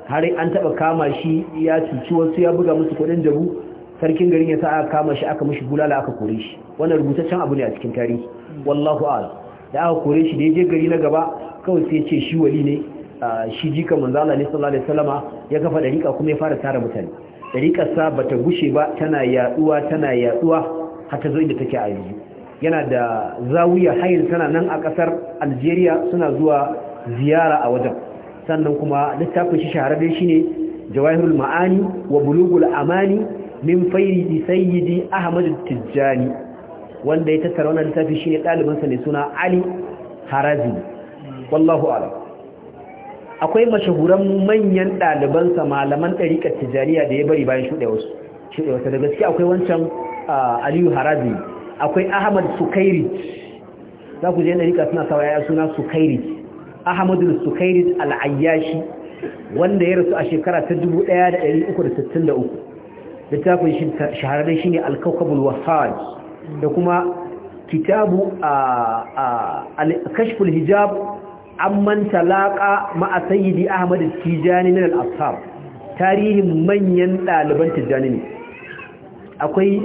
har an taɓa kama shi ya cuci wasu ya buga musu kuɗin jabu sarkin garin ya sa aka kama shi aka mishi bulala aka kore shi wannan rubutaccen abu ne a cikin tarihi wallahu ala. da aka kore shi da ya je gari na gaba kawai sai ya ce shi wali ne shi jika manzala ne sallallahu alaihi wasallama ya kafa dariƙa kuma ya fara tara mutane dariƙar sa bata gushe ba tana yaduwa tana yaduwa har ta zo inda take a yanzu yana da zawiya hayin tana nan a kasar Algeria suna zuwa ziyara a wajen sannan kuma littafin shi shahararren shine jawahirul ma'ani wa bulugul amani min fayyidi sayyidi ahmad tijjani wanda ya tattara wannan littafi shine dalibansa ne suna ali harazi wallahu a'lam akwai mashahuran manyan dalibansa malaman ɗariƙar tijjaniya da ya bari bayan shude wasu. da gaske akwai wancan aliyu harazi akwai ahmad sukairi za ku je ɗariƙa suna sawa yaya suna sukairi ahmadu sukairi al'ayyashi wanda ya rasu a shekara ta 1363 littafin shi shahararren shine al wasaj da kuma kitabu al-kashful hijab amman talaqa ma'a sayyidi ahmad tijani min al-ashab tarihin manyan ɗaliban tijani ne akwai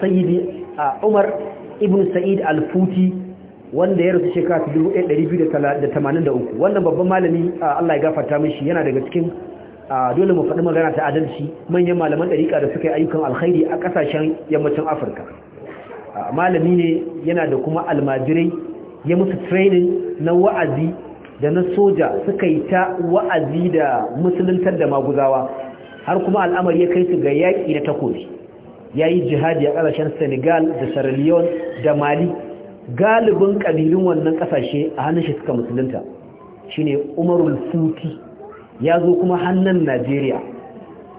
sayyidi umar ibn sa'id al-futi wanda ya rasu shekara 1283 wannan babban malami Allah ya gafarta mishi yana daga cikin a dole mu faɗi magana ta adalci manyan malaman ɗariƙa da suka yi ayyukan alkhairi a ƙasashen yammacin afirka malami ne yana da kuma almajirai ya musu training na wa'azi da na soja suka yi ta wa'azi da musuluntar da maguzawa har kuma al'amari ya kai su ga yaƙi na takobi ya yi jihadi a ƙasashen senegal da sierra leone da mali galibin ƙabilun wannan ƙasashe a hannun shi suka musulunta shine umarul futi ya zo kuma hannun najeriya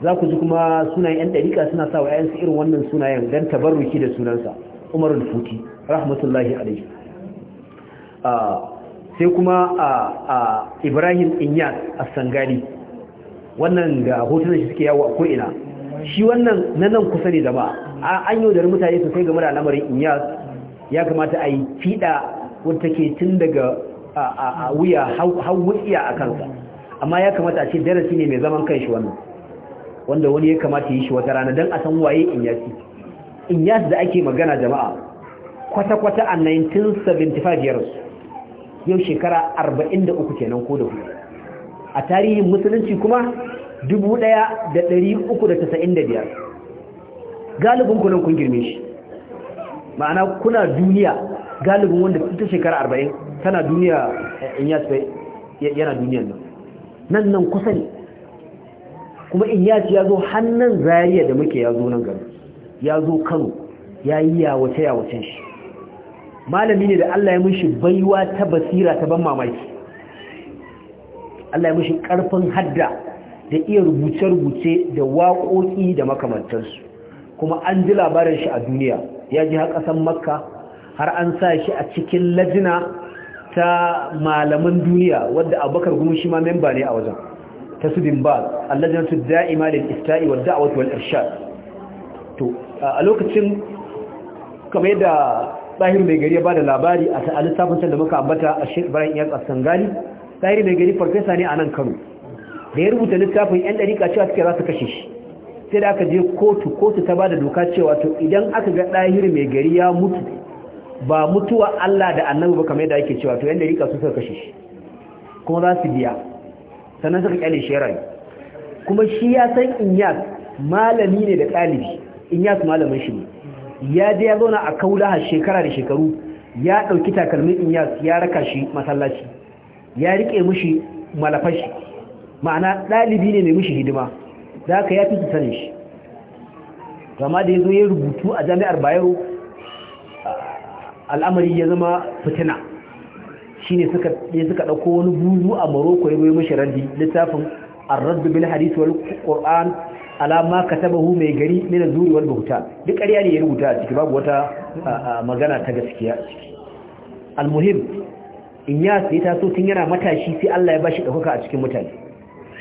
za ku ji kuma sunayen 'yan ɗarika suna sa wa 'yansu irin wannan sunayen don tabarruki da sunansa umar futi rahmatullahi alaihi sai kuma a ibrahim inyas a sangali wannan ga hotunan shi suke yawo a ko'ina shi wannan na nan kusa ne zama. an yaudar mutane sosai game da al'amarin inyas ya kamata a yi fiɗa wadda take tun daga a wuya hau wutsiya a kansa amma ya kamata a ce darasi ne mai zaman kanshi wannan wanda wani ya kamata yi shi wata rana don a san waye inyasi inyasi da ake magana jama'a kwata-kwata a 1975 yarsu yau shekara 43 kenan ko da hudu a tarihin musulunci kuma 1395 galibin kunan kun girme shi ma'ana kuna duniya galibin wanda ta shekara 40 tana duniya eh, inyasi yana duniyan nan nan nan kusa ne kuma in ya ci ya zo hannun zariya da muke ya zo nan gari ya zo kano ya yi yawace yawacen shi malami ne da Allah ya mushi baiwa ta basira ta ban mamaki Allah ya mushi karfin hadda da iya rubuce-rubuce da waƙoƙi da makamantarsu kuma an ji labarin shi a duniya ya ji har ƙasan makka har an sa shi a cikin lajina ta malaman duniya wadda abubakar gumin shi ma memba ne a wajen ta su dimbal allajansu da'ima da ista'i wa da'awat wal irshad to a lokacin kamar yadda ɗahir mai gari ya ba da labari a can da muka ambata a shek bayan yan kasangali ɗahir mai gari farfesa ne a nan kano da ya rubuta littafin yan ɗarika cewa suke za su kashe shi sai da aka je kotu kotu ta ba da doka cewa to idan aka ga ɗahir mai gari ya mutu ba mutuwa Allah da annabi ba kamar yadda ake cewa to yanda rika su suka kashe shi kuma za su biya sannan suka kyale shi rai kuma shi ya san Inyas malami ne da ɗalibi Inyas malamin shi ne ya je ya zauna a kaulaha shekara da shekaru ya ɗauki takalmin Inyas ya raka shi masallaci ya rike mishi shi ma'ana ɗalibi ne mai mishi hidima zaka yafi ya fi su sanin shi gama da ya zo ya rubutu a jami'ar bayero al'amari ya zama fitina shi ne suka dauko wani buzu a Morocco ya bai mashi raddi littafin ar-radd bil hadith wal qur'an ala ma katabahu mai gari min az-zuri wal duk ƙarya ne ya rubuta a ciki babu wata magana ta gaskiya ciki al-muhim in ya sai taso tun yana matashi sai Allah ya bashi ɗaukaka a cikin mutane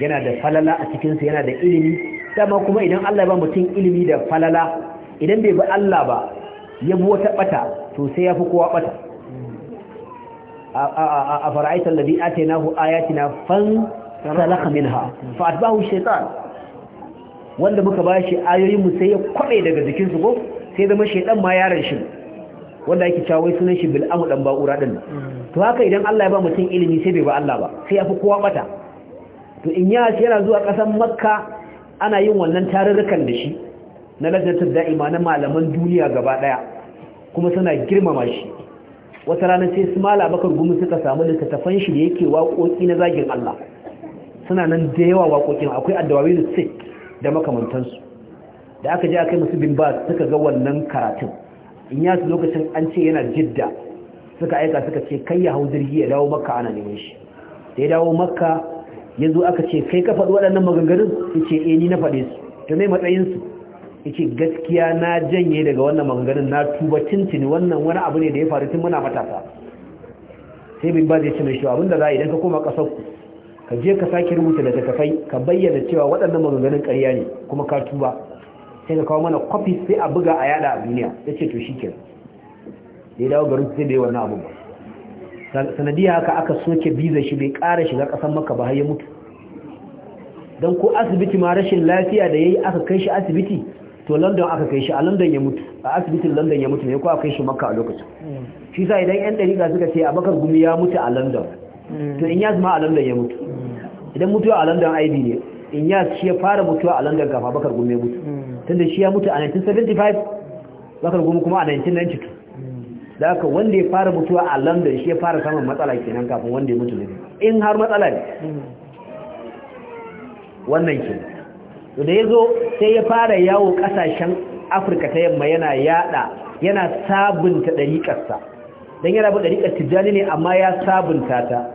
yana da falala a cikin yana da ilimi dama kuma idan Allah ya ba mutum ilimi da falala idan bai bi Allah ba ya bi wata bata to sai ya fi kowa bata a fara'aitar da biya ta nahu ayatina fan salaka minha fa atbahu shaitan wanda muka ba shi mu sai ya kwabe daga jikinsu ko sai zama shaitan ma yaran shi wanda yake cewa sunan shi bil'amu dan ba'ura din to haka idan Allah ya ba mutum ilimi sai bai ba Allah ba sai ya fi kowa bata to in ya yana zuwa kasan makka ana yin wannan tarurrukan da shi na lajnatar da'ima na malaman duniya gaba daya kuma suna girmama shi wata rana sai su mala bakar gumi suka samu littattafan shi da yake waƙoƙi na zagin Allah suna nan da yawa waƙoƙin akwai addawawi da sik da makamantansu da aka je aka yi musu bin ba suka ga wannan karatun in yasu lokacin an ce yana jidda suka aika suka ce kai ya hau jirgi ya dawo makka ana neman shi da ya dawo makka ya aka ce kai ka faɗi waɗannan maganganun su ce eh ni na faɗe su to matsayin matsayinsu yake gaskiya na janye daga wannan maganganun na tuba cincin wannan wani abu ne da ya faru tun muna matasa sai bin ba zai ce mai shi abinda za a idan ka koma kasar ku ka je ka sake rubuta da takafai ka bayyana cewa waɗannan maganganun ƙarya ne kuma ka tuba sai ka kawo mana kwafi sai a buga a yada a duniya ya ce to ke da ya dawo garin sai da yi wannan abu ba sanadiyar haka aka soke biza shi bai ƙara shiga ƙasar maka ba har ya mutu don ko asibiti ma rashin lafiya da ya yi aka kai shi asibiti to london aka kai shi a london ya mutu a asibitin london ya mutu ne ko aka kai shi makka a lokacin hmm. shi sa idan yan dariga suka ce abakar gumi ya mutu a london hmm. to in ya zama a london ya mutu hmm. idan mutuwa a london ID ne in ya shi ya fara mutuwa a london kafa abakar gumi ya mutu tunda shi ya mutu a 1975 abakar gumi kuma a 1992 da haka wanda ya fara mutuwa a london shi ya fara samun matsala kenan kafin wanda ya mutu ne in har matsala ne wannan kenan to da zo sai ya fara yawo kasashen Afirka ta yamma yana yada yana sabunta dariƙarsa dan yana ba dariƙar tijani ne amma ya sabunta ta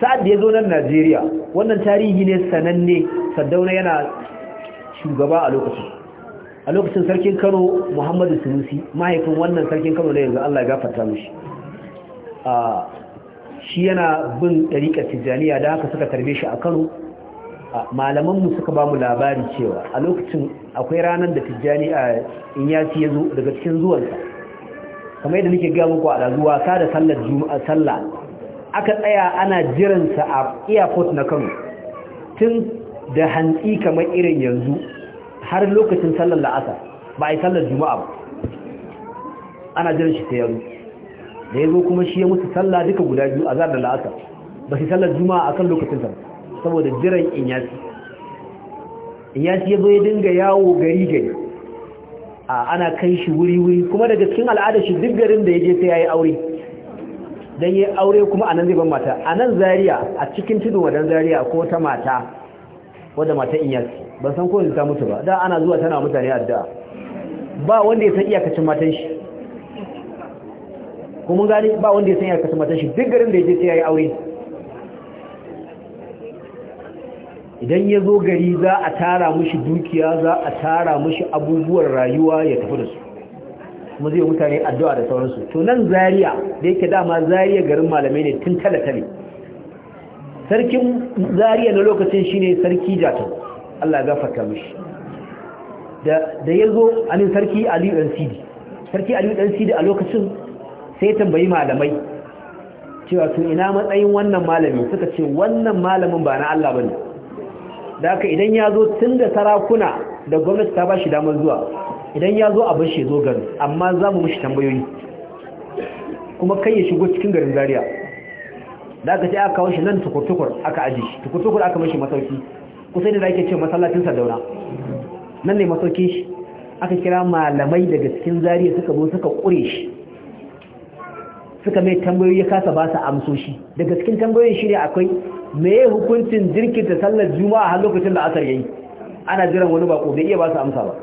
sa'ad da yazo nan Najeriya wannan tarihi ne sananne Saddauna yana shugaba a lokacin a lokacin sarkin Kano Muhammadu Sunusi mahaifin wannan sarkin Kano ne yanzu Allah ya gafarta mishi ah, shi yana bin ɗariƙar tijjaniya da haka suka tarbe shi a kano malamanmu suka ba mu labari cewa a lokacin akwai ranar da tijjani a inyasi ya zo daga cikin zuwansa kamar yadda nake gaya muku a ɗazu wasa da sallar juma'a sallah aka tsaya ana jiransa a airport na kano tun da hantsi kamar irin yanzu har lokacin sallar la'asa ba a yi sallar juma'a ba ana jiran shi ta yaro da ya zo kuma shi ya mutu sallah duka guda biyu a zar da la'asa ba su sallar juma'a akan lokacin ba. saboda jiran inyasi inyasi ya zo ya dinga yawo gari gari A ana kai shi wuri-wuri kuma daga cikin al'ada shi duk garin da ya je sai ya yi aure don yi aure kuma a nan zai ban mata a nan zariya a cikin tudun wadan zariya ko ta mata wadda mata inyasi ban san kowane ta mutu ba da ana zuwa tana mutane addu'a ba wanda ya san iyakacin matan shi kuma gani ba wanda ya san iyakacin matan shi duk garin da ya je sai ya yi aure idan ya zo gari za a tara mushi dukiya za a tara mushi abubuwan rayuwa ya tafi da su kuma zai mutane addu'a da sauransu to nan zariya da yake dama zariya garin malamai ne tun talatale sarkin zariya na lokacin shine sarki Jato, Allah gafarta mushi da ya zo anin sarki aliyu Dan sidi sarki aliyu Dan sidi a lokacin sai tambayi malamai cewa to ina matsayin wannan malami suka ce wannan malamin ba na Allah ba ne da aka idan ya zo tun da sarakuna da gwamnati ta ba shi damar zuwa idan ya zo abin shi zo gari amma za mu mishi tambayoyi kuma kai ya shigo cikin garin Zariya, da aka ce aka kawo shi nan tukur-tukur aka aji shi tukur-tukur aka mashi masauki kusa da ake ce masallacin sardauna nan ne masauki shi aka kira malamai daga cikin Zariya suka zo suka kure shi suka mai tambayoyi ya kasa ba su amsoshi daga cikin tambayoyin shi ne akwai meye hukuncin jirkinta sallar juma'a har lokacin da asar yayi ana jiran wani bako bai iya ba su amsa ba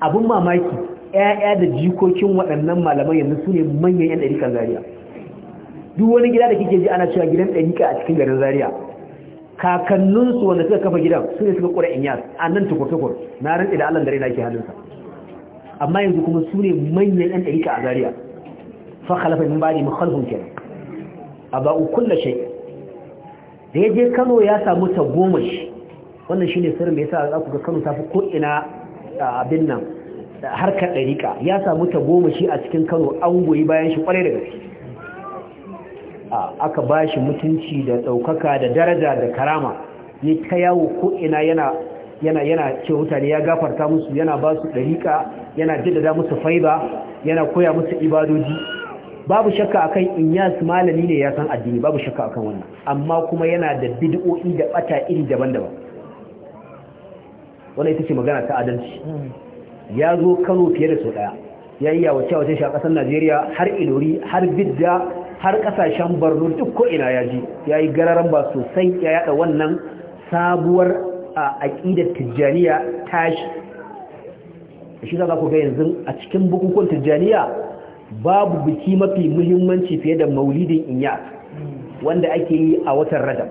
abun mamaki ƴaƴa da jikokin waɗannan malaman yanzu su ne manyan ƴan ɗarikan zaria duk wani gida da kike ji ana cewa gidan ɗarika a cikin garin zaria kakanninsu wanda suka kafa gidan su ne suka ƙura inyas a nan tukur-tukur na rantsi da allah dare na ke hannunsa amma yanzu kuma su ne manyan ƴan ɗarika a zaria fa khalafa min ba'di mukhalfun kenan aba'u kullu shay da yaje Kano ya samu ta goma shi wannan shine sirrin da yasa za ku ga Kano ta fi ko ina abin nan harkar dariqa ya samu ta goma shi a cikin Kano an goyi bayan shi kwarai da gaske aka shi mutunci da daukaka da daraja da karama ya ta yawo ko ina yana yana yana ce mutane ya gafarta musu yana ba su dariqa yana jaddada musu faiba yana koya musu ibadoji babu shakka akan inyas malami ne ya san addini babu shakka akan wannan amma kuma yana da bid'o'i da bata iri daban-daban wannan ita ce magana ta adalci ya zo Kano fiye da sau daya ya yi yawace wace shi a ƙasar Najeriya har Ilori har Bidda har ƙasashen Borno duk ko ina ya ji ya yi gararan ba sosai ya yada wannan sabuwar a aqidar Tijjaniya tashi shi za ku ga yanzu a cikin bukukuwan Tijjaniya babu biki mafi muhimmanci fiye da maulidin inya wanda ake yi a watan rajab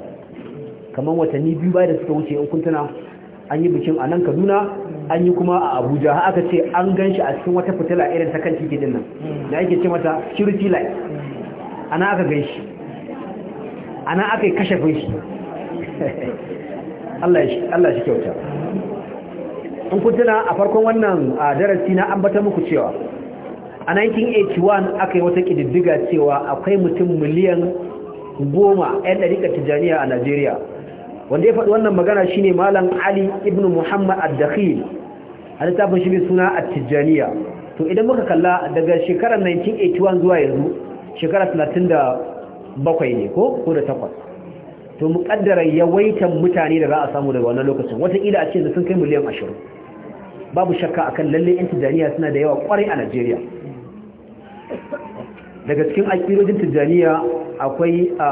kamar watanni biyu bayan da suka wuce in kun tana an yi bikin a nan kaduna an yi kuma a abuja har aka ce an gan shi a cikin wata fitila irin ta kan titi nan da ake ce mata security light ana aka gan shi ana aka yi kashe shi Allah shi kyauta in kun tana a farkon wannan darasi na ambata muku cewa a 1981 aka yi wata ƙididdiga cewa akwai mutum miliyan goma 'yan ɗariƙa Tijaniya a najeriya wanda ya faɗi wannan magana shine malam ali ibn muhammad al dakhil a littafin shi mai suna a tijjaniya to idan muka kalla daga shekarar 1981 zuwa yanzu shekara 37 ne ko ko da takwas to muƙaddara yawaitan mutane da za a samu daga wannan lokacin wataƙila a ce sun kai miliyan ashirin babu shakka akan lalle 'yan Tijaniya suna da yawa kwarai a najeriya daga cikin aƙidojin tijjaniya akwai a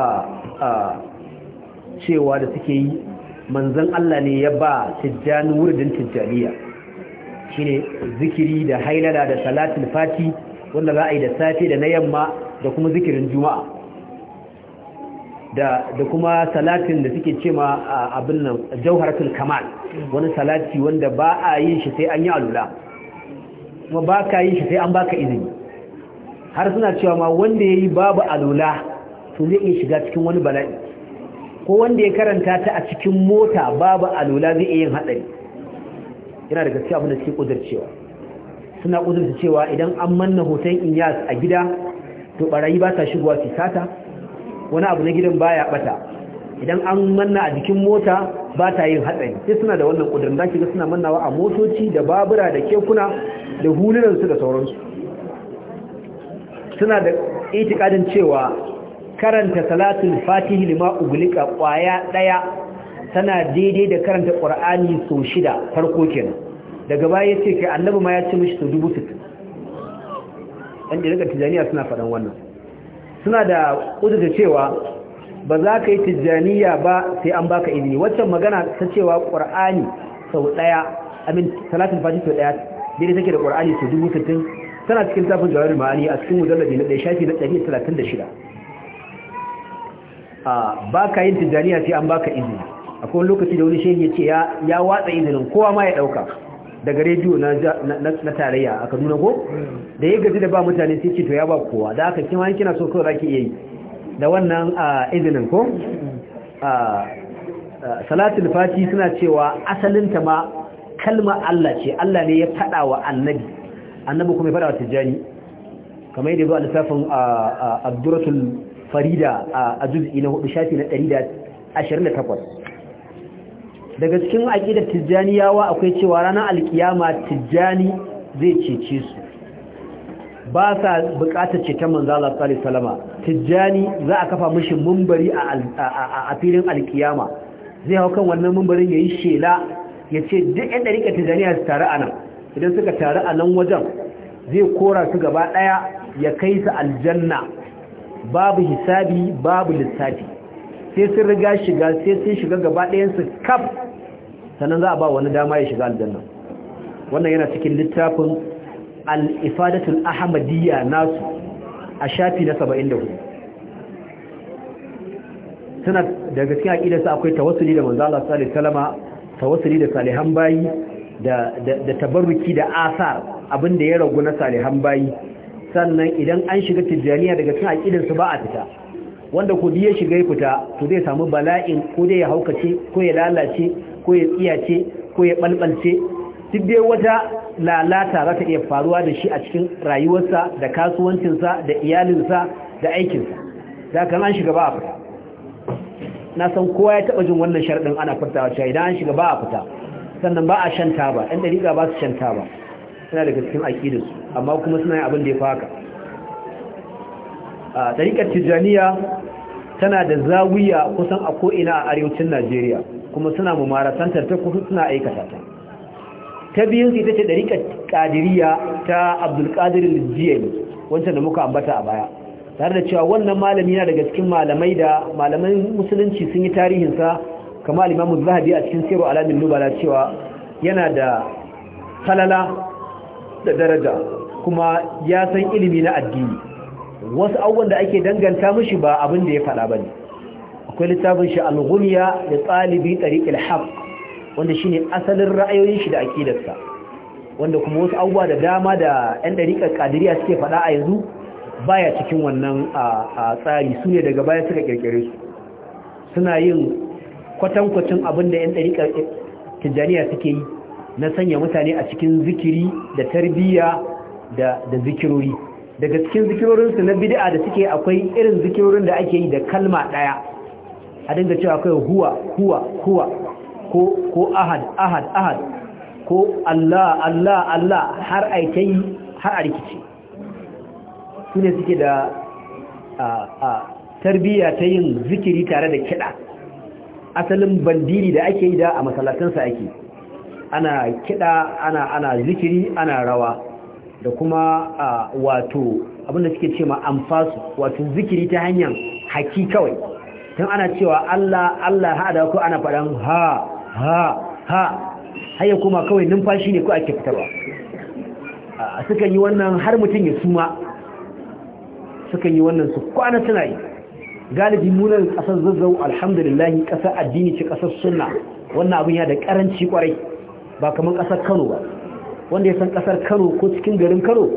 cewa da suke yi manzan Allah ne ya ba tijjani wurin tijjaniya shine zikiri da hailada da salatin fati wanda za a yi da safe da na yamma da kuma zikirin juma'a da kuma salatin da suke ce ma abin nan jauharatul kamal wani salati wanda ba a yi shi sai an yi alula kuma ba ka yi shi sai an baka izini har suna cewa ma wanda ya yi babu alola to zai iya shiga cikin wani bala'i ko wanda ya karanta ta a cikin mota babu alola zai iya yin haɗari yana daga cikin abin da suke ƙudurcewa suna ƙudurta cewa idan an manna hoton inyas a gida to barayi ba ta shigowa su sata wani abu na gidan baya bata idan an manna a jikin mota ba ta yin hatsari sai suna da wannan ƙudurin da ga suna mannawa a motoci da babura da kekuna da hulunan da sauransu suna da itikadin cewa karanta salatul fatihi lima ugulika kwaya daya tana daidai da karanta qur'ani so shida farko kenan daga baya yace kai annabi ma ya ce mishi to dubu sita an da tijaniya suna faɗan wannan suna da kudurta cewa ba za ka yi tijaniya ba sai an baka izini waccan magana ta cewa qur'ani sau daya amin salatul fatihi sau daya daidai take da qur'ani so dubu sittin tana cikin tafin jawar ma'ani a cikin mujallabi na ɗaya shafi na ɗari talatin da shida a ba ka yin tijjaniya sai an baka izini akwai lokaci da wani shehi ya ce ya watsa izinin kowa ma ya ɗauka daga rediyo na tarayya a kaduna ko da ya gaji da ba mutane sai ce to ya ba kowa da aka kima kina so kawai za ki iya yi da wannan izinin ko salatul fati suna cewa asalinta ma kalma Allah ce Allah ne ya faɗa wa annabi annabi kuma ya fada tijani kamar yadda zuwa lissafin abduratul farida a juz'i na hudu shafi na 128 daga cikin aqidar tijaniyawa akwai cewa ranar alkiyama tijani zai cece su ba sa bukatar ceton manzo Allah sallallahu alaihi wasallama tijani za a kafa mishi mumbari a filin alkiyama zai hau kan wannan mumbarin yi shela yace duk ɗan dariƙa tijaniya su tare anan idan suka taru a nan wajen zai kora su gaba ɗaya ya kai su aljanna babu hisabi babu lissafi sai sun riga shiga sai sun shiga gaba ɗayansu kaf sannan za a ba wani dama ya shiga aljanna wannan yana cikin littafin al-ifadatul nasu a shafi na 74 suna daga cikin aqidarsa akwai tawassuli da manzo Allah sallallahu alaihi wasallama tawassuli da salihan bayi da tabaruki tabarruki da asar abinda ya ragu na salihan bayi sannan idan an shiga tijjaniya daga cikin aqidar su ba a fita wanda ko ya shiga ya fita to zai samu bala'in ko dai ya haukace ko ya lalace ko ya tsiyace ko ya balbalce duk dai wata lalata za ta iya faruwa da shi a cikin rayuwarsa da kasuwancinsa da iyalinsa da aikinsa da kan an shiga ba a fita na san kowa ya taɓa jin wannan sharɗin ana fitawa cewa idan an shiga ba a fita sannan ba a shan taba ɗan dariƙa ba su shan taba suna daga cikin aƙidinsu amma kuma suna yi abin da ya faka a dariƙar tijjaniya tana da zawiya kusan a ko'ina a arewacin najeriya kuma suna santar ta kusa suna aikata ta ta biyun ita ce dariƙar ƙadiriya ta abdulkadir jiyani wancan da muka ambata a baya tare da cewa wannan malami na daga cikin malamai da malaman musulunci sun yi tarihinsa kama al-Imam zahabi a cikin Sirru Alamin Nubala cewa yana da salala da daraja kuma ya san ilimi na addini wasu abubuwan da ake danganta mashi ba abin da ya faɗa ne akwai littafin shi al da tsalibi ɗari ilhaf wanda shine asalin ra'ayoyin shi da akidarsa wanda kuma wasu abubuwa da dama da 'yan ɗariƙar ƙadiriya suke faɗa a yanzu baya cikin wannan tsari su ne daga baya suka ƙirƙire su suna yin kwatankwacin abin da 'yan ɗariƙar tijjaniya suke yi na sanya mutane a cikin zikiri da tarbiyya da zikirori daga cikin zikirorinsu na bid'a da suke akwai irin zikirorin da ake yi da kalma ɗaya a dinga cewa akwai huwa huwa huwa ko ahad ahad ahad ko Allah Allah Allah har yi har a rikice su suke da tarbiyya ta yin zikiri tare da kiɗa asalin bandiri da ake yi da a masallatansa ake ana kiɗa ana ana zikiri ana rawa da kuma wato abinda suke ce ma amfasu wato zikiri ta hanyar haki kawai tun ana cewa Allah Allah hada ko ana faɗan ha ha ha haya kuma kawai numfashi ne ko ake fitarwa sukan yi wannan har mutum ya suma sukan yi wannan su kwana suna yi galibi munan kasar zazzau alhamdulillah kasar addini ce kasar sunna wannan abin ya da karanci kwarai ba kamar kasar Kano ba wanda ya san kasar Kano ko cikin garin Kano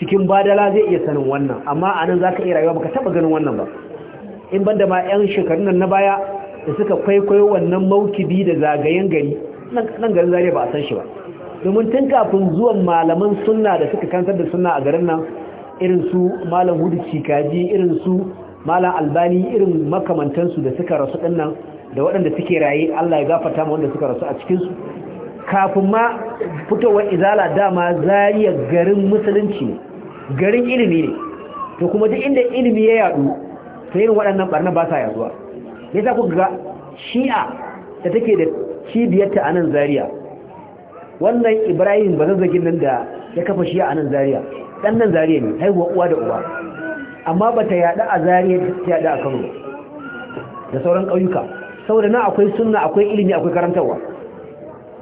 cikin badala zai iya sanin wannan amma a za zaka iya rayuwa baka taba ganin wannan ba in banda ma yan shekarun nan na baya da suka kwaikwayo wannan maukibi da zagayen gari nan garin zare ba a san shi ba domin tun kafin zuwan malaman sunna da suka kantar da sunna a garin nan irin su malam hudu cikaji irin su malam albani irin makamantansu da suka rasu nan, da waɗanda suke raye Allah ya gafarta ma wanda suka rasu a cikin su kafin ma fitowar izala dama zariya garin musulunci ne garin ilimi ne to kuma duk inda ilimi ya yadu to irin waɗannan barna ba sa yaduwa me yasa kuka ga shi'a da take da cibiyarta a nan zariya wannan ibrahim bazazzagin nan da ya kafa shi'a a zariya ɗan nan zariya ne haihuwa uwa da uwa amma ba ta yada a zariya ta yada a kano da sauran ƙauyuka saboda na akwai suna, akwai ilimi akwai karantarwa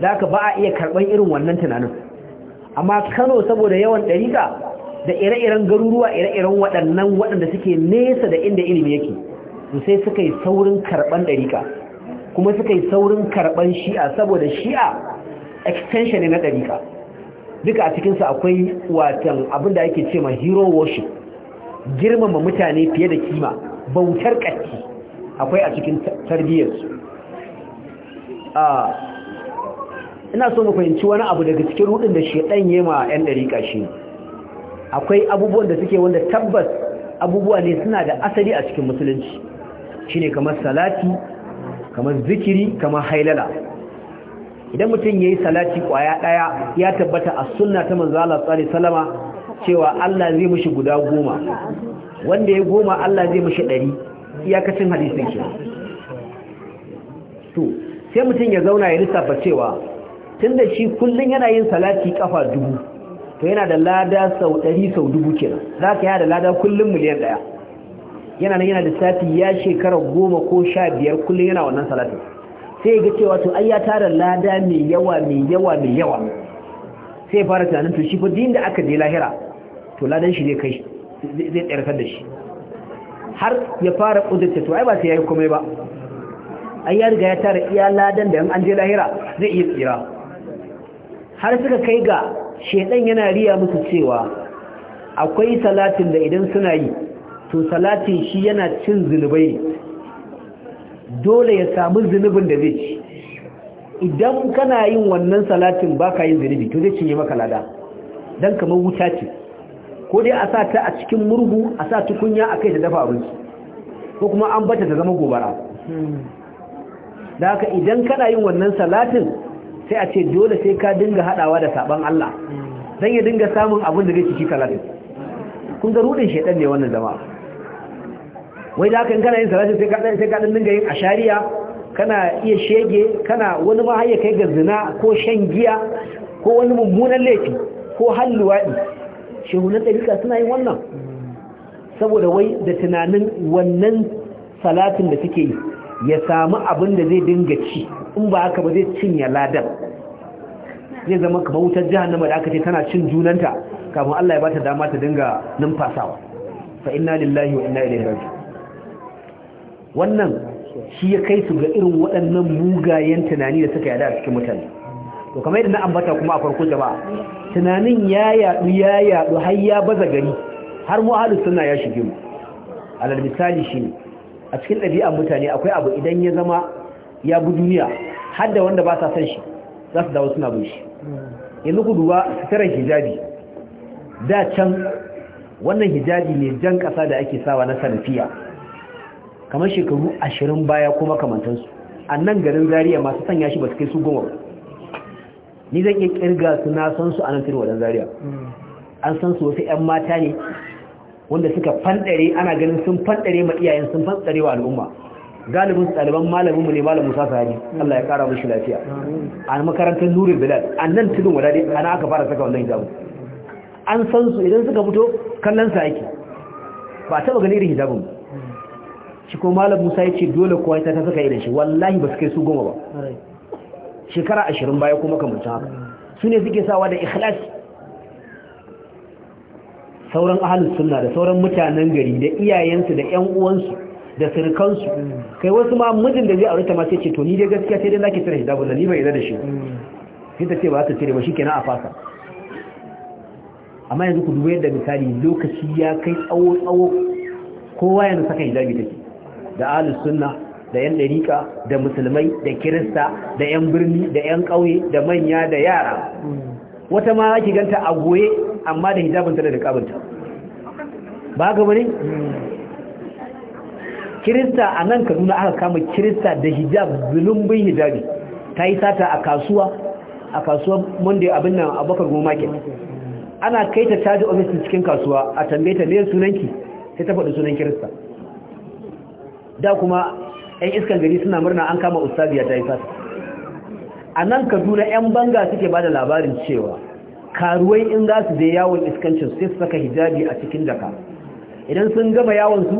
da aka ba a iya karɓar irin wannan tunanin amma kano saboda yawan ɗarika da ire-iren garuruwa ire-iren waɗannan waɗanda suke nesa da inda ilimi yake sai suka yi saurin karɓar ɗarika kuma suka yi saurin karɓan shi'a saboda shi'a extension ne na ɗarika duka a cikinsa akwai watan abinda ake ce ma hero worship girmama mutane fiye da kima bautar ƙarfi akwai a cikin tarbiyyarsu ina so mu fahimci wani abu daga cikin rudin da yi ma yan ɗari ƙashi akwai abubuwan da suke wanda tabbas abubuwa ne suna da asali a cikin musulunci Shi ne kamar salati kamar zikiri kamar hailala idan mutum ya yi salati kwaya ɗaya, ya tabbata a sunna ta manzala tsari salama cewa Allah zai mushi guda goma wanda ya goma Allah zai mushi ɗari iyakacin hadisun ke to sai mutum ya zauna ya lissafa cewa tun da shi kullum yana yin salati kafa dubu to yana da lada sau ɗari sau dubu kenan za ka yana da lada kullum miliyan ɗaya yana nan yana sati ya shekara goma ko sha biyar kullum yana wannan salatin sai ya ga cewa to ai ya tara lada mai yawa mai yawa mai yawa sai fara tunanin to shi fa din da aka je lahira to ladan shi zai kai zai tsarkar da shi har ya fara kudurta to ai ba sai ya yi komai ba ai ya riga ya tara iya ladan da an je lahira zai iya tsira har suka kai ga shedan yana riya musu cewa akwai salatin da idan suna yi to salatin shi yana cin zunubai dole ya samu zunubin da zai ci idan kana yin wannan salatin baka yin zunubi to zai cinye maka lada dan kamar wuta ce ko dai a sa ta a cikin murhu a sa tukunya a kai ta dafa abinci ko kuma an bata ta zama gobara da haka idan kana yin wannan salatin sai a ce dole sai ka dinga hadawa da saban Allah dan ya dinga samun abin da zai ciki salatin kun ga rudin shedan ne wannan jama'a wai da haka in kana yin salatin sai ka sai ka dinga yin ashariya kana iya shege kana wani ma har ya kai ga zina ko shan giya ko wani mummunan laifi ko halluwadi shehunan ɗarika suna yi wannan saboda wai da tunanin wannan salatin da suke yi ya samu abin da zai dinga ci in ba haka ba zai cinye ladar. zai zama kamar wutar jihar da aka ce tana cin junanta kafin Allah ya ba ta dama ta dinga numfasawa fa inna lillahi wa inna ilaihi wannan shi ya kai su ga irin waɗannan mugayen tunani da suka yada a cikin mutane to kamar yadda na ambata kuma a farko jama'a tunanin ya yaɗu ya yaɗu, har ya baza gari har mu Suna sunna ya shige mu alal misali shine a cikin ɗabi'an mutane akwai abu idan ya zama ya bu duniya har da wanda ba sa san shi za su dawo suna bin shi yanzu ku duba sitaran hijabi da can wannan hijabi ne jan ƙasa da ake sawa na salafiya kamar shekaru ashirin baya kuma kamantansu a nan garin zariya masu sanya shi ba su kai su goma ba ni zan iya kirga su na san su a nan tudun Zariya. an san su wasu 'yan mata ne wanda suka fandare ana ganin sun fandare ma iyayen sun fandare wa al'umma galibin ɗaliban malaminmu ne malamin musa sahari Allah ya ƙara mashi lafiya a makarantar nurin bilal a nan tudun wadade ana aka fara saka wannan hijabu an san su idan suka fito kallon sa yake ba taɓa ganin irin hijabun shi ko malam musa ya ce dole kuwa ta saka irin shi wallahi ba su kai su goma ba shekara ashirin baya kuma kamar haka su ne suke sawa da ikhlas sauran ahalus suna da sauran mutanen gari da iyayensu da yan uwansu da sirkansu kai wasu ma mijin da zai aure ta ma sai ce to ni dai gaskiya sai dai nake tsira da nan ni bai yarda da shi sai ta ce ba ta tsire ba shikenan a fasa amma yanzu ku duba yadda misali lokaci ya kai tsawo tsawo kowa yana saka hijabi take da ahalus sunna da yan ɗarika da musulmai da kirista da yan birni da yan ƙauye da manya da yara wata ma ki ganta a goye amma da hijabinta da niqabinta ba ga bane kirista a nan kaduna aka kama kirista da hijab zulumbin hijabi ta yi sata a kasuwa a kasuwar monday abin nan a Bakar goma market ana kai ta caji ofisin cikin kasuwa a tambaye ne sunanki sai ta faɗi sunan kirista da kuma 'yan iskan gari suna murna an kama ustaziya ta yi fata a nan kaduna 'yan banga suke ba da labarin cewa karuwai in za su je yawon iskancin sai su saka hijabi a cikin daka. idan sun gama yawon su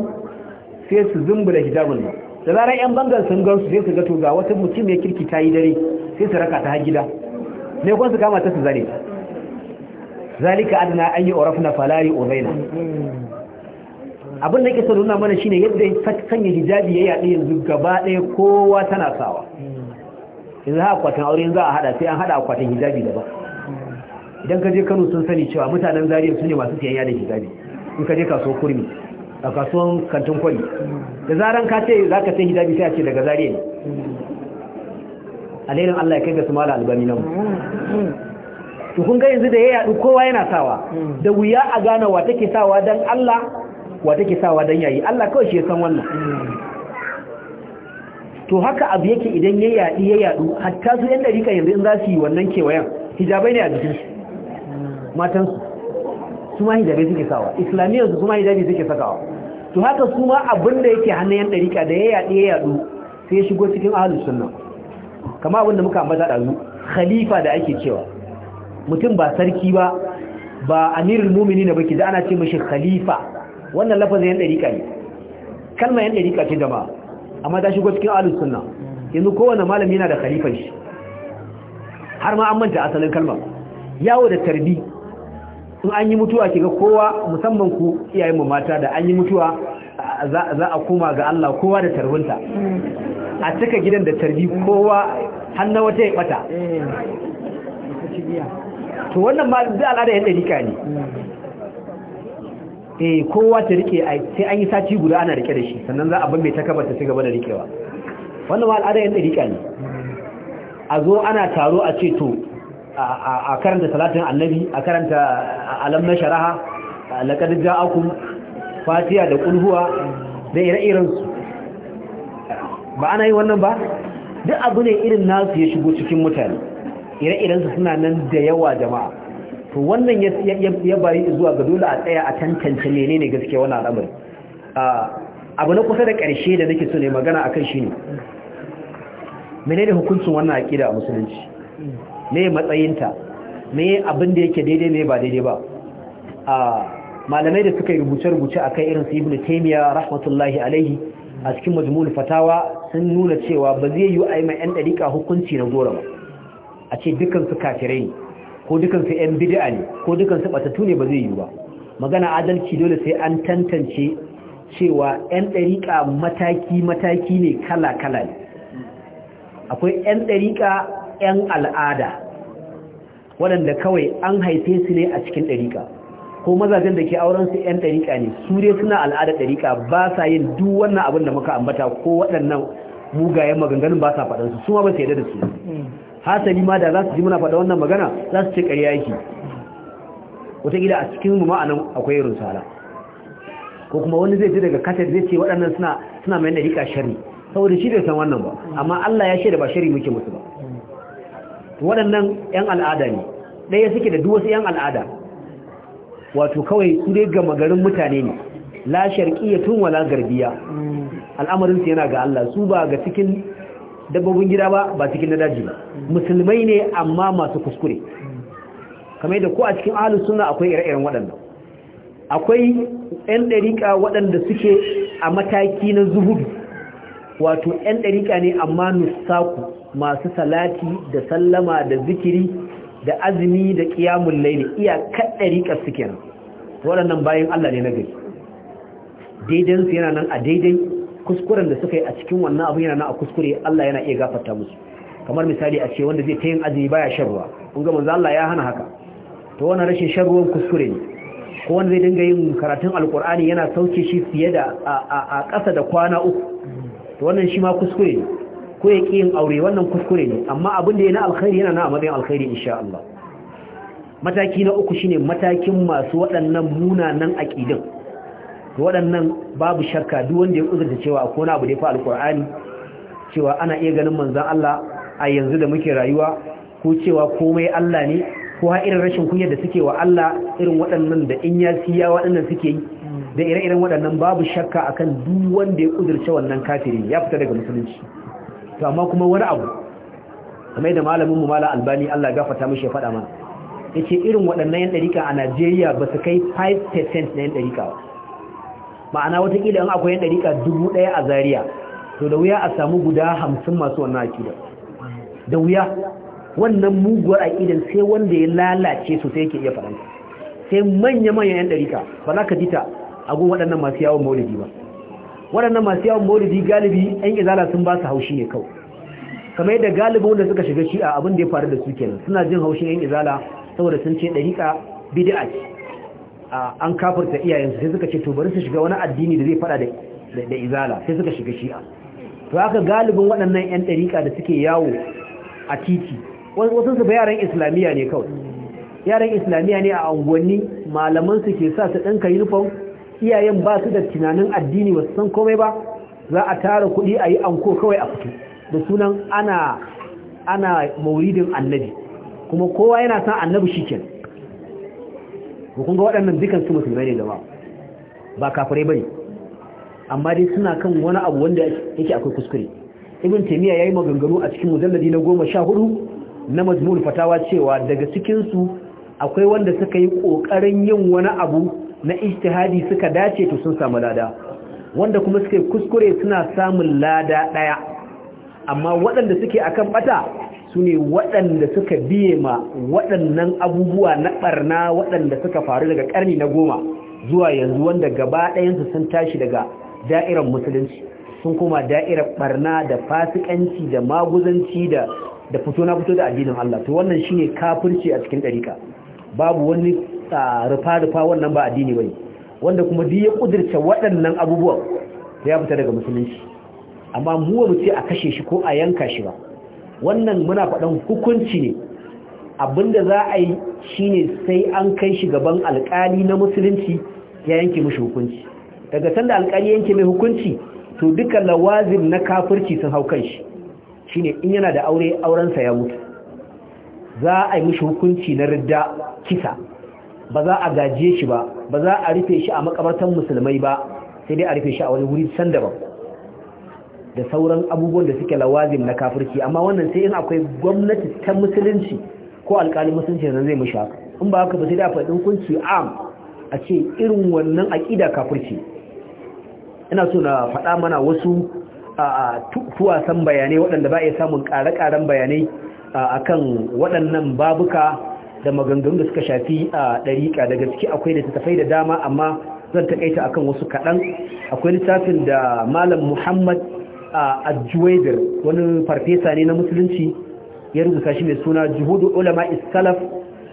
sai su zumbula hijabin ba da zarar 'yan bangar sun gan su sai su gato ga wata mutum ya kirki ta yi dare sai su raka ta har gida ne kwan su kama ta su zane zalika adana an yi orafna falari ozaina abin da yake so nuna mana shine yadda sanya hijabi ya yaɗe yanzu gaba ɗaya kowa tana sawa yanzu ha akwatin aure yanzu a hada sai an hada akwatin hijabi daban idan ka je Kano sun sani cewa mutanen Zariya sun ne masu siyan da hijabi in ka je kasuwar kurmi a kasuwar kantin kwari da zaran ka ce za ka sai hijabi sai a ce daga Zariya ne alherin Allah ya kai ga su mala albani nan to kun ga yanzu da ya yaɗu kowa yana sawa da wuya a gane wa take sawa don Allah wa take sawa dan yayi Allah kawai shi ya san wannan to haka abu yake idan ya yadi ya yadu hatta su yan dariƙa yanzu in za su yi wannan kewayen hijabai ne a jikin shi matan su su ma hijabai suke sawa islamiyyar su kuma hijabi suke sakawa to haka su ma abin da yake hannu yan dariƙa da ya yadi ya yadu sai ya shigo cikin ahlus sunna kama abin da muka ambata ɗazu, khalifa da ake cewa mutum ba sarki ba ba amirul mumini ba ki da ana ce mishi khalifa wannan lafazin yan dariƙa ne kalma yan dariƙa ce jama'a amma ta shigo cikin alus sunna yanzu kowane malami yana da khalifan shi har ma an manta asalin kalma yawo da tarbi in an yi mutuwa ga kowa musamman ku iyayen mu mata da an yi mutuwa za a koma ga Allah kowa da tarbinta a cika gidan da tarbi kowa hannu wata ya bata eh, to wannan ma zai al'ada yan rika ne hmm. eh kowa ta rike sai an yi sati guda ana rike da shi sannan za a ban mai takabar ta cigaba gaba da rikewa wannan ma al'ada yan dariƙa ne a zo ana taro a ce to a karanta salatin annabi a karanta alam na sharaha laqad ja'akum fatiha da kulhuwa da ire-iren su ba ana yi wannan ba duk abu ne irin nasu ya shigo cikin mutane ire irensu suna nan da yawa jama'a to wannan ya bari zuwa ga dole a tsaya a tantance menene gaskiya wannan al'amari abu na kusa da ƙarshe da nake so ne magana akan shi ne menene hukuncin wannan aƙida a musulunci me matsayinta me abin da yake daidai me ba daidai ba malamai da suka yi rubuce-rubuce akan irin su ibnu taymiya rahmatullahi alaihi a cikin majmu'ul fatawa sun nuna cewa ba zai yi aima yan dariƙa hukunci na gora ba a ce dukkan su kafirai ne ko dukansu 'yan bid'a ne ko dukansu batattu ne ba zai yi ba magana adalci dole sai an tantance cewa 'yan ɗariƙa mataki-mataki ne kala-kala ne akwai 'yan ɗariƙa 'yan al'ada waɗanda kawai an haife su ne a cikin ɗariƙa ko mazajen da ke auren su 'yan ɗariƙa ne su dai suna al'ada ɗariƙa ba sa yin duk wannan abin da muka ambata ko waɗannan mugayen maganganun ba sa faɗansu su ma ba su yarda da su hmm. hasali ma da za su ji muna faɗa wannan magana za su ce ƙarya yake wataƙila a cikin mu ma'anan akwai rusala ko kuma wani zai ji daga kasar zai ce waɗannan suna suna mai dariƙa shari saboda shi bai san wannan ba amma Allah ya shaida ba shari muke musu ba waɗannan 'yan al'ada ne ɗaya suke da duwasu 'yan al'ada wato kawai su dai gama garin mutane ne la tun wala garbiya al'amarinsu yana ga Allah su ba ga cikin dabbobin gida ba ba cikin na daji ba musulmai ne amma masu kuskure kamar yadda ko a cikin ahalus suna akwai ire-iren waɗanda akwai 'yan ɗariƙa waɗanda suke a mataki na zuhudu wato 'yan ɗariƙa ne amma nusaku masu salati da sallama da zikiri da azumi da ƙiyamun laili iya ɗariƙa suke nan waɗannan bayan Allah ne na gari daidansu yana nan a daidai kuskuren da suka yi a cikin wannan abu yana na a kuskure Allah yana iya gafarta musu kamar misali a ce wanda zai ta yin azumi baya shan ruwa kun ga manzo Allah ya hana haka to wannan rashin shan ruwan kuskure ne ko wanda zai dinga yin karatun alkur'ani yana sauke shi fiye da a ƙasa da kwana uku to wannan shi ma kuskure ne ko ya yin aure wannan kuskure ne amma abin da ya na alkhairi yana na a matsayin alkhairi insha Allah mataki na uku shine matakin masu waɗannan munanan aƙidin to waɗannan babu shakka duk wanda ya uzurta cewa akwai wani abu da ya fa alkur'ani cewa ana iya ganin manzon Allah a yanzu da muke rayuwa ko cewa komai Allah ne ko ha irin rashin kunya da suke wa Allah irin waɗannan da in ya siya waɗannan suke yi da ire-iren waɗannan babu shakka akan duk wanda ya kudurce wannan kafiri ya fita daga musulunci to amma kuma wani abu kamar da malamin mu malam albani Allah gafarta mishi ya faɗa mana yace irin waɗannan yan dariƙa a Najeriya ba su kai 5% na yan dariƙa ba ma'ana watakila in akwai yan ɗariƙa dubu ɗaya a zariya to da wuya a samu guda hamsin masu wannan akida da wuya wannan muguwar akidan sai wanda ya lalace su sai yake iya faɗan sai manya manya yan ɗariƙa ba za ka ji ta a gun waɗannan masu yawon maulidi ba waɗannan masu yawon maulidi galibi yan izala sun ba su haushi ne kawai kamar yadda galibin wanda suka shiga shi a abin da ya faru da su kenan suna jin haushin yan izala saboda sun ce ɗariƙa bid'a ce an kafirta iyayensu sai suka ce to bari su shiga wani addini da zai fada da izala sai suka shiga shi'a to haka galibin waɗannan 'yan ɗarika da suke yawo a titi wasu su yaran islamiyya ne kawai yaran islamiyya ne a unguwanni malaman su ke sa su ɗinka uniform iyayen ba su da tunanin addini wasu san komai ba za a tara kuɗi a yi anko kawai a fito da sunan ana ana mauridin annabi kuma kowa yana san annabi shi ko ga waɗannan dukan su musulmai ne gaba ba kafirai bane amma dai suna kan wani abu wanda yake akwai kuskure ibn taymiya yayi maganganu a cikin mujalladi na 14 na majmu'ul fatawa cewa daga cikin su akwai wanda suka yi kokarin yin wani abu na ijtihadi suka dace to sun samu lada wanda kuma suka kuskure suna samun lada daya amma waɗanda suke akan bata su ne waɗanda suka biye ma waɗannan abubuwa na ɓarna waɗanda suka faru daga ƙarni na goma zuwa yanzu wanda gaba ɗayansu sun tashi daga da'irar musulunci sun koma da'irar ɓarna da fasikanci da maguzanci da da fito na fito da addinin Allah to wannan shine kafirci a cikin ɗarika babu wani rufa-rufa wannan ba addini bane wanda kuma duk ya kudirce waɗannan abubuwan ya fita daga musulunci amma mu ba mu ce a kashe shi ko a yanka shi ba wannan muna faɗan hukunci ne abinda za a yi shine sai an kai shi gaban alƙali na musulunci ya yanke mashi hukunci daga sanda alƙali yanke mai hukunci to duka lawazin na kafirci sun hau kan shi shine in yana da aure aurensa ya mutu za a yi mashi hukunci na ridda kisa ba za a gaje shi ba ba za a rufe shi a makamartan musulmai ba sai dai a rufe shi a wani wuri sanda daban da sauran abubuwan da suke lawazim na kafirci amma wannan sai in akwai gwamnati ta musulunci ko alƙalin musulunci da zai mushi haka in ba haka ba sai da faɗin kunci am a ce irin wannan aƙida kafirci ina so na faɗa mana wasu tuwasan bayanai waɗanda ba iya samun ƙare-ƙaren bayanai akan waɗannan babuka da maganganun da suka shafi a ɗariƙa daga ciki akwai da tafai da dama amma zan taƙaita akan wasu kaɗan akwai littafin da malam muhammad a juwaidir wani farfesa ne na musulunci ya rubuta shi mai suna juhudu ulama isalaf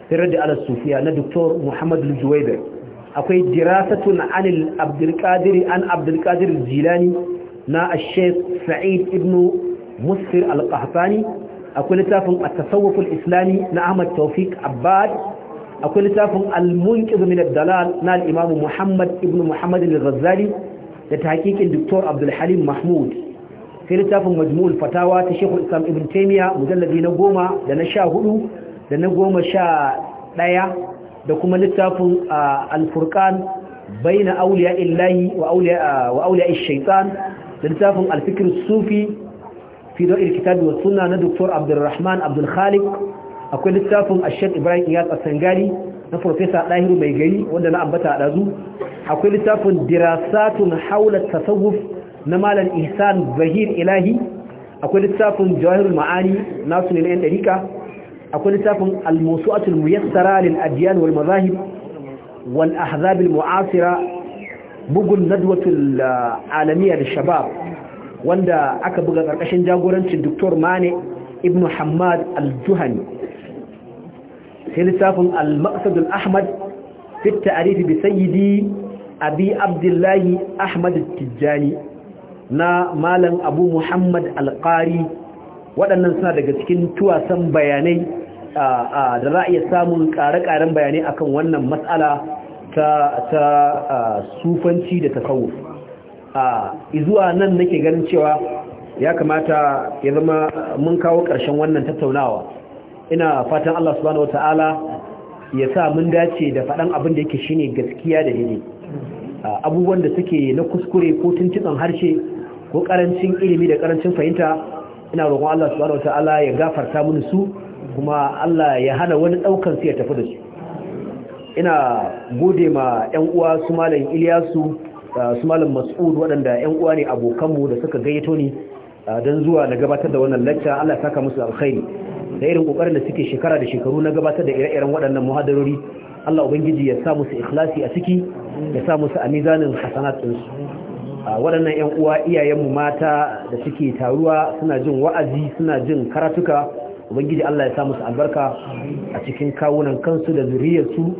firar da ala sufiya na Dr. muhammadu juwaidir akwai dirasatun anil abdulkadir an abdulkadir jilani na ashef sa'id ibn musir al-qahtani akwai littafin at-tasawwuf islami na ahmad tawfiq abbad akwai littafin al-munqidh min dalal na al imamu muhammad ibn muhammad al-ghazali da tahqiqin doktor abdul mahmud sai littafin majmu'ul fatawa ta shekul islam ibn taimiyya mujallabi na goma da na sha hudu da na goma sha ɗaya da kuma littafin alfurkan bai na auliya illahi wa auliya ishaitan da littafin alfikir sufi fi don irkitabi suna na doktor abdulrahman abdulkhalik akwai littafin Ashir ibrahim iyaz a sangari na farfesa ɗahiru mai gari wanda na ambata a ɗazu akwai littafin dirasatun haular tasawuf na malam ihsan zahir ilahi akwai littafin jawahirul ma'ani nasu ne na yan akwai littafin almusu'atul muyassara lil adyan wal mazahib wal ahzab al mu'asira bugun nadwatul ah, alamiyya shabab wanda aka buga karkashin jagorancin Dr. Mane Ibn Hammad al-Juhani sai littafin al-maqsad al-ahmad fi at-ta'rif bi sayyidi abi abdullahi ahmad al-tijjani na malam abu muhammad alƙari waɗannan suna daga cikin tuwasan bayanai da za a iya samun ƙare-ƙaren bayanai akan wannan matsala ta sufanci da tasawuf izuwa nan nake ganin cewa ya kamata ya zama mun kawo ƙarshen wannan tattaunawa ina fatan Allah subhanahu wata'ala ya sa mun dace da faɗan abin da yake shine gaskiya da hili abubuwan da suke na kuskure ko tuntun harshe ko karancin ilimi da karancin fahimta ina roƙon Allah subhanahu wataala ya gafarta mini su kuma Allah ya hana wani daukan su ya tafi da su ina gode ma ƴan uwa su malam ilyasu su malam Mas'ud waɗanda ƴan uwa ne abokanmu da suka gayyato ni don zuwa na gabatar da wannan lacca Allah ya saka musu alkhairi da irin kokarin da suke shekara da shekaru na gabatar da ire-iren waɗannan muhadarori Allah ubangiji ya sa musu ikhlasi a ciki ya sa musu a mizanin hasanatun su waɗannan 'yan uwa iyayenmu mata da suke taruwa suna jin wa'azi suna jin karatuka ubangiji Allah ya sa musu albarka a cikin kawunan kansu da zuriyarsu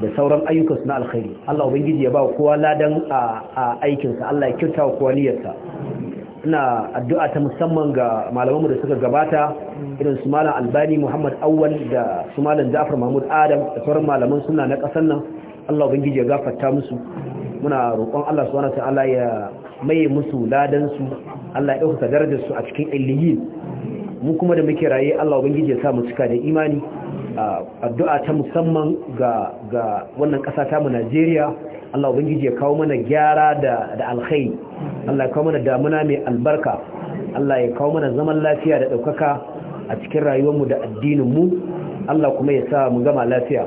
da sauran ayyukansu na alkhairi Allah ubangiji ya ba kowa ladan a aikinsa Allah ya kyauta kowa niyyarsa ina addu'a ta musamman ga malamanmu da suka gabata irin su malam albani muhammad awwal da su malam jafar mahmud adam da sauran malaman suna na ƙasar nan Allah ubangiji ya gafarta musu muna roƙon Allah subhanahu ta'ala ya maye musu ladan su Allah ya dauka darajar su a cikin illiyin mu kuma da muke raye Allah ubangiji ya sa mu cika da imani addu'a ta musamman ga wannan ƙasa ta mu Najeriya Allah ubangiji ya kawo mana gyara da da alkhairi Allah ya kawo mana damuna mai albarka Allah ya kawo mana zaman lafiya da ɗaukaka a cikin rayuwar mu da addinin mu Allah kuma ya sa mu gama lafiya